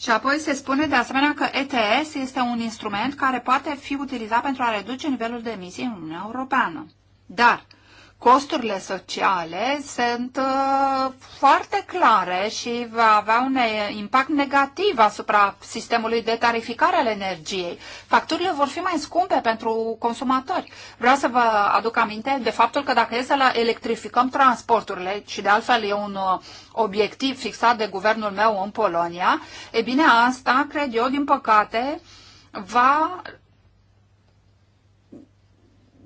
Speaker 2: Și apoi se spune de asemenea că ETS este un instrument care poate fi utilizat pentru a reduce nivelul de emisii în Uniunea Europeană. Dar costurile sociale sunt uh, foarte clare și va avea un uh, impact negativ asupra sistemului de tarificare al energiei. Facturile vor fi mai scumpe pentru consumatori. Vreau să vă aduc aminte de faptul că dacă e să electrificăm transporturile, și de altfel e un uh, obiectiv fixat de guvernul meu în Polonia, e bine, asta, cred eu, din păcate, va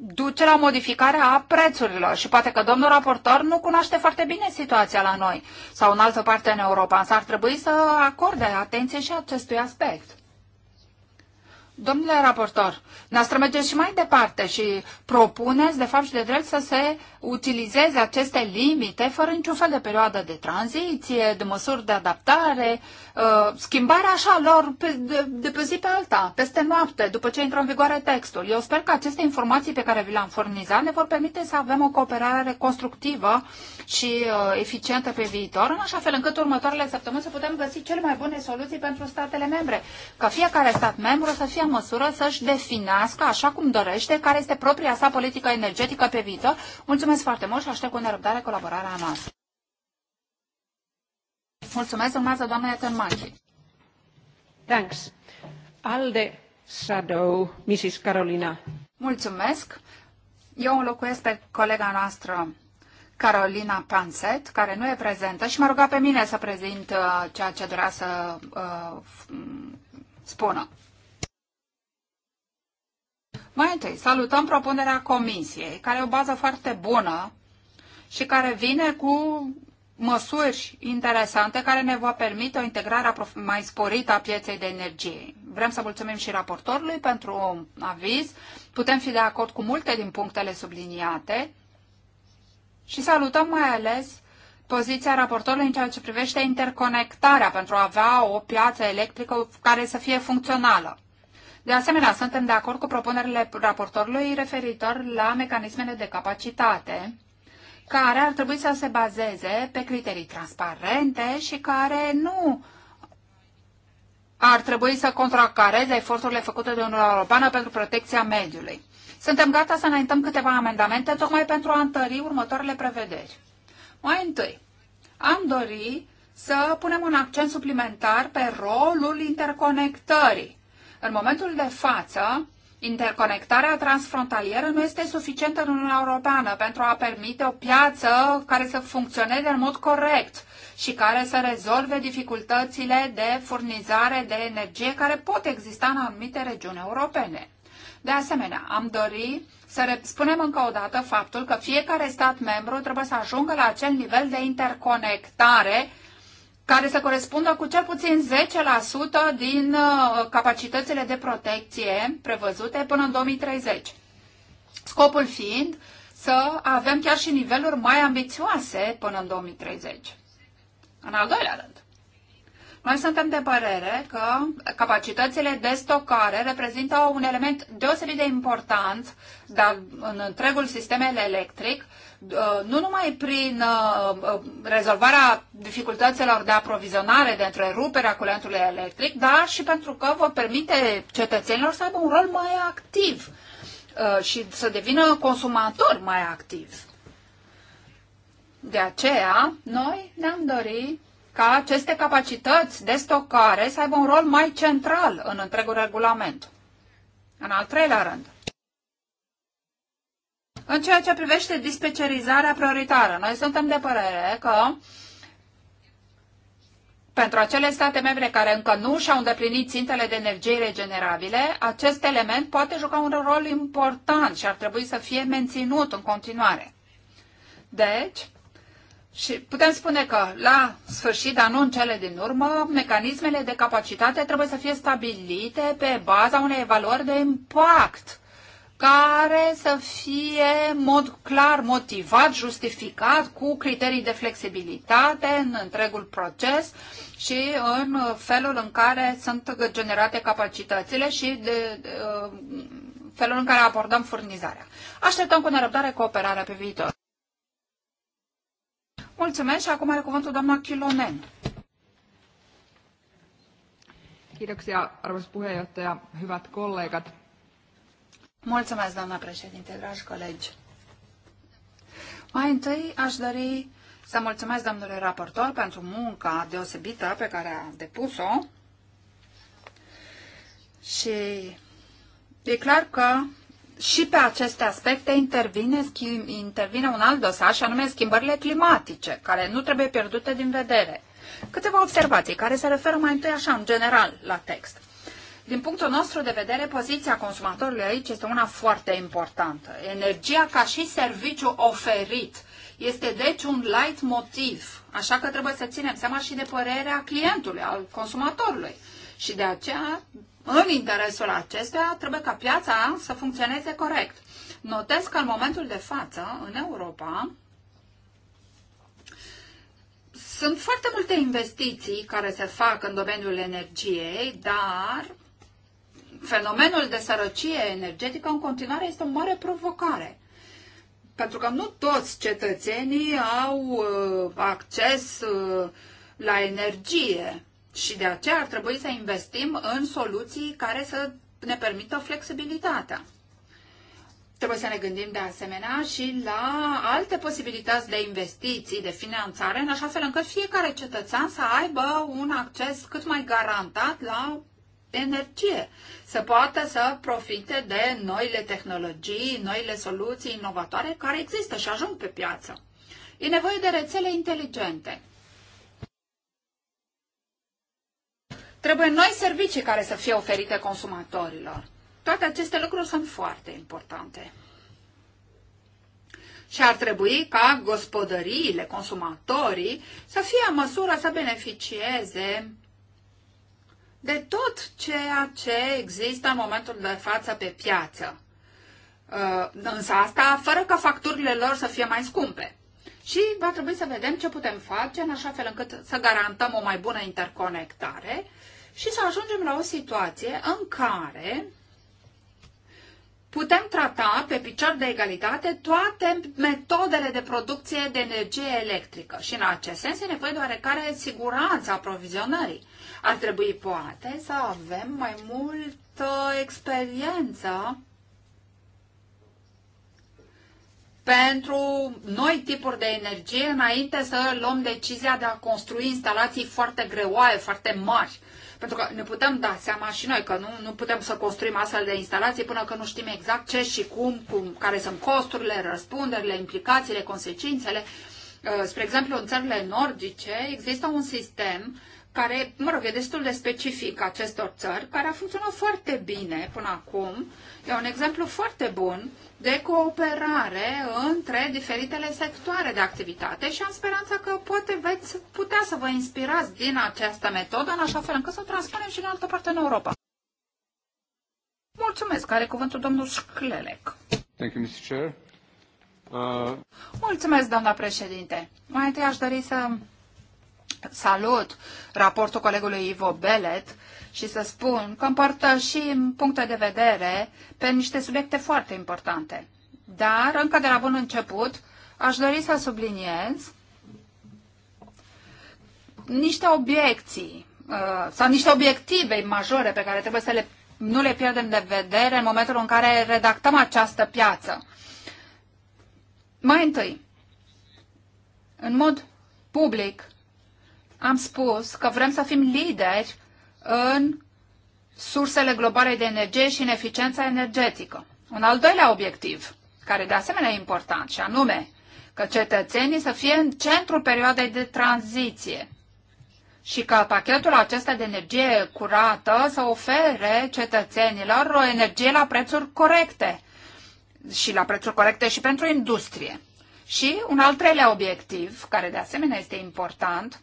Speaker 2: duce la modificarea a prețurilor și poate că domnul raportor nu cunoaște foarte bine situația la noi sau în altă parte în Europa, însă ar trebui să acorde atenție și acestui aspect. Domnule raportor, noastră mergem și mai departe și propuneți, de fapt și de drept, să se utilizeze aceste limite fără niciun fel de perioadă de tranziție, de măsuri de adaptare, uh, schimbarea așa lor de pe zi pe alta, peste noapte, după ce intră în vigoare textul. Eu sper că aceste informații pe care vi le-am furnizat ne vor permite să avem o cooperare constructivă și uh, eficientă pe viitor, în așa fel încât următoarele săptămâni să putem găsi cele mai bune soluții pentru statele membre, ca fiecare stat membru să fie măsură să-și definească, așa cum dorește, care este propria sa politică energetică pe viitor. Mulțumesc foarte mult și aștept cu nerăbdare colaborarea noastră. Mulțumesc, urmează doamna Iatenmachi. Thanks. Alde Shadow, Mrs. Carolina. Mulțumesc. Eu înlocuiesc pe colega noastră Carolina Panset, care nu e prezentă și m-a rugat pe mine să prezint uh, ceea ce dorea să uh, spună. Mai întâi, salutăm propunerea Comisiei, care e o bază foarte bună și care vine cu măsuri interesante care ne va permite o integrare mai sporită a pieței de energie. Vrem să mulțumim și raportorului pentru aviz. Putem fi de acord cu multe din punctele subliniate și salutăm mai ales poziția raportorului în ceea ce privește interconectarea pentru a avea o piață electrică care să fie funcțională. De asemenea, suntem de acord cu propunerile raportorului referitor la mecanismele de capacitate, care ar trebui să se bazeze pe criterii transparente și care nu ar trebui să contracareze eforturile făcute de Uniunea Europeană pentru protecția mediului. Suntem gata să înaintăm câteva amendamente tocmai pentru a întări următoarele prevederi. Mai întâi, am dori să punem un accent suplimentar pe rolul interconectării în momentul de față, interconectarea transfrontalieră nu este suficientă în Uniunea Europeană pentru a permite o piață care să funcționeze în mod corect și care să rezolve dificultățile de furnizare de energie care pot exista în anumite regiuni europene. De asemenea, am dori să spunem încă o dată faptul că fiecare stat membru trebuie să ajungă la acel nivel de interconectare care să corespundă cu cel puțin 10% din uh, capacitățile de protecție prevăzute până în 2030. Scopul fiind să avem chiar și niveluri mai ambițioase până în 2030. În al doilea rând, noi suntem de părere că capacitățile de stocare reprezintă un element deosebit de important dar în întregul sistem electric Uh, nu numai prin uh, uh, rezolvarea dificultăților de aprovizionare, de întreruperea a curentului electric, dar și pentru că vor permite cetățenilor să aibă un rol mai activ și să devină consumatori mai activi. De aceea, noi ne-am dorit ca aceste capacități de stocare să aibă un rol mai central în întregul regulament. În al treilea rând, în ceea ce privește dispecerizarea prioritară, noi suntem de părere că pentru acele state membre care încă nu și-au îndeplinit țintele de energie regenerabile, acest element poate juca un rol important și ar trebui să fie menținut în continuare. Deci, și putem spune că la sfârșit, dar nu în cele din urmă, mecanismele de capacitate trebuie să fie stabilite pe baza unei evaluări de impact care să fie mod clar motivat, justificat, cu criterii de flexibilitate în întregul proces și în felul în care sunt generate capacitățile și de, de, uh, felul în care abordăm furnizarea. Așteptăm cu nerăbdare cooperarea pe viitor. Mulțumesc și acum are cuvântul doamna Chilonen. Kiitoksia, arvoisa puheenjohtaja, hyvät kollegat. Mulțumesc, doamna președinte, dragi colegi. Mai întâi aș dori să mulțumesc domnului raportor pentru munca deosebită pe care a depus-o și e clar că și pe aceste aspecte intervine, schim, intervine un alt dosar, și anume schimbările climatice, care nu trebuie pierdute din vedere. Câteva observații care se referă mai întâi așa, în general, la text. Din punctul nostru de vedere, poziția consumatorului aici este una foarte importantă. Energia ca și serviciu oferit este deci un light motiv, așa că trebuie să ținem seama și de părerea clientului, al consumatorului. Și de aceea, în interesul acestuia, trebuie ca piața să funcționeze corect. Notez că în momentul de față, în Europa, sunt foarte multe investiții care se fac în domeniul energiei, dar fenomenul de sărăcie energetică în continuare este o mare provocare. Pentru că nu toți cetățenii au uh, acces uh, la energie și de aceea ar trebui să investim în soluții care să ne permită flexibilitatea. Trebuie să ne gândim de asemenea și la alte posibilități de investiții, de finanțare, în așa fel încât fiecare cetățean să aibă un acces cât mai garantat la energie, să poată să profite de noile tehnologii, noile soluții inovatoare care există și ajung pe piață. E nevoie de rețele inteligente. Trebuie noi servicii care să fie oferite consumatorilor. Toate aceste lucruri sunt foarte importante. Și ar trebui ca gospodăriile, consumatorii, să fie în măsură să beneficieze de tot ceea ce există în momentul de față pe piață. Uh, însă asta fără ca facturile lor să fie mai scumpe. Și va trebui să vedem ce putem face în așa fel încât să garantăm o mai bună interconectare și să ajungem la o situație în care putem trata pe picior de egalitate toate metodele de producție de energie electrică și în acest sens e nevoie de oarecare siguranță aprovizionării. Ar trebui poate să avem mai multă experiență pentru noi tipuri de energie înainte să luăm decizia de a construi instalații foarte greoaie, foarte mari. Pentru că ne putem da seama și noi că nu, nu putem să construim astfel de instalații până când nu știm exact ce și cum, cum care sunt costurile, răspunderile, implicațiile, consecințele. Uh, spre exemplu, în țările nordice există un sistem care, mă rog, e destul de specific acestor țări, care a funcționat foarte bine până acum. E un exemplu foarte bun de cooperare între diferitele sectoare de activitate și am speranța că poate veți putea să vă inspirați din această metodă în așa fel încât să o transpunem și în altă parte în Europa. Mulțumesc. Are cuvântul domnul Șclelec.
Speaker 1: Thank you, Mr. Chair. Uh...
Speaker 2: Mulțumesc, doamna președinte. Mai întâi aș dori să salut raportul colegului Ivo Belet și să spun că împărtășim puncte de vedere pe niște subiecte foarte importante. Dar, încă de la bun început, aș dori să subliniez niște obiecții uh, sau niște obiective majore pe care trebuie să le, nu le pierdem de vedere în momentul în care redactăm această piață. Mai întâi, în mod public, am spus că vrem să fim lideri în sursele globale de energie și în eficiența energetică. Un al doilea obiectiv, care de asemenea e important, și anume că cetățenii să fie în centrul perioadei de tranziție și că pachetul acesta de energie curată să ofere cetățenilor o energie la prețuri corecte și la prețuri corecte și pentru industrie. Și un al treilea obiectiv, care de asemenea este important,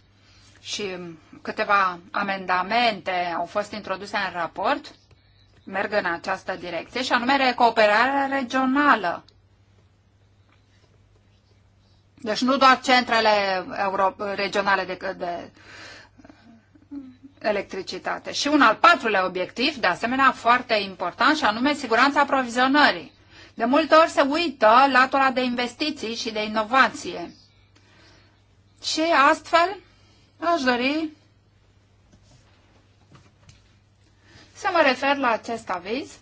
Speaker 2: și câteva amendamente au fost introduse în raport, merg în această direcție, și anume recuperarea regională. Deci nu doar centrele euro- regionale de, de electricitate. Și un al patrulea obiectiv, de asemenea foarte important, și anume siguranța aprovizionării. De multe ori se uită latura de investiții și de inovație. Și astfel, Aș dori să mă refer la acest aviz,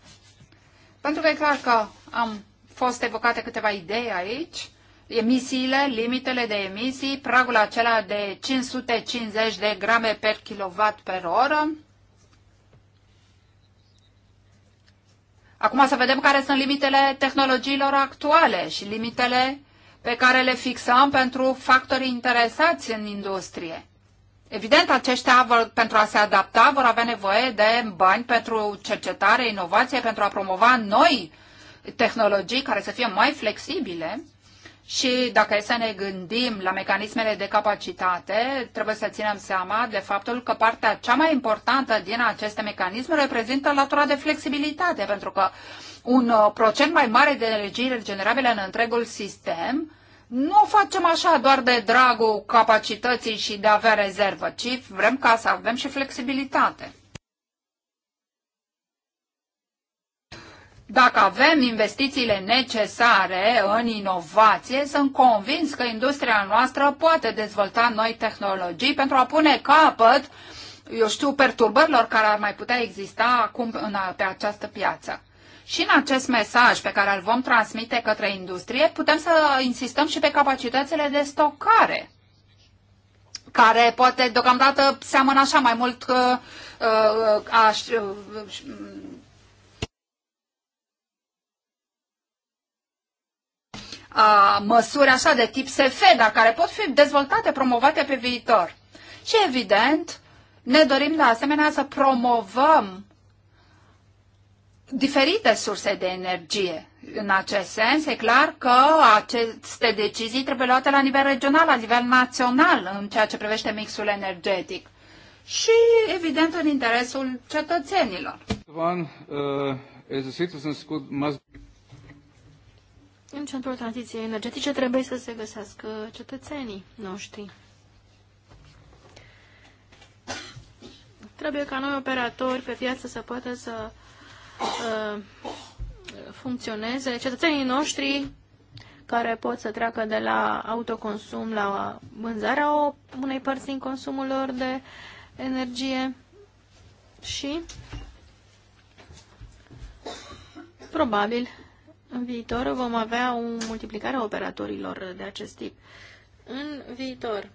Speaker 2: pentru că e clar că am fost evocate câteva idei aici, emisiile, limitele de emisii, pragul acela de 550 de grame per kilowatt per oră. Acum să vedem care sunt limitele tehnologiilor actuale și limitele pe care le fixăm pentru factorii interesați în industrie. Evident, aceștia vor, pentru a se adapta vor avea nevoie de bani pentru cercetare, inovație, pentru a promova noi tehnologii care să fie mai flexibile. Și dacă e să ne gândim la mecanismele de capacitate, trebuie să ținem seama de faptul că partea cea mai importantă din aceste mecanisme reprezintă latura de flexibilitate, pentru că un uh, procent mai mare de energie regenerabile în întregul sistem nu o facem așa doar de dragul capacității și de a avea rezervă, ci vrem ca să avem și flexibilitate. Dacă avem investițiile necesare în inovație, sunt convins că industria noastră poate dezvolta noi tehnologii pentru a pune capăt, eu știu, perturbărilor care ar mai putea exista acum în, pe această piață. Și în acest mesaj pe care îl vom transmite către industrie, putem să insistăm și pe capacitățile de stocare care poate deocamdată seamănă așa mai mult că uh, uh, aș, uh, uh, uh, măsuri așa de tip SF, dar care pot fi dezvoltate, promovate pe viitor. Și evident, ne dorim de asemenea să promovăm diferite surse de energie. În acest sens, e clar că aceste decizii trebuie luate la nivel regional, la nivel național, în ceea ce privește mixul energetic și, evident, în interesul cetățenilor.
Speaker 3: One,
Speaker 1: uh, must...
Speaker 2: În centrul tranziției energetice trebuie să
Speaker 3: se găsească cetățenii noștri. Trebuie ca noi operatori pe piață să poată să Uh, funcționeze. Cetățenii noștri care pot să treacă de la autoconsum la vânzarea unei părți din consumul lor de energie și probabil în viitor vom avea o multiplicare a operatorilor de acest tip. În viitor,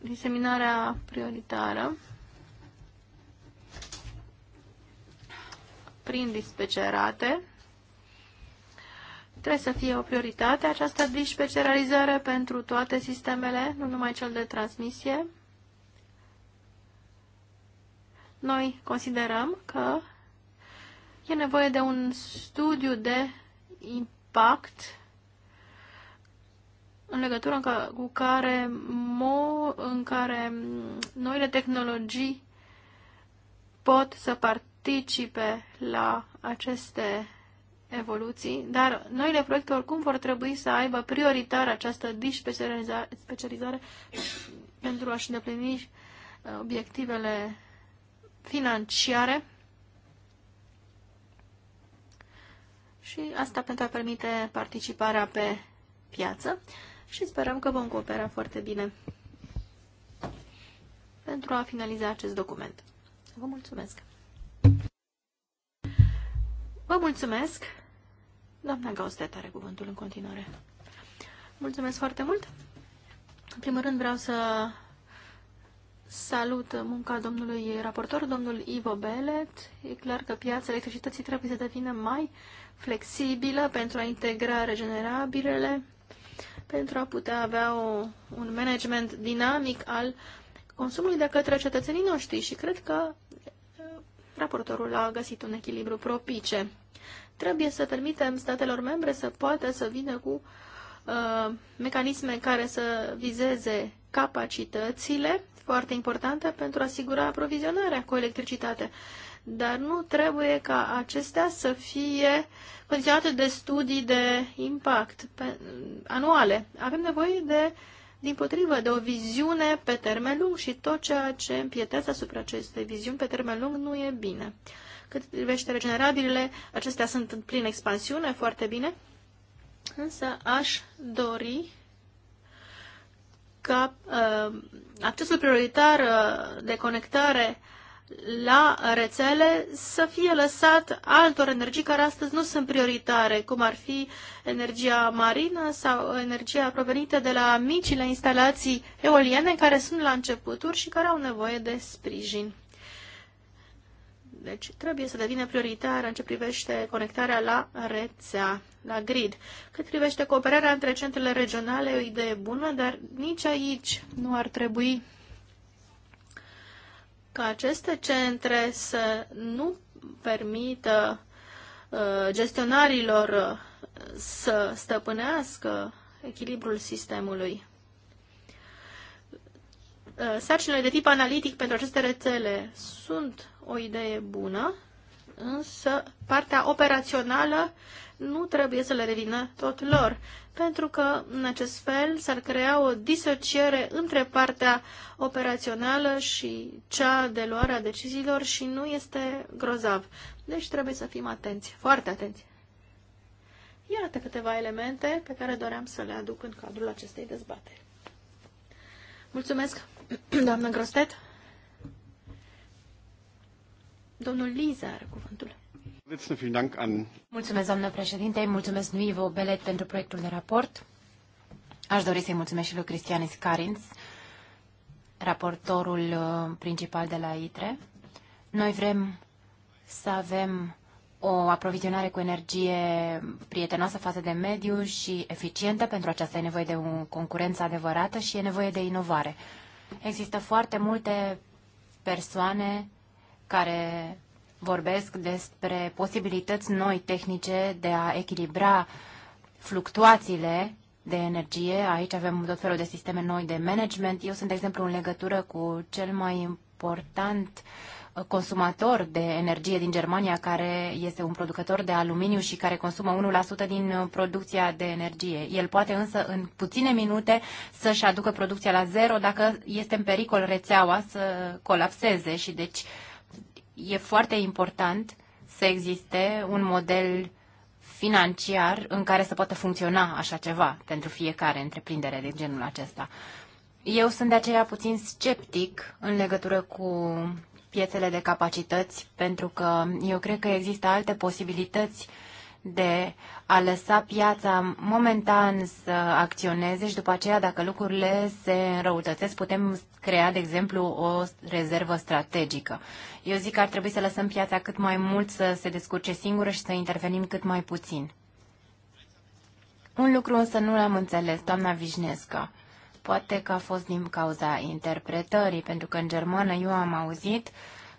Speaker 3: diseminarea prioritară prin dispecerate. Trebuie să fie o prioritate această dispecerizare pentru toate sistemele, nu numai cel de transmisie. Noi considerăm că e nevoie de un studiu de impact în legătură cu care, mo, în care noile tehnologii pot să part participe la aceste evoluții, dar noile proiecte oricum vor trebui să aibă prioritar această specializare pentru a-și îndeplini uh, obiectivele financiare și asta pentru a permite participarea pe piață și sperăm că vom coopera foarte bine pentru a finaliza acest document. Vă mulțumesc! Vă mulțumesc! Doamna Gaustet are cuvântul în continuare. Mulțumesc foarte mult! În primul rând vreau să salut munca domnului raportor, domnul Ivo Belet. E clar că piața electricității trebuie să devină mai flexibilă pentru a integra regenerabilele, pentru a putea avea o, un management dinamic al consumului de către cetățenii noștri și cred că raportorul a găsit un echilibru propice. Trebuie să permitem statelor membre să poată să vină cu uh, mecanisme care să vizeze capacitățile, foarte importante, pentru a asigura aprovizionarea cu electricitate. Dar nu trebuie ca acestea să fie condiționate de studii de impact pe, anuale. Avem nevoie de din potrivă, de o viziune pe termen lung și tot ceea ce împietează asupra acestei viziuni pe termen lung nu e bine. Cât privește regenerabilele, acestea sunt în plină expansiune, foarte bine, însă aș dori ca uh, accesul prioritar uh, de conectare la rețele să fie lăsat altor energii care astăzi nu sunt prioritare, cum ar fi energia marină sau energia provenită de la micile instalații eoliene care sunt la începuturi și care au nevoie de sprijin. Deci trebuie să devină prioritară în ce privește conectarea la rețea, la grid. Cât privește cooperarea între centrele regionale, e o idee bună, dar nici aici nu ar trebui ca aceste centre să nu permită uh, gestionarilor să stăpânească echilibrul sistemului. Uh, sarcinile de tip analitic pentru aceste rețele sunt o idee bună, însă partea operațională nu trebuie să le revină tot lor, pentru că în acest fel s-ar crea o disociere între partea operațională și cea de luare a deciziilor și nu este grozav. Deci trebuie să fim atenți, foarte atenți. Iată câteva elemente pe care doream să le aduc în cadrul acestei dezbateri. Mulțumesc! Doamnă Grostet? Domnul Liza are cuvântul. Mulțumesc, doamnă președinte,
Speaker 1: mulțumesc lui Ivo Belet pentru proiectul de raport. Aș dori să-i mulțumesc și lui Cristian Iscarins, raportorul uh, principal de la ITRE. Noi vrem să avem o aprovizionare cu energie prietenoasă față de mediu și eficientă. Pentru aceasta e nevoie de o concurență adevărată și e nevoie de inovare. Există foarte multe persoane care vorbesc despre posibilități noi tehnice de a echilibra fluctuațiile de energie. Aici avem tot felul de sisteme noi de management. Eu sunt, de exemplu, în legătură cu cel mai important uh, consumator de energie din Germania, care este un producător de aluminiu și care consumă 1% din uh, producția de energie. El poate însă în puține minute să-și aducă producția la zero dacă este în pericol rețeaua să colapseze și deci e foarte important să existe un model financiar în care să poată funcționa așa ceva pentru fiecare întreprindere de genul acesta. Eu sunt de aceea puțin sceptic în legătură cu piețele de capacități, pentru că eu cred că există alte posibilități de a lăsa piața momentan să acționeze și după aceea, dacă lucrurile se înrăutățesc, putem crea, de exemplu, o rezervă strategică. Eu zic că ar trebui să lăsăm piața cât mai mult să se descurce singură și să intervenim cât mai puțin. Un lucru însă nu l-am înțeles, doamna Vișnescă. Poate că a fost din cauza interpretării, pentru că în germană eu am auzit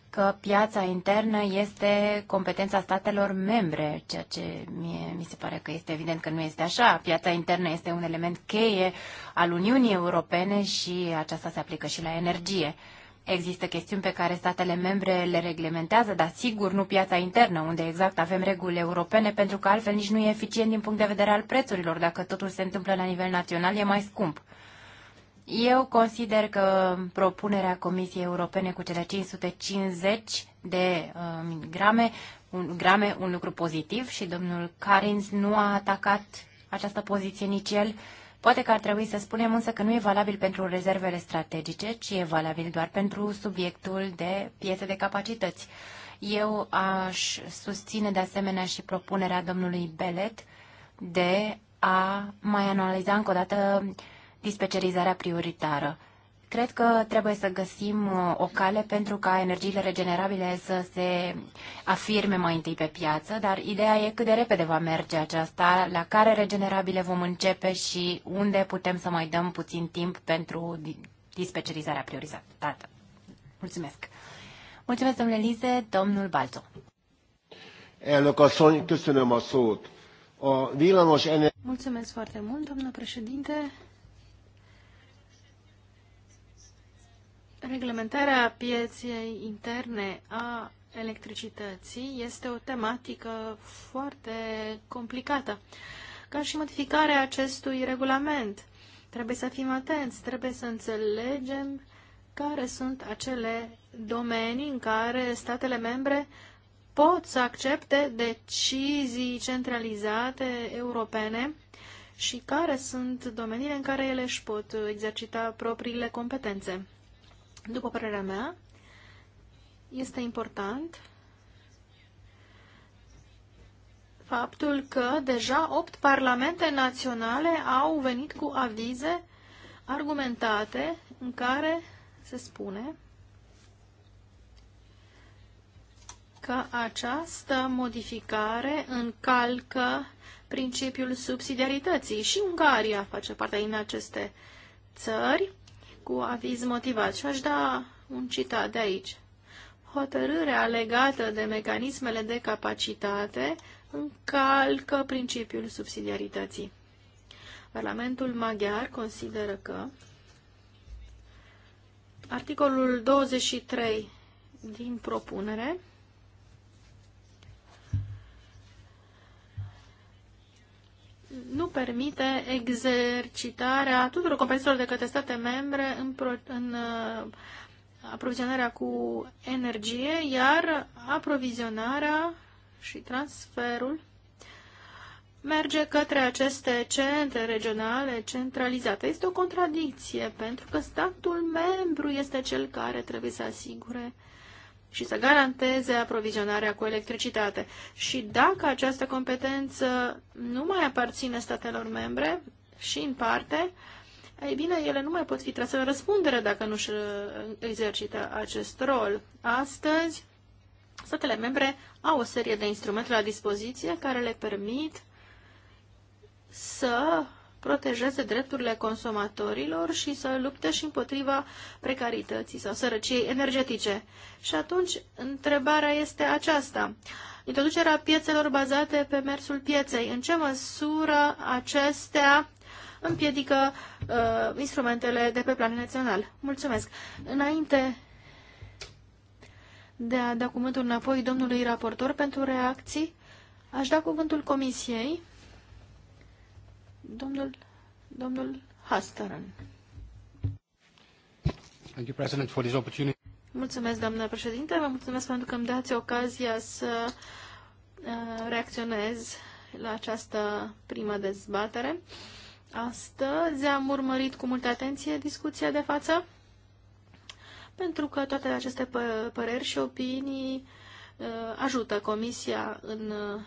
Speaker 1: că piața internă este competența statelor membre, ceea ce mie, mi se pare că este evident că nu este așa. Piața internă este un element cheie al Uniunii Europene și aceasta se aplică și la energie. Există chestiuni pe care statele membre le reglementează, dar sigur nu piața internă, unde exact avem reguli europene, pentru că altfel nici nu e eficient din punct de vedere al prețurilor. Dacă totul se întâmplă la nivel național, e mai scump. Eu consider că propunerea Comisiei Europene cu cele 550 de uh, grame, un, grame, un lucru pozitiv și domnul Carins nu a atacat această poziție nici el. Poate că ar trebui să spunem însă că nu e valabil pentru rezervele strategice, ci e valabil doar pentru subiectul de piețe de capacități. Eu aș susține de asemenea și propunerea domnului Belet de a mai analiza încă o dată dispecerizarea prioritară. Cred că trebuie să găsim uh, o cale pentru ca energiile regenerabile să se afirme mai întâi pe piață, dar ideea e cât de repede va merge aceasta, la care regenerabile vom începe și unde putem să mai dăm puțin timp pentru dispecerizarea priorizată. Mulțumesc! Mulțumesc, domnule Lize,
Speaker 3: domnul Balțo.
Speaker 1: Elnök asszony, köszönöm a szót. A
Speaker 3: villamos Mulțumesc foarte mult, domnule președinte. Reglementarea pieței interne a electricității este o tematică foarte complicată, ca și modificarea acestui regulament. Trebuie să fim atenți, trebuie să înțelegem care sunt acele domenii în care statele membre pot să accepte decizii centralizate europene și care sunt domeniile în care ele își pot exercita propriile competențe. După părerea mea, este important faptul că deja opt parlamente naționale au venit cu avize argumentate în care se spune că această modificare încalcă principiul subsidiarității și Ungaria face parte din aceste țări cu aviz motivat. Și aș da un citat de aici. Hotărârea legată de mecanismele de capacitate încalcă principiul subsidiarității. Parlamentul maghiar consideră că articolul 23 din propunere nu permite exercitarea tuturor competențelor de către state membre în, pro, în uh, aprovizionarea cu energie, iar aprovizionarea și transferul merge către aceste centre regionale centralizate. Este o contradicție, pentru că statul membru este cel care trebuie să asigure uh, și să garanteze aprovizionarea cu electricitate. Și dacă această competență nu mai aparține statelor membre și în parte, ei bine, ele nu mai pot fi trase în răspundere dacă nu își uh, exercită acest rol. Astăzi, statele membre au o serie de instrumente la dispoziție care le permit să protejeze drepturile consumatorilor și să lupte și împotriva precarității sau sărăciei energetice. Și atunci, întrebarea este aceasta. Introducerea piețelor bazate pe mersul pieței. În ce măsură acestea împiedică uh, instrumentele de pe plan național? Mulțumesc. Înainte de a da cuvântul înapoi domnului raportor pentru reacții, aș da cuvântul Comisiei Domnul, domnul Hastaran. Thank you, President, for this opportunity. Mulțumesc, doamnă președinte, vă mulțumesc pentru că îmi dați ocazia să uh, reacționez la această primă dezbatere. Astăzi am urmărit cu multă atenție discuția de față, pentru că toate aceste păreri și opinii uh, ajută Comisia în uh,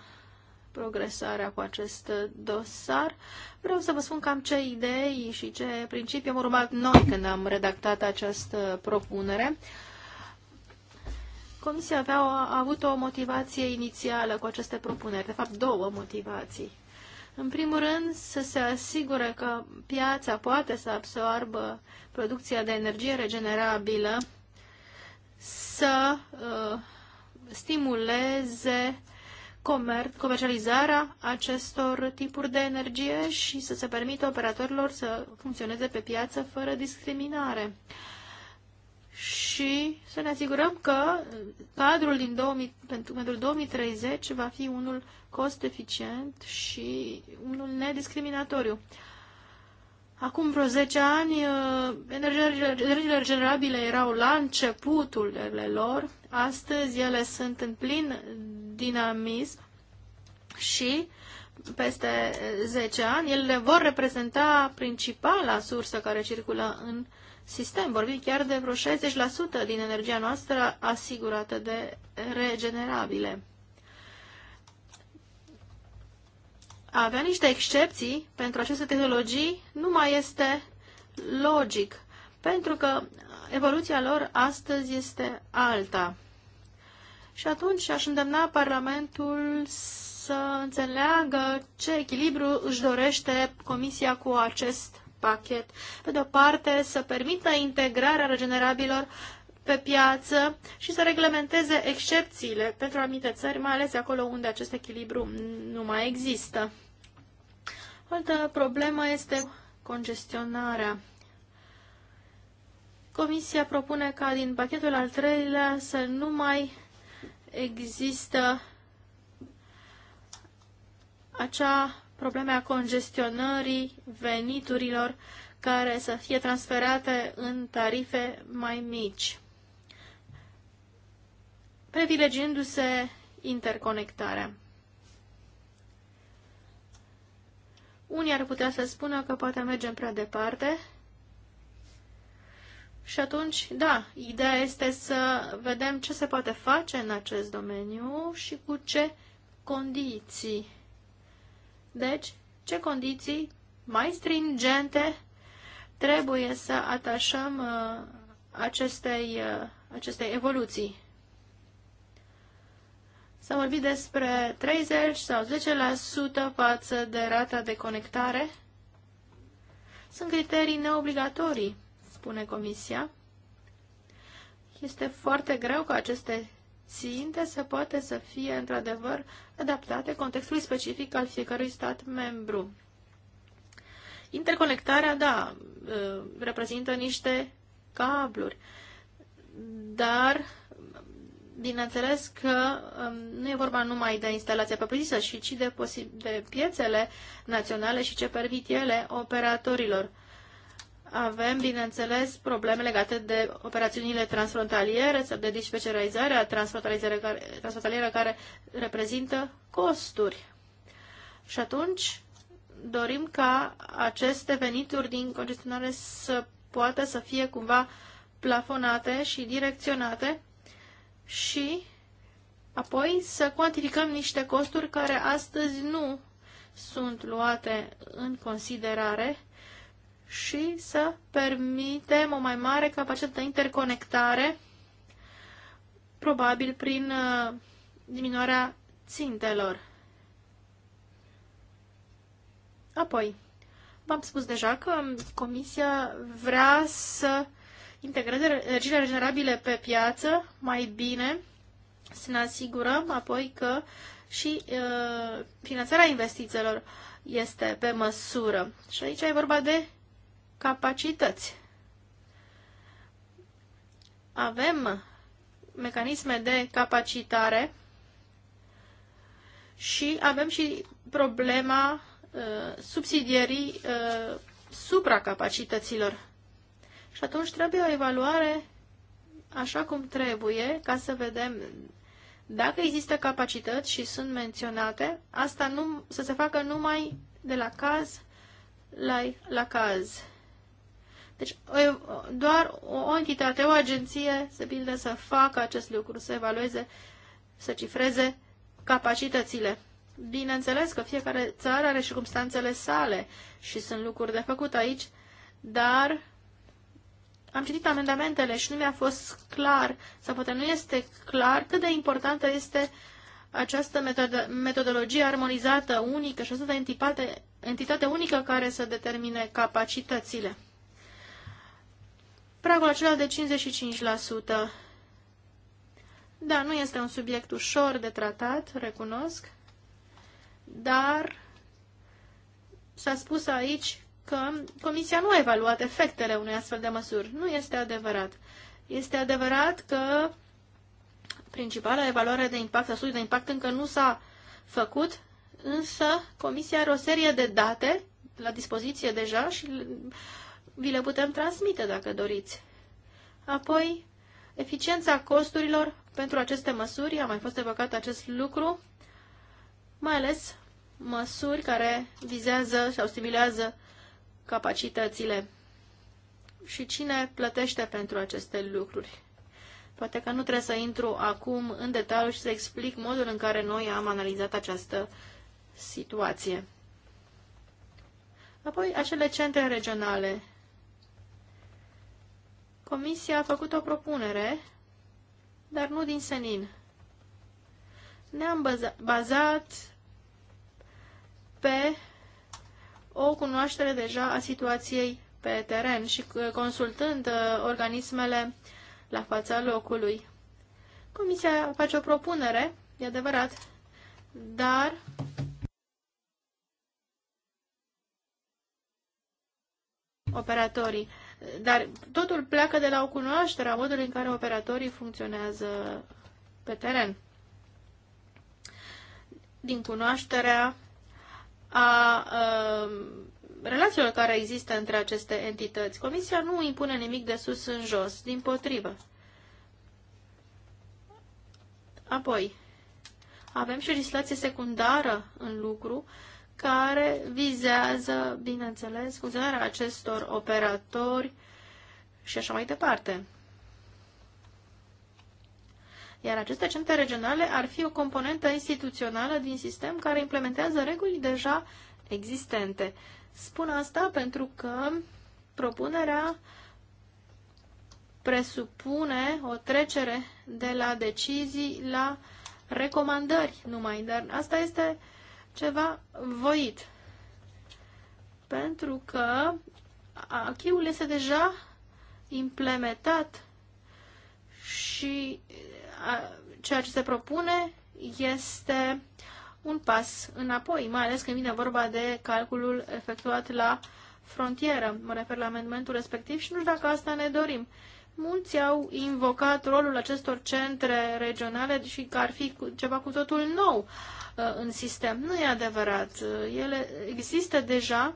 Speaker 3: progresarea cu acest dosar. Vreau să vă spun cam ce idei și ce principii am urmat noi când am redactat această propunere. Comisia avea, a avut o motivație inițială cu aceste propuneri, de fapt două motivații. În primul rând, să se asigure că piața poate să absorbă producția de energie regenerabilă, să uh, stimuleze comer- comercializarea acestor tipuri de energie și să se permită operatorilor să funcționeze pe piață fără discriminare. Și să ne asigurăm că cadrul din 2000, pentru, pentru 2030 va fi unul cost eficient și unul nediscriminatoriu. Acum vreo 10 ani, uh, energiile regenerabile erau la începutul lor, astăzi ele sunt în plin dinamism și peste 10 ani ele vor reprezenta principala sursă care circulă în sistem. Vorbim chiar de vreo 60% din energia noastră asigurată de regenerabile. A avea niște excepții pentru aceste tehnologii nu mai este logic, pentru că evoluția lor astăzi este alta. Și atunci aș îndemna Parlamentul să înțeleagă ce echilibru își dorește Comisia cu acest pachet. Pe de o parte, să permită integrarea regenerabilor pe piață și să reglementeze excepțiile pentru anumite țări, mai ales acolo unde acest echilibru nu mai există. O altă problemă este congestionarea. Comisia propune ca din pachetul al treilea să nu mai există acea probleme a congestionării veniturilor care să fie transferate în tarife mai mici, privilegiindu-se interconectarea. Unii ar putea să spună că poate mergem prea departe și atunci, da, ideea este să vedem ce se poate face în acest domeniu și cu ce condiții. Deci, ce condiții mai stringente trebuie să atașăm uh, acestei, uh, acestei evoluții. S-a vorbit despre 30 sau 10% față de rata de conectare. Sunt criterii neobligatorii spune Comisia. Este foarte greu ca aceste ținte să poate să fie într-adevăr adaptate contextului specific al fiecărui stat membru. Interconectarea, da, ă, reprezintă niște cabluri, dar bineînțeles că ă, nu e vorba numai de instalația propriu-zisă, ci de, de piețele naționale și ce permit ele operatorilor. Avem, bineînțeles, probleme legate de operațiunile transfrontaliere sau de dispecerizarea transfrontalieră care, transfrontalieră care reprezintă costuri. Și atunci dorim ca aceste venituri din congestionare să poată să fie cumva plafonate și direcționate și apoi să cuantificăm niște costuri care astăzi nu sunt luate în considerare și să permitem o mai mare capacitate de interconectare, probabil prin uh, diminuarea țintelor. Apoi, v-am spus deja că Comisia vrea să integreze energiile regenerabile pe piață mai bine, să ne asigurăm apoi că și uh, finanțarea investițiilor este pe măsură. Și aici e vorba de capacități. Avem mecanisme de capacitare și avem și problema uh, subsidierii uh, supracapacităților. Și atunci trebuie o evaluare așa cum trebuie ca să vedem dacă există capacități și sunt menționate, asta nu, să se facă numai de la caz la, la caz. Deci doar o entitate, o agenție, se pildă să facă acest lucru, să evalueze, să cifreze capacitățile. Bineînțeles că fiecare țară are circumstanțele sale și sunt lucruri de făcut aici, dar am citit amendamentele și nu mi-a fost clar, sau poate nu este clar, cât de importantă este această metodă, metodologie armonizată, unică și această entitate, entitate unică care să determine capacitățile pragul acela de 55%. Da, nu este un subiect ușor de tratat, recunosc, dar s-a spus aici că Comisia nu a evaluat efectele unei astfel de măsuri. Nu este adevărat. Este adevărat că principala evaluare de impact, a de impact încă nu s-a făcut, însă Comisia are o serie de date la dispoziție deja și vi le putem transmite dacă doriți. Apoi, eficiența costurilor pentru aceste măsuri, a mai fost evocat acest lucru, mai ales măsuri care vizează sau stimulează capacitățile și cine plătește pentru aceste lucruri. Poate că nu trebuie să intru acum în detaliu și să explic modul în care noi am analizat această situație. Apoi, acele centre regionale Comisia a făcut o propunere, dar nu din senin. Ne-am bazat pe o cunoaștere deja a situației pe teren și uh, consultând uh, organismele la fața locului. Comisia face o propunere, e adevărat, dar operatorii dar totul pleacă de la o cunoaștere a modului în care operatorii funcționează pe teren. Din cunoașterea a, a um, relațiilor care există între aceste entități. Comisia nu impune nimic de sus în jos, din potrivă. Apoi, avem și o legislație secundară în lucru, uh, care vizează, bineînțeles, funcționarea acestor operatori și așa mai departe. Iar aceste centre regionale ar fi o componentă instituțională din sistem care implementează reguli deja existente. Spun asta pentru că propunerea presupune o trecere de la decizii la recomandări numai, dar asta este uh, ceva voit. Pentru că achiul este deja implementat și ceea ce se propune este un pas înapoi, mai ales când vine vorba de calculul efectuat la frontieră. Mă refer la amendamentul respectiv și nu știu dacă asta ne dorim. Mulți au invocat rolul acestor centre regionale și că ar fi ceva cu totul nou uh, în sistem. Nu e adevărat. Uh, ele există deja,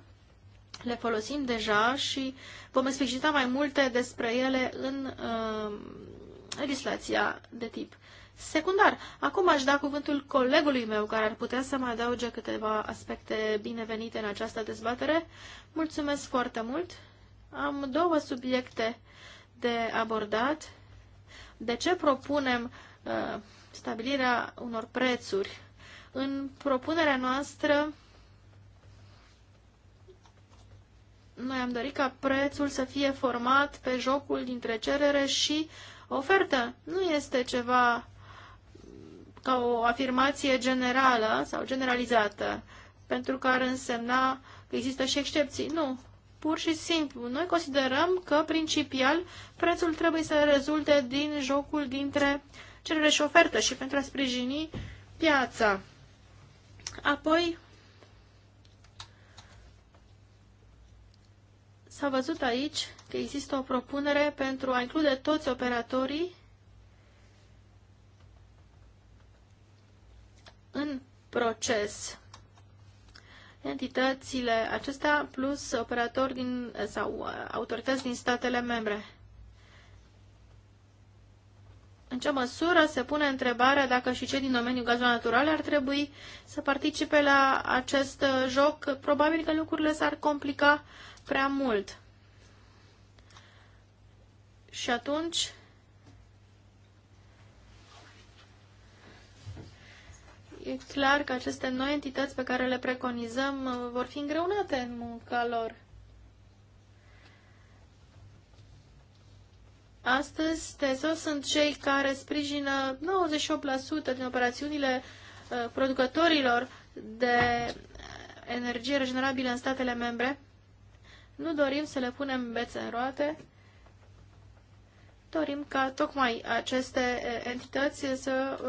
Speaker 3: le folosim deja și vom explicita mai multe despre ele în uh, legislația de tip secundar. Acum aș da cuvântul colegului meu care ar putea să mai adauge câteva aspecte binevenite în această dezbatere. Mulțumesc foarte mult! Am două subiecte de abordat. De ce propunem uh, stabilirea unor prețuri? În propunerea noastră, noi am dorit ca prețul să fie format pe jocul dintre cerere și ofertă. Nu este ceva ca o afirmație generală sau generalizată, pentru că ar însemna că există și excepții. Nu. Pur și simplu, noi considerăm că, principial, prețul trebuie să rezulte din jocul dintre cerere și ofertă și pentru a sprijini piața. Apoi, s-a văzut aici că există o propunere pentru a include toți operatorii în proces entitățile acestea plus operatori din, sau uh, autorități din statele membre. În ce măsură se pune întrebarea dacă și cei din domeniul gazelor naturale ar trebui să participe la acest uh, joc? Probabil că lucrurile s-ar complica prea mult. Și atunci e clar că aceste noi entități pe care le preconizăm uh, vor fi îngreunate în munca lor. Astăzi, TESO sunt cei care sprijină 98% din operațiunile uh, producătorilor de uh, energie regenerabilă în statele membre. Nu dorim să le punem bețe în roate. Dorim ca tocmai aceste entități să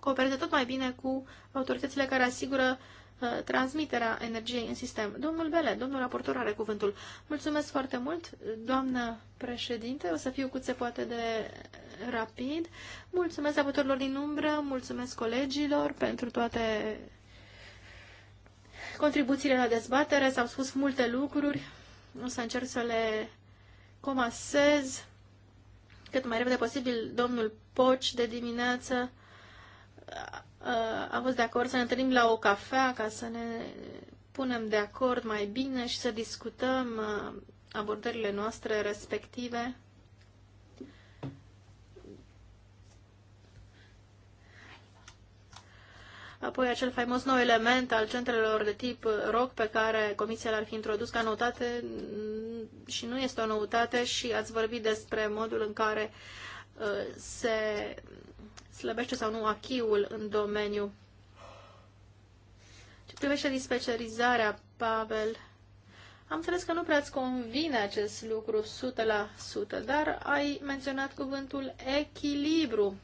Speaker 3: coopereze tot mai bine cu autoritățile care asigură uh, transmiterea energiei în sistem. Domnul Bele, domnul raportor are cuvântul. Mulțumesc foarte mult, doamnă președinte, o să fiu cât se poate de rapid. Mulțumesc raportorilor din umbră, mulțumesc colegilor pentru toate contribuțiile la dezbatere. S-au spus multe lucruri, o să încerc să le comasez cât mai repede posibil. Domnul Poci de dimineață a fost de acord să ne întâlnim la o cafea ca să ne punem de acord mai bine și să discutăm abordările noastre respective. Apoi acel faimos nou element al centrelor de tip ROC pe care Comisia l-ar fi introdus ca noutate mm, și nu este o noutate și ați vorbit despre modul în care se slăbește sau nu achiul în domeniu. Ce privește dispecerizarea, Pavel, am înțeles că nu prea îți convine acest lucru 100%, dar ai menționat cuvântul echilibru,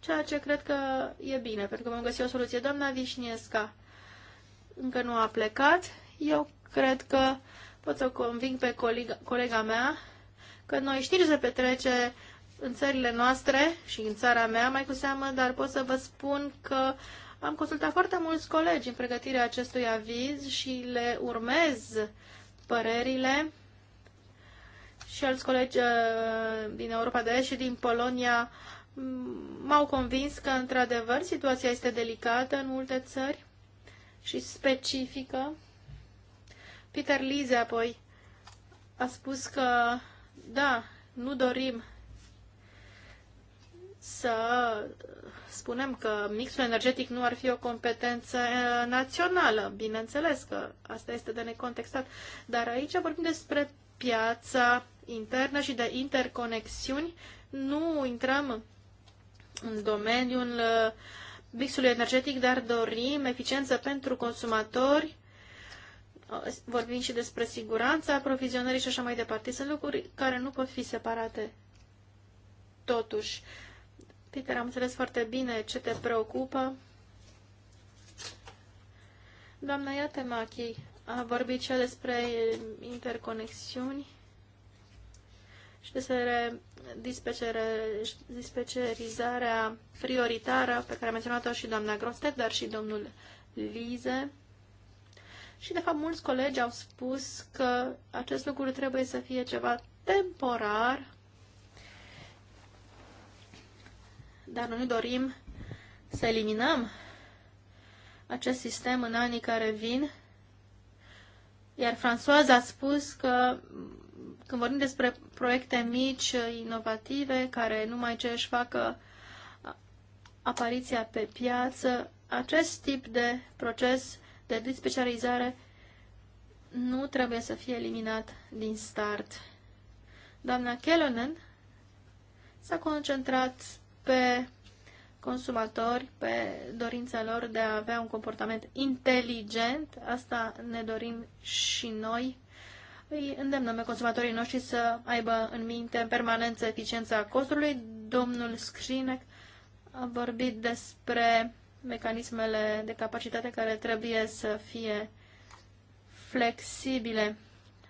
Speaker 3: ceea ce cred că e bine, pentru că vom găsi o soluție. Doamna Vișniesca încă nu a plecat. Eu cred că pot să conving pe colega, colega mea că noi știri se petrece în țările noastre și în țara mea, mai cu seamă, dar pot să vă spun că am consultat foarte mulți colegi în pregătirea acestui aviz și le urmez părerile și alți colegi uh, din Europa de Est și din Polonia m-au convins că, într-adevăr, situația este delicată în multe țări și specifică. Peter Lise apoi a spus că, da, nu dorim să spunem că mixul energetic nu ar fi o competență națională. Bineînțeles că asta este de necontextat, dar aici vorbim despre piața internă și de interconexiuni. Nu intrăm în domeniul mixului energetic, dar dorim eficiență pentru consumatori, vorbim și despre siguranța aprovizionării și așa mai departe. Sunt lucruri care nu pot fi separate totuși. Uh, Peter, am înțeles foarte bine ce te preocupă. Doamna Machi, a vorbit și despre interconexiuni și despre dispecerizarea prioritară pe care a menționat-o și doamna Grostet, dar și domnul Lize. Și, de fapt, mulți colegi au spus că acest lucru trebuie să fie ceva temporar, dar noi dorim să eliminăm acest sistem în anii care vin. Iar Françoise a spus că când vorbim despre proiecte mici, inovative, care numai ce își facă apariția pe piață, acest tip de proces de despecializare nu trebuie să fie eliminat din start. Doamna Kellonen s-a concentrat pe consumatori, pe dorința lor de a avea un comportament inteligent. Asta ne dorim și noi. Îi îndemnăm pe consumatorii noștri să aibă în minte în permanență eficiența costului. Domnul Scrinec a vorbit despre mecanismele de capacitate care trebuie să fie flexibile.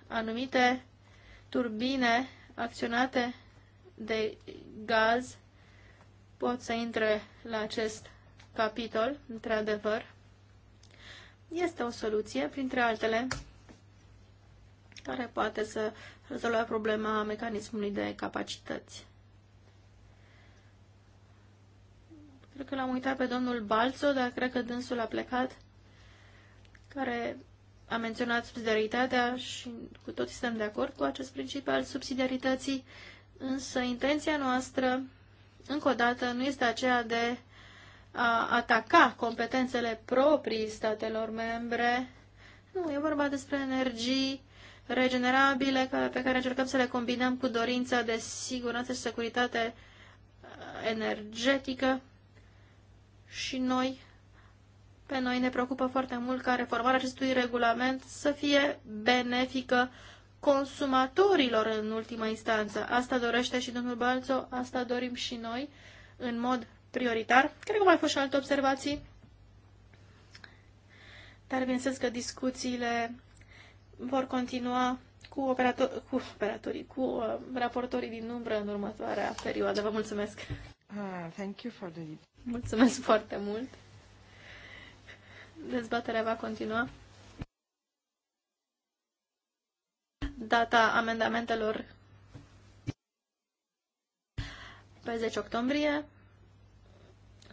Speaker 3: Anumite turbine acționate de gaz pot să intre la acest capitol, într-adevăr. Este o soluție, printre altele, care poate să rezolve problema mecanismului de capacități. Cred că l-am uitat pe domnul Balzo, dar cred că dânsul a plecat, care a menționat subsidiaritatea și cu toți suntem de acord cu acest principiu al subsidiarității, însă intenția noastră încă o dată, nu este aceea de a ataca competențele proprii statelor membre. Nu, e vorba despre energii regenerabile pe care încercăm să le combinăm cu dorința de siguranță și securitate uh, energetică și noi, pe noi ne preocupă foarte mult ca reformarea acestui regulament să fie benefică consumatorilor în ultima instanță. Asta dorește și domnul Balțo, asta dorim și noi în mod prioritar. Cred că mai fost și alte observații, dar bineînțeles că discuțiile vor continua cu, operator, cu operatorii, cu uh, raportorii din umbră în următoarea perioadă. Vă mulțumesc! Uh, thank you for the...
Speaker 2: Mulțumesc foarte
Speaker 3: mult! Dezbaterea va continua. data amendamentelor pe 10 octombrie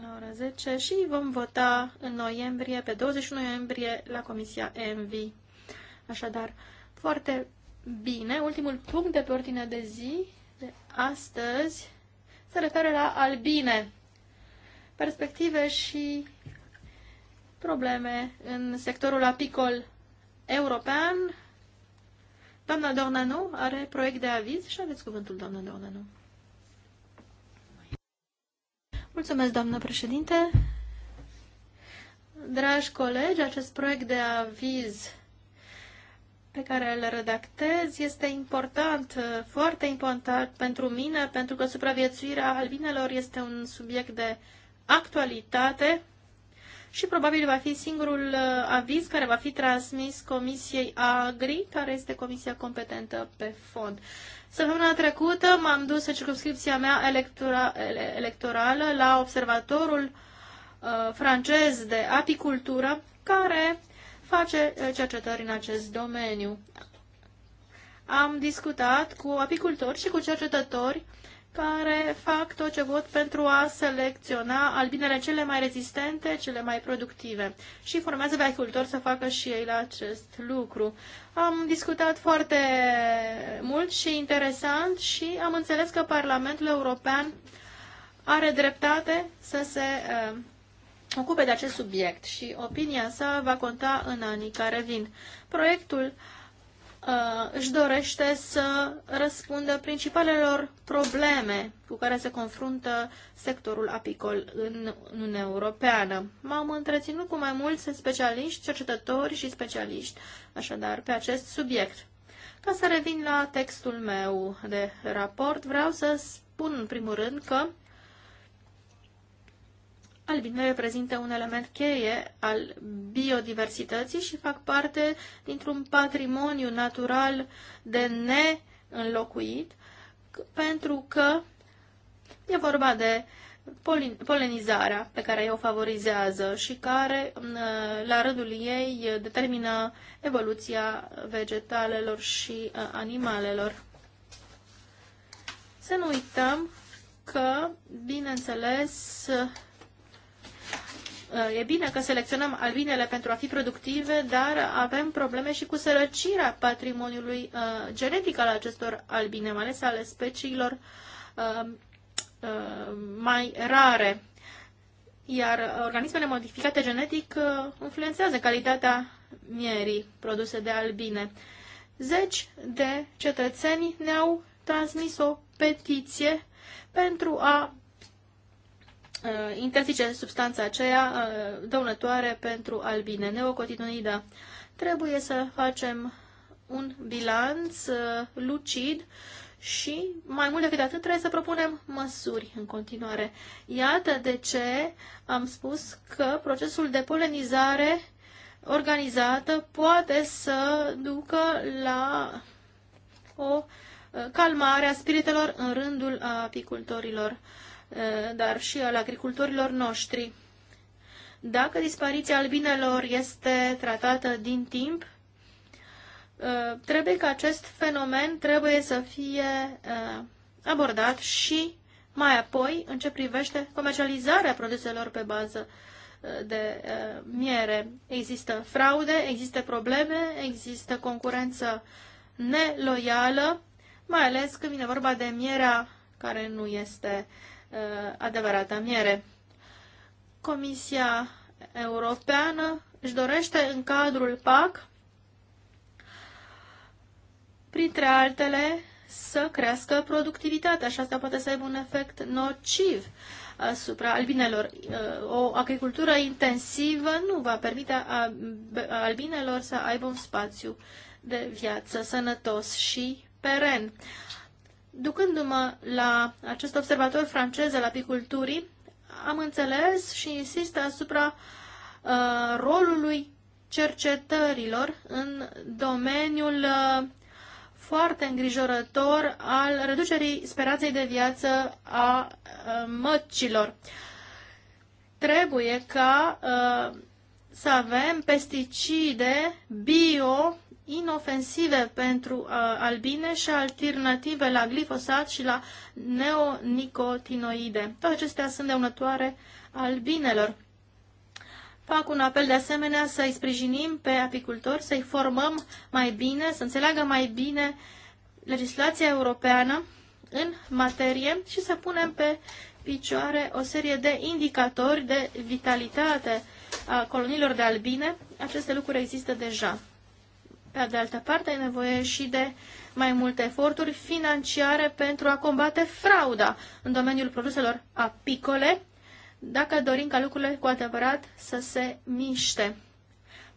Speaker 3: la ora 10 și vom vota în noiembrie, pe 21 noiembrie, la Comisia MV. Așadar, foarte bine. Ultimul punct de pe ordinea de zi de astăzi se referă la albine, perspective și probleme în sectorul apicol european Doamna Dornanu are proiect de aviz și aveți cuvântul, doamna Dornanu. Mulțumesc, doamnă președinte. Dragi colegi, acest proiect de aviz pe care îl redactez este important, foarte important pentru mine, pentru că supraviețuirea albinelor este un subiect de actualitate și probabil va fi singurul uh, aviz care va fi transmis Comisiei Agri, care este comisia competentă pe fond. Săptămâna trecută m-am dus în circumscripția mea electora, electorală la observatorul uh, francez de apicultură, care face uh, cercetări în acest domeniu. Am discutat cu apicultori și cu cercetători uh, care fac tot ce pot pentru a selecționa albinele cele mai rezistente, cele mai productive și formează pe agricultori să facă și ei la acest lucru. Am discutat foarte mult și interesant și am înțeles că Parlamentul European are dreptate să se uh, ocupe de acest subiect și opinia sa va conta în anii care vin. Proiectul uh, Uh, își dorește să răspundă principalelor probleme cu care se confruntă sectorul apicol în Uniunea Europeană. M-am întreținut cu mai mulți specialiști, cercetători și specialiști, așadar, pe acest subiect. Ca să revin la textul meu de raport, vreau să spun în primul rând că Albinele reprezintă un element cheie al biodiversității și fac parte dintr-un patrimoniu natural de neînlocuit, pentru că e vorba de polenizarea pe care ei o favorizează și care, la rândul ei, determină evoluția vegetalelor și animalelor. Să nu uităm că, bineînțeles, E bine că selecționăm albinele pentru a fi productive, dar avem probleme și cu sărăcirea patrimoniului uh, genetic al acestor albine, mai ales ale speciilor uh, uh, mai rare. Iar organismele modificate genetic influențează calitatea mierii produse de albine. Zeci de cetățeni ne-au transmis o petiție pentru a Uh, interzice substanța aceea uh, dăunătoare pentru albine. Neocotinoida. Trebuie să facem un bilanț uh, lucid și mai mult decât atât trebuie să propunem măsuri în continuare. Iată de ce am spus că procesul de polenizare organizată poate să ducă la o calmare a spiritelor în rândul apicultorilor. Eh, dar și al agricultorilor noștri. Dacă dispariția albinelor este tratată din timp, eh, trebuie că acest fenomen trebuie să fie eh, abordat și mai apoi în ce privește comercializarea produselor pe bază de miere. Există fraude, există probleme, există concurență neloială, mai ales când vine vorba de mierea care nu este uh, Uh, adevărată miere. Comisia Europeană își dorește în cadrul PAC, printre altele, să crească productivitatea și asta poate să aibă un efect nociv asupra albinelor. Uh, o agricultură intensivă nu va permite albinelor să aibă un spațiu de viață sănătos și peren. Ducându-mă la acest observator francez al apiculturii, am înțeles și insist asupra uh, rolului cercetărilor în domeniul uh, foarte îngrijorător al reducerii speranței de viață a uh, măcilor. Trebuie ca uh, să avem pesticide bio inofensive pentru uh, albine și alternative la glifosat și la neonicotinoide. Toate acestea sunt dăunătoare albinelor. Fac un apel de asemenea să-i sprijinim pe apicultori, să-i formăm mai bine, să înțeleagă mai bine legislația europeană în materie și să punem pe picioare o serie de indicatori de vitalitate a coloniilor de albine. Aceste lucruri există deja. Pe de altă parte, ai nevoie și de mai multe eforturi financiare pentru a combate frauda în domeniul produselor apicole, dacă dorim ca lucrurile cu adevărat să se miște.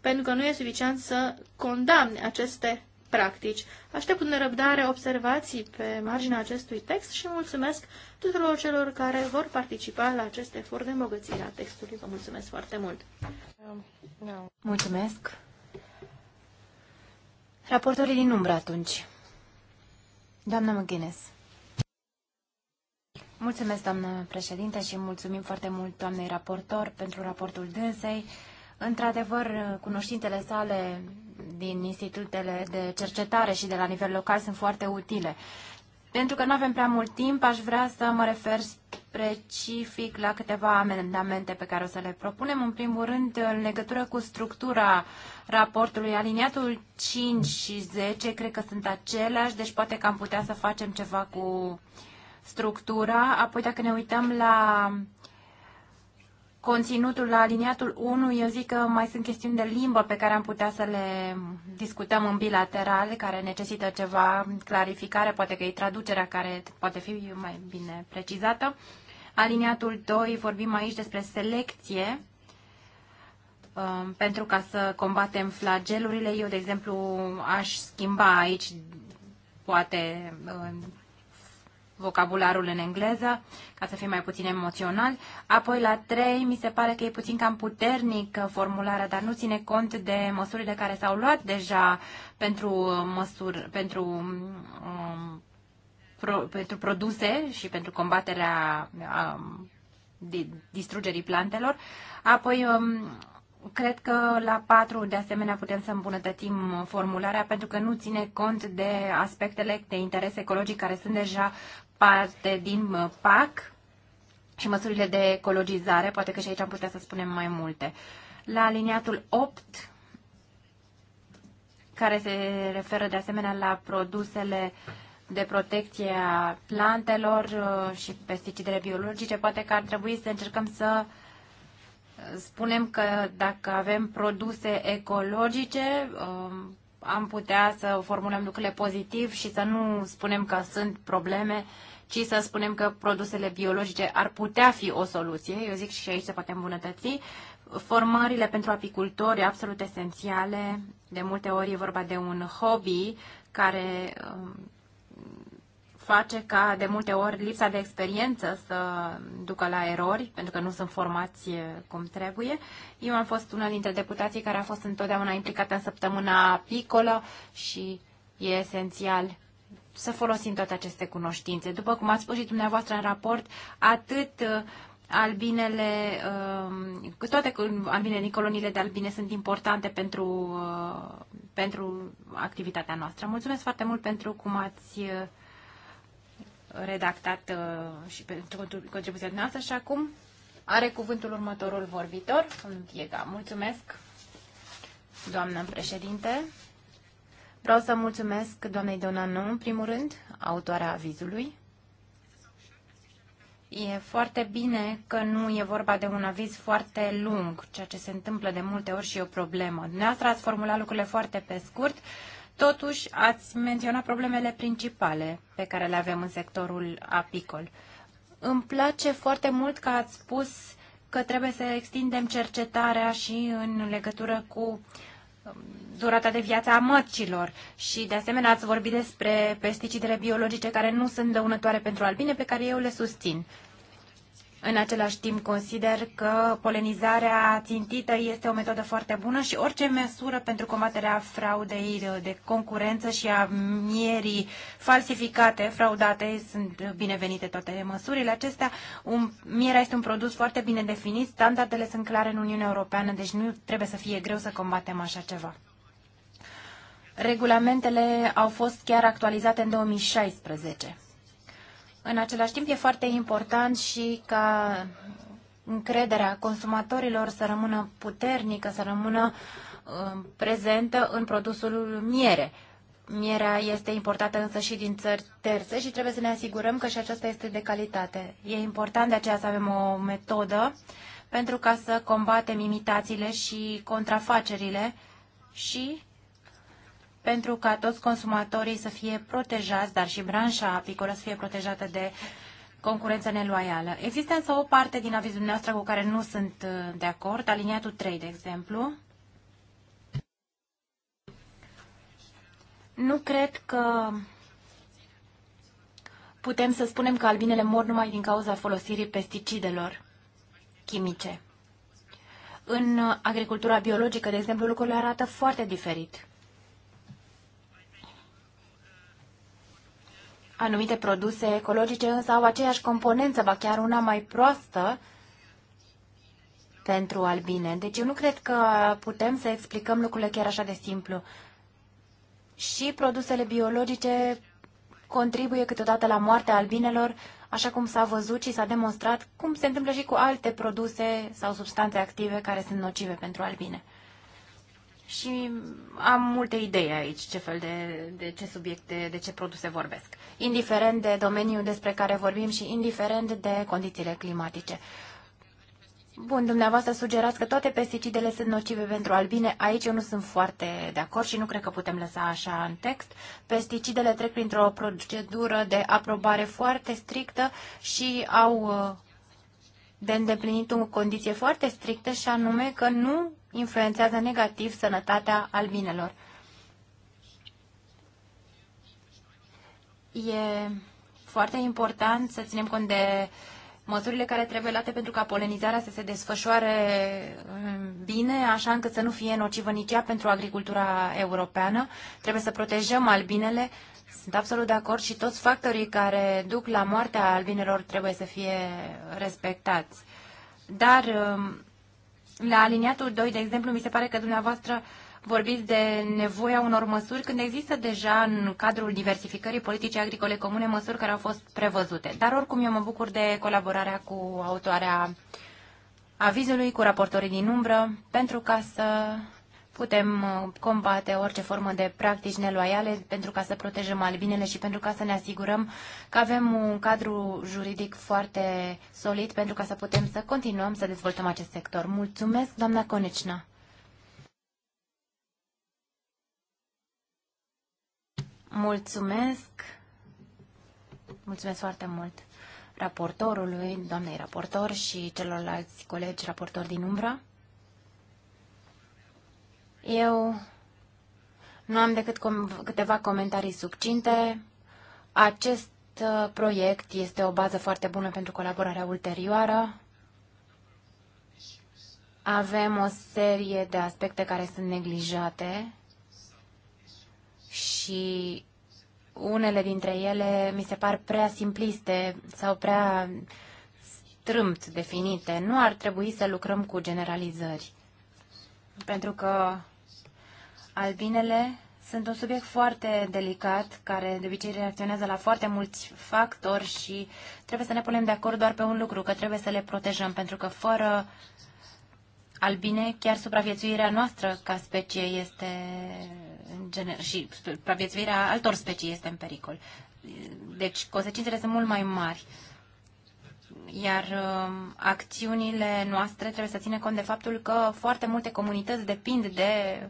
Speaker 3: Pentru că nu e suficient să condamne aceste practici. Aștept cu nerăbdare observații pe marginea acestui text și mulțumesc tuturor celor care vor participa la acest efort de îmbogățire a textului. Vă mulțumesc foarte mult!
Speaker 1: Mulțumesc! Raportorii din umbră atunci. Doamna McGuinness. Mulțumesc, doamnă președinte, și mulțumim foarte mult doamnei raportor pentru raportul dânsei. Într-adevăr, cunoștințele sale din institutele de cercetare și de la nivel local sunt foarte utile. Pentru că nu avem prea mult timp, aș vrea să mă refer specific la câteva amendamente pe care o să le propunem. În primul rând, în legătură cu structura raportului, aliniatul 5 și 10 cred că sunt aceleași, deci poate că am putea să facem ceva cu structura. Apoi, dacă ne uităm la conținutul la aliniatul 1, eu zic că mai sunt chestiuni de limbă pe care am putea să le discutăm în bilateral, care necesită ceva clarificare, poate că e traducerea care poate fi mai bine precizată. Aliniatul 2, vorbim aici despre selecție um, pentru ca să combatem flagelurile. Eu, de exemplu, aș schimba aici poate vocabularul în engleză, ca să fim mai puțin emoțional. Apoi la 3 mi se pare că e puțin cam puternic formularea, dar nu ține cont de măsurile care s-au luat deja pentru, măsur pentru um, pro, pentru produse și pentru combaterea um, distrugerii plantelor. Apoi, um, cred că la 4, de asemenea, putem să îmbunătățim formularea pentru că nu ține cont de aspectele de interes ecologic care sunt deja parte din uh, PAC și măsurile de ecologizare. Poate că și aici am putea să spunem mai multe. La aliniatul 8, care se referă de asemenea la produsele uh, de protecție a plantelor uh, și pesticidele biologice, poate că ar trebui să încercăm să uh, spunem că dacă avem produse ecologice, um, am putea să formulăm lucrurile pozitiv și să nu spunem că sunt probleme, ci să spunem că produsele biologice ar putea fi o soluție. Eu zic și aici se poate îmbunătăți. Formările pentru apicultori absolut esențiale. De multe ori e vorba de un hobby care um, face ca de multe ori lipsa de experiență să ducă la erori, pentru că nu sunt formați cum trebuie. Eu am fost una dintre deputații care a fost întotdeauna implicată în săptămâna apicolă și e esențial să folosim toate aceste cunoștințe. După cum ați spus și dumneavoastră în raport, atât uh, albinele, um, toate albinele, coloniile de albine sunt importante pentru, uh, pentru activitatea noastră. Mulțumesc foarte mult pentru cum ați uh, redactat uh, și pentru contribuția noastră și acum are cuvântul următorul vorbitor, domnul Piega. Mulțumesc, doamnă președinte. Vreau să mulțumesc doamnei Nu, în primul rând, autoarea avizului. E foarte bine că nu e vorba de un aviz foarte lung, ceea ce se întâmplă de multe ori și e o problemă. Dumneavoastră ați formulat lucrurile foarte pe scurt Totuși, ați menționat problemele principale pe care le avem în sectorul apicol. Îmi place foarte mult că ați spus că trebuie să extindem cercetarea și în legătură cu um, durata de viață a măcilor și de asemenea ați vorbit despre pesticidele biologice care nu sunt dăunătoare pentru albine pe care eu le susțin. În același timp, consider că polenizarea țintită este o metodă foarte bună și orice măsură pentru combaterea fraudei de concurență și a mierii falsificate, fraudate, sunt binevenite toate măsurile acestea. Un, mierea este un produs foarte bine definit, standardele sunt clare în Uniunea Europeană, deci nu trebuie să fie greu să combatem așa ceva. Regulamentele au fost chiar actualizate în 2016. În același timp, e foarte important și ca încrederea consumatorilor să rămână puternică, să rămână uh, prezentă în produsul miere. Mierea este importată însă și din țări terțe și trebuie să ne asigurăm că și aceasta este de calitate. E important de aceea să avem o metodă pentru ca să combatem imitațiile și contrafacerile și pentru ca toți consumatorii să fie protejați, dar și branșa apicolă să fie protejată de concurență neloială. Există însă o parte din avizul dumneavoastră cu care nu sunt uh, de acord, aliniatul 3, de exemplu. Nu cred că putem să spunem că albinele mor numai din cauza folosirii pesticidelor chimice. În uh, agricultura biologică, de exemplu, lucrurile arată foarte diferit. Anumite produse ecologice însă au aceeași componență, va chiar una mai proastă pentru albine. Deci eu nu cred că putem să explicăm lucrurile chiar așa de simplu. Și produsele biologice contribuie câteodată la moartea albinelor, așa cum s-a văzut și s-a demonstrat, cum se întâmplă și cu alte produse sau substanțe active care sunt nocive pentru albine și am multe idei aici, ce fel de, de ce subiecte, de ce produse vorbesc, indiferent de domeniul despre care vorbim și indiferent de condițiile climatice. Bun, dumneavoastră sugerați că toate pesticidele sunt nocive pentru albine. Aici eu nu sunt foarte de acord și nu cred că putem lăsa așa în text. Pesticidele trec printr-o procedură de aprobare foarte strictă și au uh, de îndeplinit o condiție foarte strictă și anume că nu influențează negativ sănătatea albinelor. E foarte important să ținem cont de uh, măsurile care trebuie luate pentru ca polenizarea să se desfășoare mm, bine, așa încât să nu fie nocivă nici ea pentru agricultura europeană. Trebuie să protejăm albinele. Sunt absolut de acord și toți factorii care duc la moartea albinelor trebuie să fie respectați. Dar mm, la aliniatul 2, de exemplu, mi se pare că dumneavoastră uh, vorbiți de nevoia unor măsuri când există deja în cadrul diversificării politicii agricole comune măsuri care au fost prevăzute. Dar oricum eu mă bucur de colaborarea cu autoarea avizului, cu raportorii din umbră, pentru ca să putem uh, combate orice formă de practici neloiale pentru ca să protejăm albinele și pentru ca să ne asigurăm că avem un cadru juridic foarte solid pentru ca să putem să continuăm să dezvoltăm acest sector. Mulțumesc, doamna Conecina! Mulțumesc. Mulțumesc foarte mult raportorului, doamnei raportor și celorlalți colegi raportori din umbra. Eu nu am decât com- câteva comentarii succinte. Acest uh, proiect este o bază foarte bună pentru colaborarea ulterioară. Avem o serie de aspecte care sunt neglijate și unele dintre ele mi se par prea simpliste sau prea strâmt definite. Nu ar trebui să lucrăm cu generalizări, pentru că albinele sunt un subiect foarte delicat, care de obicei reacționează la foarte mulți factori și trebuie să ne punem de acord doar pe un lucru, că trebuie să le protejăm, pentru că fără albine, chiar supraviețuirea noastră ca specie este și supraviețuirea altor specii este în pericol. Deci consecințele sunt mult mai mari. Iar um, acțiunile noastre trebuie să țină cont de faptul că foarte multe comunități depind de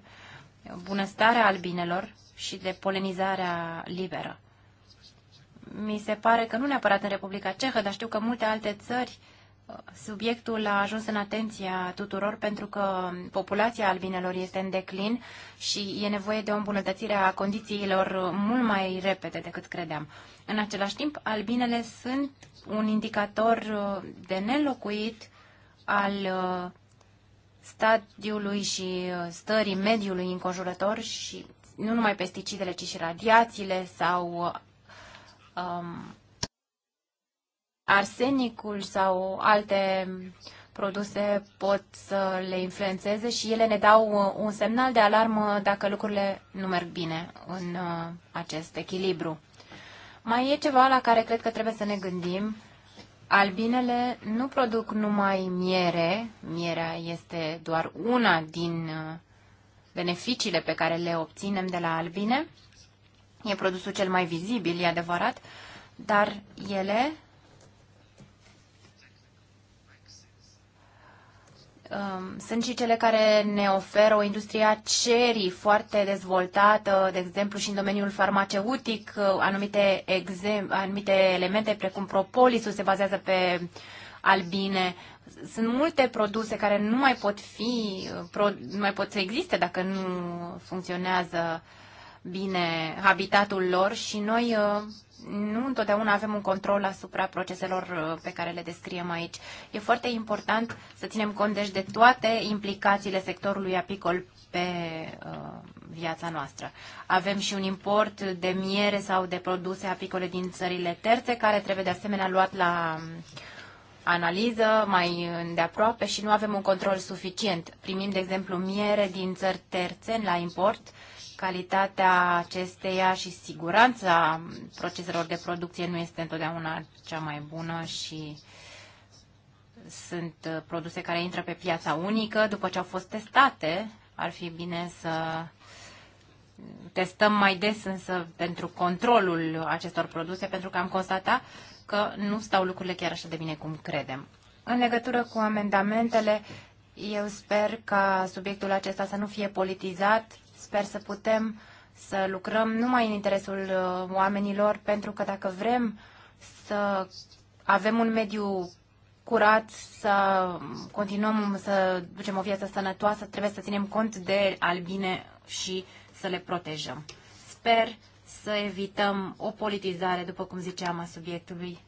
Speaker 1: bunăstarea albinelor și de polenizarea liberă. Mi se pare că nu neapărat în Republica Cehă, dar știu că multe alte țări Subiectul a ajuns în atenția tuturor pentru că populația albinelor este în declin și e nevoie de o îmbunătățire a condițiilor mult mai repede decât credeam. În același timp, albinele sunt un indicator uh, de nelocuit al uh, stadiului și uh, stării mediului înconjurător și nu numai pesticidele, ci și radiațiile sau um, arsenicul sau alte produse pot să le influențeze și ele ne dau uh, un semnal de alarmă dacă lucrurile nu merg bine în uh, acest echilibru. Mai e ceva la care cred că trebuie să ne gândim. Albinele nu produc numai miere, mierea este doar una din uh, beneficiile pe care le obținem de la albine. E produsul cel mai vizibil, e adevărat, dar ele Um, sunt și cele care ne oferă o industrie a cerii foarte dezvoltată, de exemplu și în domeniul farmaceutic, uh, anumite, exem- anumite elemente precum propolisul se bazează pe albine. Sunt multe produse care nu mai pot fi, uh, nu mai pot să existe dacă nu funcționează bine habitatul lor și noi uh, nu întotdeauna avem un control asupra proceselor uh, pe care le descriem aici. E foarte important să ținem cont deci de toate implicațiile sectorului apicol pe uh, viața noastră. Avem și un import de miere sau de produse apicole din țările terțe care trebuie de asemenea luat la um, analiză mai îndeaproape și nu avem un control suficient. Primim, de exemplu, miere din țări terțe la import calitatea acesteia și siguranța proceselor de producție nu este întotdeauna cea mai bună și sunt produse care intră pe piața unică după ce au fost testate. Ar fi bine să testăm mai des însă pentru controlul acestor produse, pentru că am constatat că nu stau lucrurile chiar așa de bine cum credem. În legătură cu amendamentele, eu sper ca subiectul acesta să nu fie politizat, Sper să putem să lucrăm numai în interesul uh, oamenilor, pentru că dacă vrem să avem un mediu curat, să continuăm să ducem o viață sănătoasă, trebuie să ținem cont de albine și să le protejăm. Sper să evităm o politizare, după cum ziceam, a subiectului,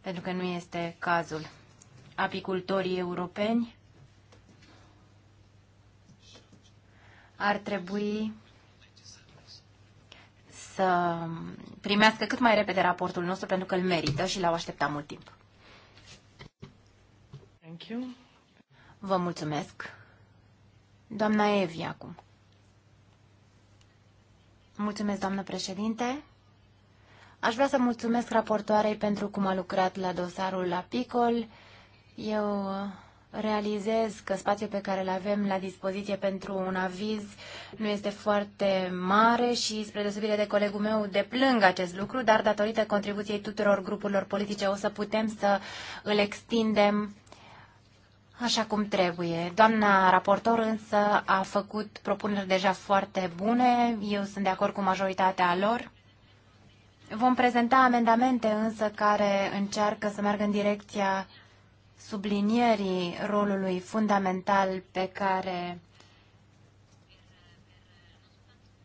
Speaker 1: pentru că nu este cazul. Apicultorii europeni ar trebui să primească cât mai repede raportul nostru pentru că îl merită și l-au așteptat mult timp. Thank you. Vă mulțumesc. Doamna Evi acum. Mulțumesc, doamnă președinte. Aș vrea să mulțumesc raportoarei pentru cum a lucrat la dosarul la PICOL. Eu realizez că spațiul pe care îl avem la dispoziție pentru un aviz nu este foarte mare și, spre deosebire de colegul meu, deplâng acest lucru, dar datorită contribuției tuturor grupurilor politice o să putem să îl extindem așa cum trebuie. Doamna raportor însă a făcut propuneri deja foarte bune, eu sunt de acord cu majoritatea lor. Vom prezenta amendamente însă care încearcă să meargă în direcția sublinierii rolului fundamental pe care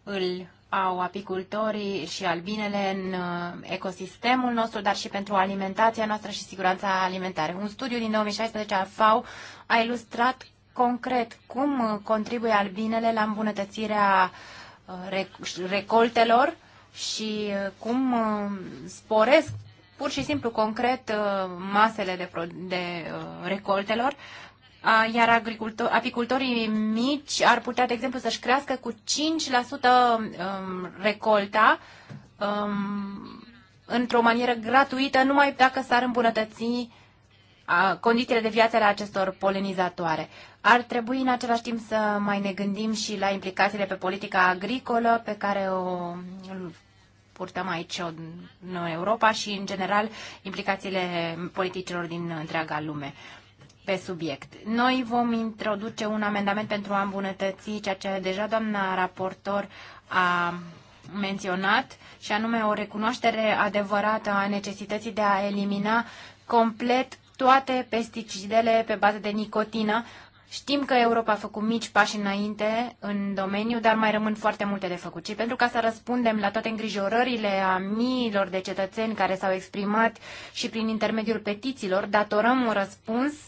Speaker 1: îl au apicultorii și albinele în uh, ecosistemul nostru, dar și pentru alimentația noastră și siguranța alimentară. Un studiu din 2016 al FAO a ilustrat concret cum contribuie albinele la îmbunătățirea uh, recoltelor și uh, cum sporesc pur și simplu concret uh, masele de, pro, de uh, recoltelor, iar agricultor, apicultorii mici ar putea, de exemplu, să-și crească cu 5% um, recolta um, într-o manieră gratuită, numai dacă s-ar îmbunătăți condițiile de viață ale acestor polenizatoare. Ar trebui în același timp să mai ne gândim și la implicațiile pe politica agricolă pe care o purtăm aici în Europa și, în general, implicațiile politicilor din întreaga lume pe subiect. Noi vom introduce un amendament pentru a îmbunătăți ceea ce deja doamna raportor a menționat, și anume o recunoaștere adevărată a necesității de a elimina complet toate pesticidele pe bază de nicotină Știm că Europa a făcut mici pași înainte în domeniu, dar mai rămân foarte multe de făcut. Și pentru ca să răspundem la toate îngrijorările a miilor de cetățeni care s-au exprimat și prin intermediul petițiilor, datorăm un răspuns uh,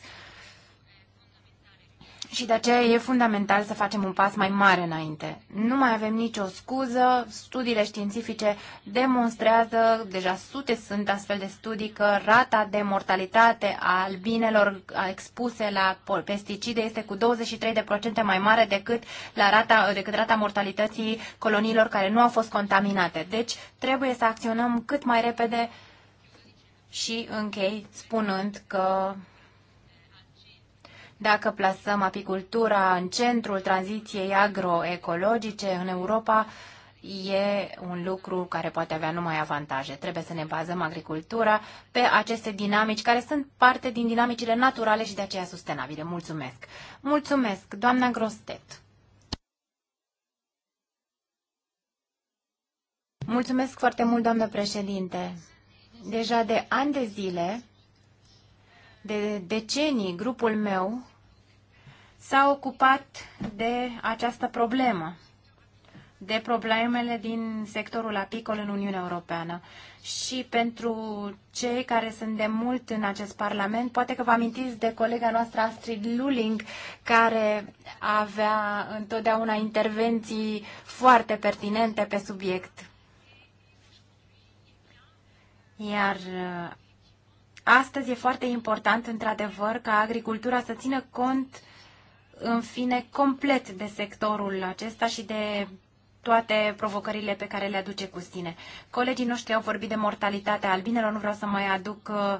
Speaker 1: și de aceea e fundamental să facem un pas mai mare înainte. Nu mai avem nicio scuză, studiile științifice demonstrează, deja sute sunt astfel de studii, că rata de mortalitate a albinelor expuse la pesticide este cu 23% mai mare decât, la rata, decât rata mortalității coloniilor care nu au fost contaminate. Deci trebuie să acționăm cât mai repede și închei spunând că dacă plasăm apicultura în centrul tranziției agroecologice în Europa, e un lucru care poate avea numai avantaje. Trebuie să ne bazăm agricultura pe aceste dinamici care sunt parte din dinamicile naturale și de aceea sustenabile. Mulțumesc! Mulțumesc, doamna Grostet! Mulțumesc foarte mult, doamnă președinte! Deja de ani de zile, de decenii, grupul meu s-a ocupat de această problemă, de problemele din sectorul apicol în Uniunea Europeană. Și pentru cei care sunt de mult în acest Parlament, poate că vă amintiți de colega noastră Astrid Luling, care avea întotdeauna intervenții foarte pertinente pe subiect. Iar uh, astăzi e foarte important, într-adevăr, ca agricultura să țină cont în fine complet de sectorul acesta și de toate provocările pe care le aduce cu sine. Colegii noștri au vorbit de mortalitatea albinelor, nu vreau să mai aduc uh,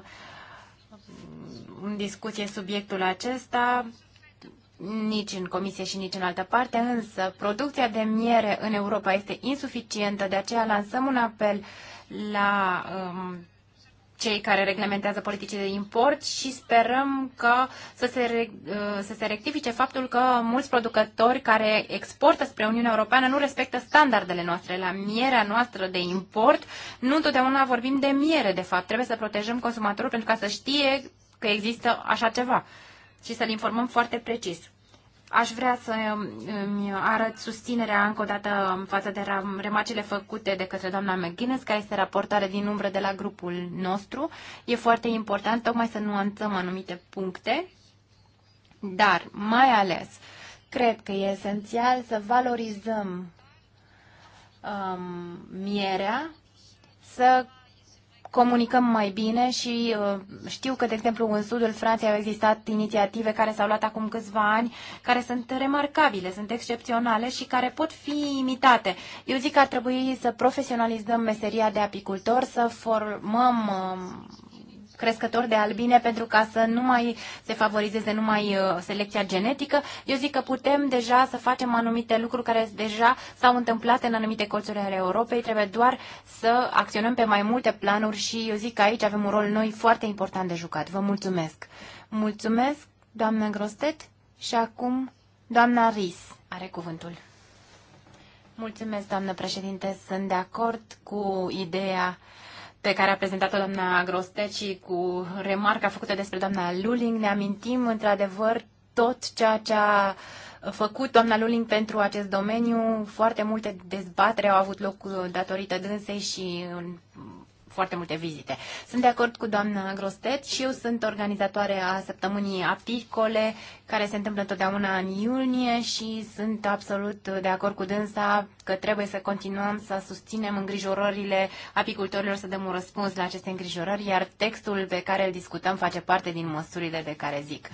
Speaker 1: în discuție subiectul acesta, nici în comisie și nici în altă parte, însă producția de miere în Europa este insuficientă, de aceea lansăm un apel la um, cei care reglementează politicile de import și sperăm că să se, uh, să se rectifice faptul că mulți producători care exportă spre Uniunea Europeană nu respectă standardele noastre. La mierea noastră de import nu întotdeauna vorbim de miere, de fapt. Trebuie să protejăm consumatorul pentru ca să știe că există așa ceva și să-l informăm foarte precis. Aș vrea să îmi arăt susținerea încă o dată față de remarcele făcute de către doamna McGuinness, care este raportare din umbră de la grupul nostru. E foarte important tocmai să nuanțăm anumite puncte, dar mai ales cred că e esențial să valorizăm um, mierea, să comunicăm mai bine și uh, știu că, de exemplu, în sudul Franței au existat inițiative care s-au luat acum câțiva ani, care sunt remarcabile, sunt excepționale și care pot fi imitate. Eu zic că ar trebui să profesionalizăm meseria de apicultor, să formăm um, crescători de albine pentru ca să nu mai se favorizeze numai uh, selecția genetică. Eu zic că putem deja să facem anumite lucruri care deja s-au întâmplat în anumite colțuri ale Europei. Trebuie doar să acționăm pe mai multe planuri și eu zic că aici avem un rol noi foarte important de jucat. Vă mulțumesc! Mulțumesc, doamna Grostet, și acum doamna Ris are cuvântul. Mulțumesc, doamnă președinte. Sunt de acord cu ideea pe care a prezentat-o doamna Grosteci cu remarca făcută despre doamna Luling, ne amintim într-adevăr tot ceea ce a făcut doamna Luling pentru acest domeniu. Foarte multe dezbatere au avut loc datorită dânsei și în foarte multe vizite. Sunt de acord cu doamna Grostet și eu sunt organizatoare a săptămânii apticole, care se întâmplă întotdeauna în iunie și sunt absolut de acord cu dânsa că trebuie să continuăm să susținem îngrijorările apicultorilor, să dăm un răspuns la aceste îngrijorări, iar textul pe care îl discutăm face parte din măsurile de care zic.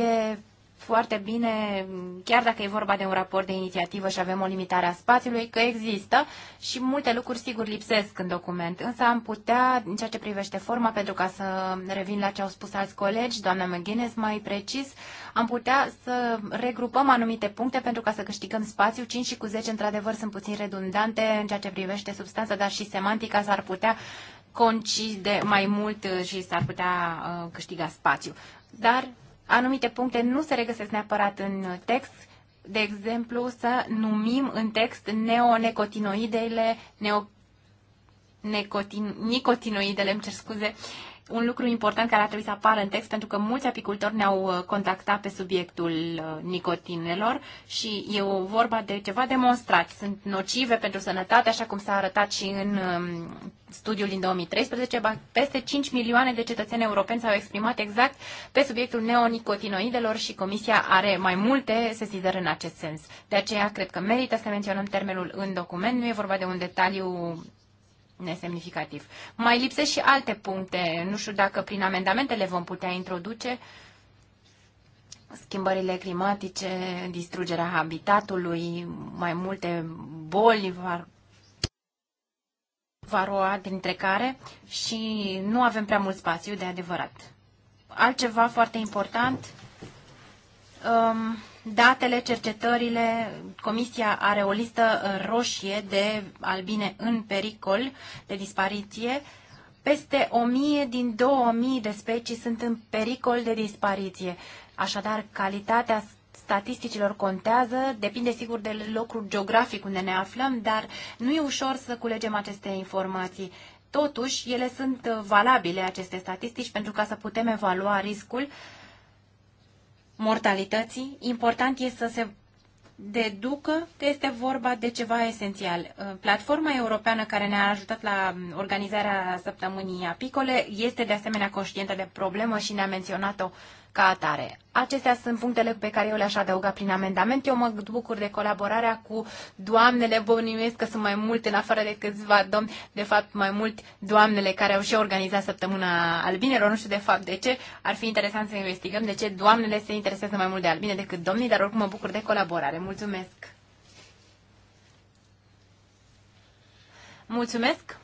Speaker 1: E foarte bine, chiar dacă e vorba de un raport de inițiativă și avem o limitare a spațiului, că există și multe lucruri sigur lipsesc în document. Însă am putea, în ceea ce privește forma, pentru ca să revin la ce au spus alți colegi, doamna McGuinness, mai precis, am putea să regrupăm anumite puncte pentru ca să câștigăm spațiu. 5 și cu 10, într-adevăr, sunt puțin redundante în ceea ce privește substanța, dar și semantica s-ar putea concide mai mult și s-ar putea uh, câștiga spațiu. Dar anumite puncte nu se regăsesc neapărat în text, de exemplu, să numim în text neonecotinoidele, neo, necotin, nicotinoidele, îmi cer scuze, uh, un lucru important care ar trebui să apară în text, pentru că mulți apicultori ne-au uh, contactat pe subiectul uh, nicotinelor și e o vorba de ceva demonstrat. Sunt nocive pentru sănătate, așa cum s-a arătat și în um, studiul din 2013. Peste 5 milioane de cetățeni europeni s-au exprimat exact pe subiectul neonicotinoidelor și Comisia are mai multe sesizări în acest sens. De aceea cred că merită să menționăm termenul în document. Nu e vorba de un detaliu nesemnificativ. Mai lipsesc și alte puncte. Nu știu dacă prin amendamente le vom putea introduce schimbările climatice, distrugerea habitatului, mai multe boli var, varoa, dintre care și nu avem prea mult spațiu, de adevărat. Altceva foarte important, um, datele, cercetările. Comisia are o listă uh, roșie de albine în pericol de dispariție. Peste 1000 din 2000 de specii sunt în pericol de dispariție. Așadar, calitatea statisticilor contează, depinde sigur de locul geografic unde ne aflăm, dar nu e ușor să culegem aceste informații. Totuși, ele sunt uh, valabile, aceste statistici, pentru ca să putem evalua riscul mortalității, important este să se deducă că este vorba de ceva esențial. Uh, platforma europeană care ne-a ajutat la organizarea săptămânii apicole este de asemenea conștientă de problemă și ne-a menționat-o ca atare. Acestea sunt punctele pe care eu le-aș adăuga prin amendament. Eu mă bucur de colaborarea cu doamnele, bănuiesc că sunt mai multe, în afară de câțiva domni, de fapt mai mult doamnele care au și organizat săptămâna albinelor, nu știu de fapt de ce, ar fi interesant să investigăm de ce doamnele se interesează mai mult de albine decât domnii, dar oricum mă bucur de colaborare. Mulțumesc! Mulțumesc!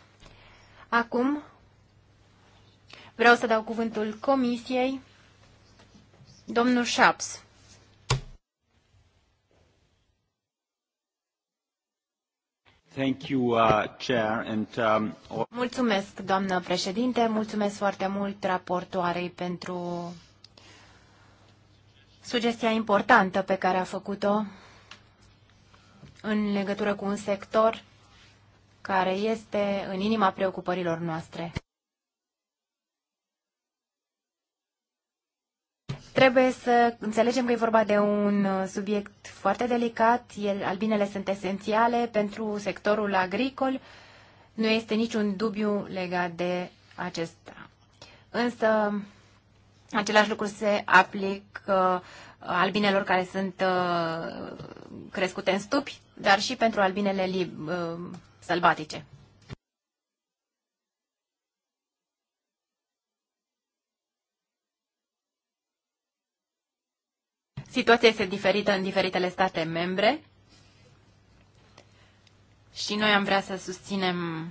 Speaker 1: Acum vreau să dau cuvântul comisiei. Domnul Șaps.
Speaker 2: Thank you, uh, Chair, and, um...
Speaker 1: Mulțumesc, doamnă președinte, mulțumesc foarte mult raportoarei pentru sugestia importantă pe care a făcut-o în legătură cu un sector care este în inima preocupărilor noastre. Trebuie să înțelegem că e vorba de un uh, subiect foarte delicat. El, albinele sunt esențiale pentru sectorul agricol. Nu este niciun dubiu legat de acesta. Însă, același lucru se aplică uh, albinelor care sunt uh, crescute în stupi, dar și pentru albinele sălbatice. Situația este diferită în diferitele state membre și noi am vrea să susținem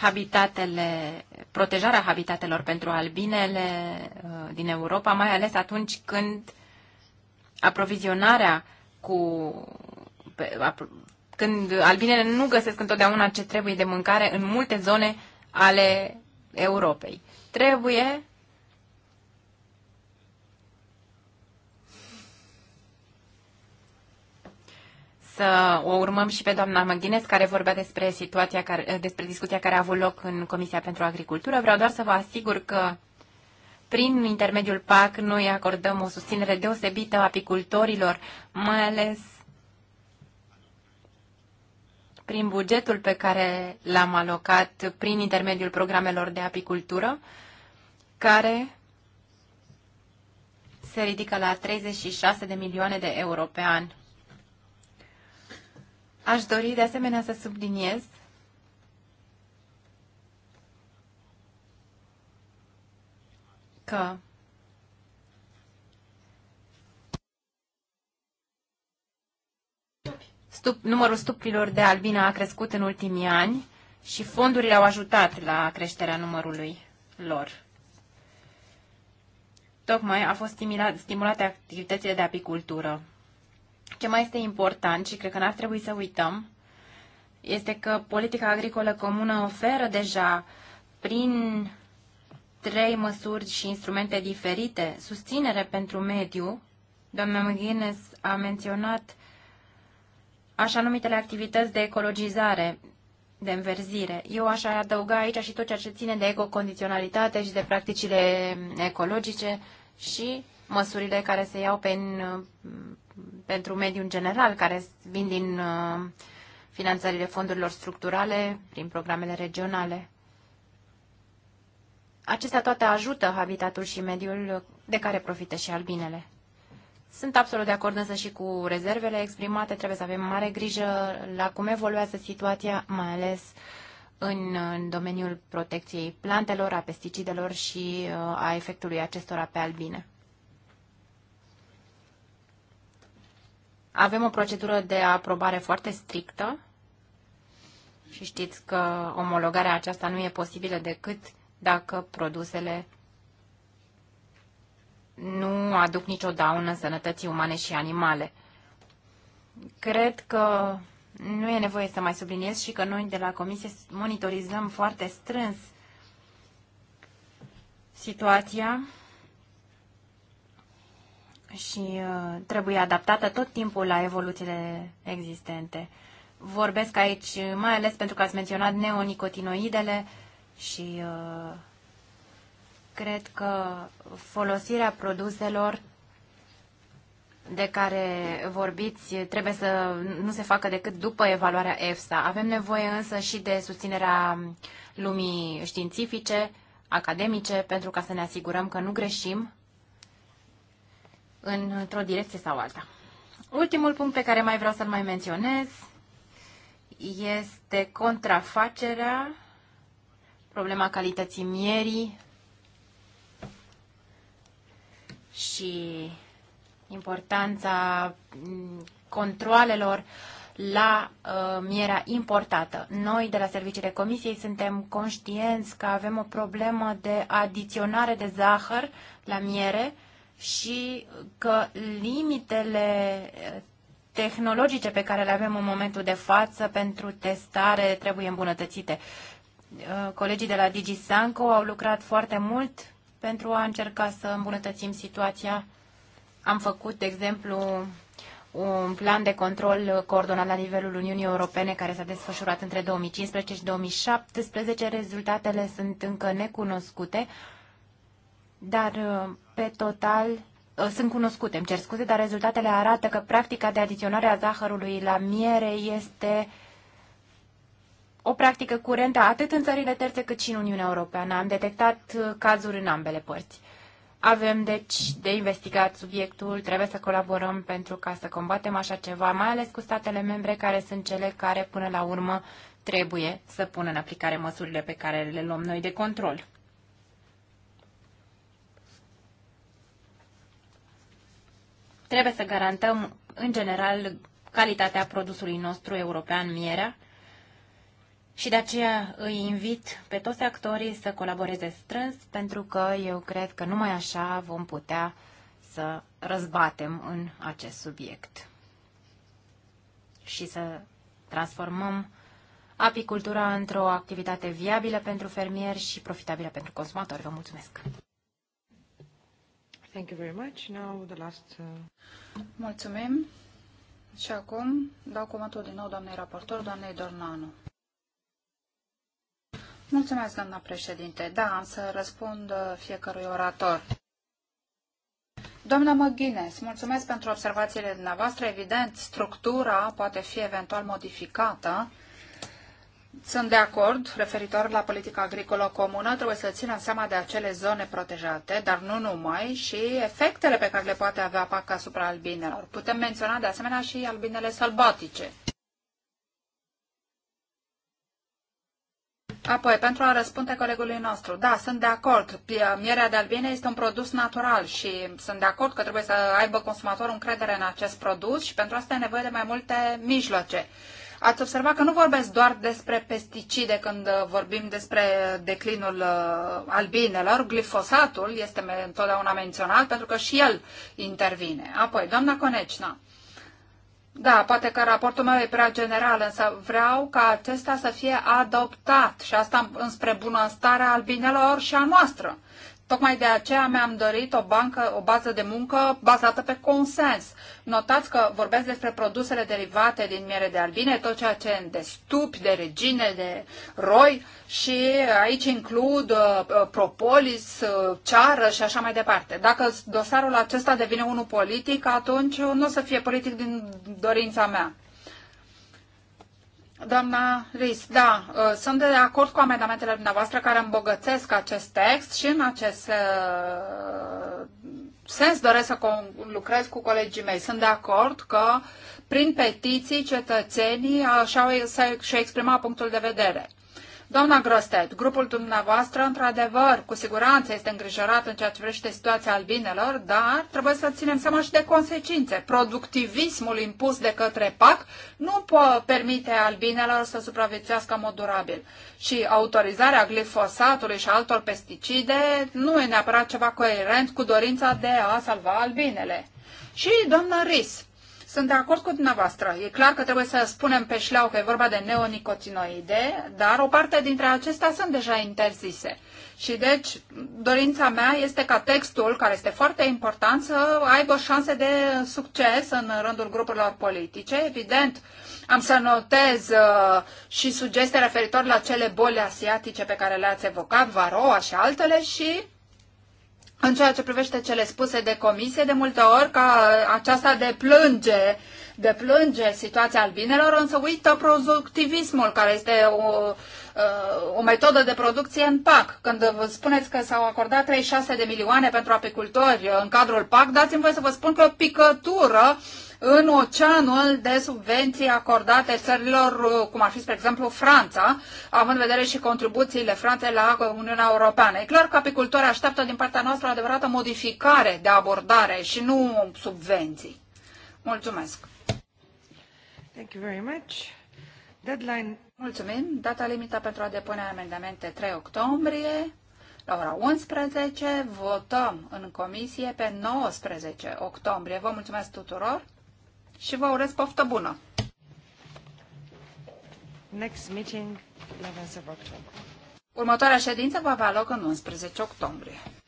Speaker 1: habitatele, protejarea habitatelor pentru albinele uh, din Europa, mai ales atunci când aprovizionarea cu când albinele nu găsesc întotdeauna ce trebuie de mâncare în multe zone ale Europei. Trebuie să o urmăm și pe doamna Măghinez, care vorbea despre, situația care, despre discuția care a avut loc în Comisia pentru Agricultură. Vreau doar să vă asigur că prin intermediul PAC noi acordăm o susținere deosebită apicultorilor, mai ales prin bugetul pe care l-am alocat prin intermediul programelor de apicultură, care se ridică la 36 de milioane de euro pe an. Aș dori de asemenea să subliniez că stup, numărul stupilor de albina a crescut în ultimii ani și fondurile au ajutat la creșterea numărului lor. Tocmai a fost stimulate activitățile de apicultură. Ce mai este important și cred că n-ar trebui să uităm este că politica agricolă comună oferă deja prin trei măsuri și instrumente diferite susținere pentru mediu. Doamna McGuinness a menționat așa numitele activități de ecologizare, de înverzire. Eu aș adăuga aici și tot ceea ce ține de ecocondiționalitate și de practicile ecologice și măsurile care se iau pe pentru mediul general, care vin din uh, finanțările fondurilor structurale, prin programele regionale. Acestea toate ajută habitatul și mediul de care profită și albinele. Sunt absolut de acord însă și cu rezervele exprimate. Trebuie să avem mare grijă la cum evoluează situația, mai ales în, în domeniul protecției plantelor, a pesticidelor și uh, a efectului acestora pe albine. Avem o procedură de aprobare foarte strictă și știți că omologarea aceasta nu e posibilă decât dacă produsele nu aduc nicio daună sănătății umane și animale. Cred că nu e nevoie să mai subliniez și că noi de la Comisie monitorizăm foarte strâns situația și uh, trebuie adaptată tot timpul la evoluțiile existente. Vorbesc aici uh, mai ales pentru că ați menționat neonicotinoidele și uh, cred că folosirea produselor de care vorbiți trebuie să nu se facă decât după evaluarea EFSA. Avem nevoie însă și de susținerea lumii științifice, academice, pentru ca să ne asigurăm că nu greșim într-o direcție sau alta. Ultimul punct pe care mai vreau să-l mai menționez este contrafacerea, problema calității mierii și importanța mm, controalelor la uh, mierea importată. Noi de la serviciile comisiei suntem conștienți că avem o problemă de adiționare de zahăr la miere uh, și că limitele eh, tehnologice pe care le avem în momentul de față pentru testare trebuie îmbunătățite. Eh, colegii de la DigiSanco au lucrat foarte mult pentru a încerca să îmbunătățim situația. Am făcut, de exemplu, un plan de control coordonat la nivelul Uniunii Europene care s-a desfășurat între 2015 și 2017. Rezultatele sunt încă necunoscute, dar uh, pe total uh, sunt cunoscute, îmi cer scuze, dar rezultatele arată că practica de adiționare a zahărului la miere este o practică curentă atât în țările terțe cât și în Uniunea Europeană. Am detectat uh, cazuri în ambele părți. Avem, deci, de investigat subiectul, trebuie să colaborăm pentru ca să combatem așa ceva, mai ales cu statele membre care sunt cele care, până la urmă, trebuie să pună în aplicare măsurile pe care le luăm noi de control. Trebuie să garantăm, în general, calitatea produsului nostru european, mierea, și de aceea îi invit pe toți actorii să colaboreze strâns, pentru că eu cred că numai așa vom putea să răzbatem în acest subiect și să transformăm apicultura într-o activitate viabilă pentru fermieri și profitabilă pentru consumatori. Vă mulțumesc!
Speaker 2: Thank you very much. Now the last... Uh, Mulțumim. Și acum dau cuvântul din nou doamnei raportor, doamnei Dornanu. Mulțumesc, doamna președinte. Da, am să răspund uh, fiecărui orator. Doamna McGuinness, mulțumesc pentru observațiile dumneavoastră. Evident, structura poate fi eventual modificată sunt de acord referitor la politica agricolă comună, trebuie să ținem seama de acele zone protejate, dar nu numai, și efectele pe care le poate avea PAC asupra albinelor. Putem menționa de asemenea și albinele sălbatice. Apoi, pentru a răspunde colegului nostru, da, sunt de acord. Mierea de albine este un produs natural și sunt de acord că trebuie să aibă consumatorul încredere în acest produs și pentru asta e nevoie de mai multe mijloace ați observat că nu vorbesc doar despre pesticide când uh, vorbim despre uh, declinul uh, albinelor. Glifosatul este întotdeauna menționat pentru că și el intervine. Apoi, doamna Conecina, Da, poate că raportul meu e prea general, însă vreau ca acesta să fie adoptat și asta înspre bunăstarea albinelor și a noastră. Tocmai de aceea mi-am dorit o bancă, o bază de muncă bazată pe consens. Notați că vorbesc despre produsele derivate din miere de albine, tot ceea ce de stup, de regine, de roi și aici includ uh, uh, propolis, uh, ceară și așa mai departe. Dacă dosarul acesta devine unul politic, atunci nu o să fie politic din dorința mea. Doamna Ris, da, uh, sunt de acord cu amendamentele dumneavoastră care îmbogățesc acest text și în acest uh, sens doresc să lucrez cu colegii mei. Sunt de acord că prin petiții cetățenii uh, și-au exprimat punctul de vedere. Doamna Grostet, grupul dumneavoastră, într-adevăr, cu siguranță este îngrijorat în ceea ce privește situația albinelor, dar trebuie să ținem seama și de consecințe. Productivismul impus de către PAC nu permite albinelor să supraviețuiască în mod durabil. Și autorizarea glifosatului și altor pesticide nu e neapărat ceva coerent cu dorința de a salva albinele. Și doamna Ris, sunt de acord cu dumneavoastră. E clar că trebuie să spunem pe șleau că e vorba de neonicotinoide, dar o parte dintre acestea sunt deja interzise. Și deci dorința mea este ca textul, care este foarte important, să aibă șanse de succes în rândul grupurilor politice. Evident, am să notez uh, și sugestii referitor la cele boli asiatice pe care le-ați evocat, varoa și altele și în ceea ce privește cele spuse de comisie, de multe ori ca uh, aceasta de plânge, de plânge situația albinelor, însă uită productivismul, care este o, uh, o metodă de producție în PAC. Când vă spuneți că s-au acordat 36 de milioane pentru apicultori în cadrul PAC, dați-mi voi să vă spun că o picătură uh, în oceanul de subvenții acordate țărilor, uh, cum ar fi, spre exemplu, Franța, având în vedere și contribuțiile Franței la Uniunea Europeană. E clar că apicultorii așteaptă din partea noastră o adevărată modificare de abordare și nu subvenții. Mulțumesc! Thank you very much. Deadline. Mulțumim. Data limită pentru a depune amendamente 3 octombrie la ora 11. Votăm în comisie pe 19 octombrie. Vă mulțumesc tuturor și vă urez poftă bună! Next meeting, 11 Următoarea ședință va avea loc în 11 octombrie.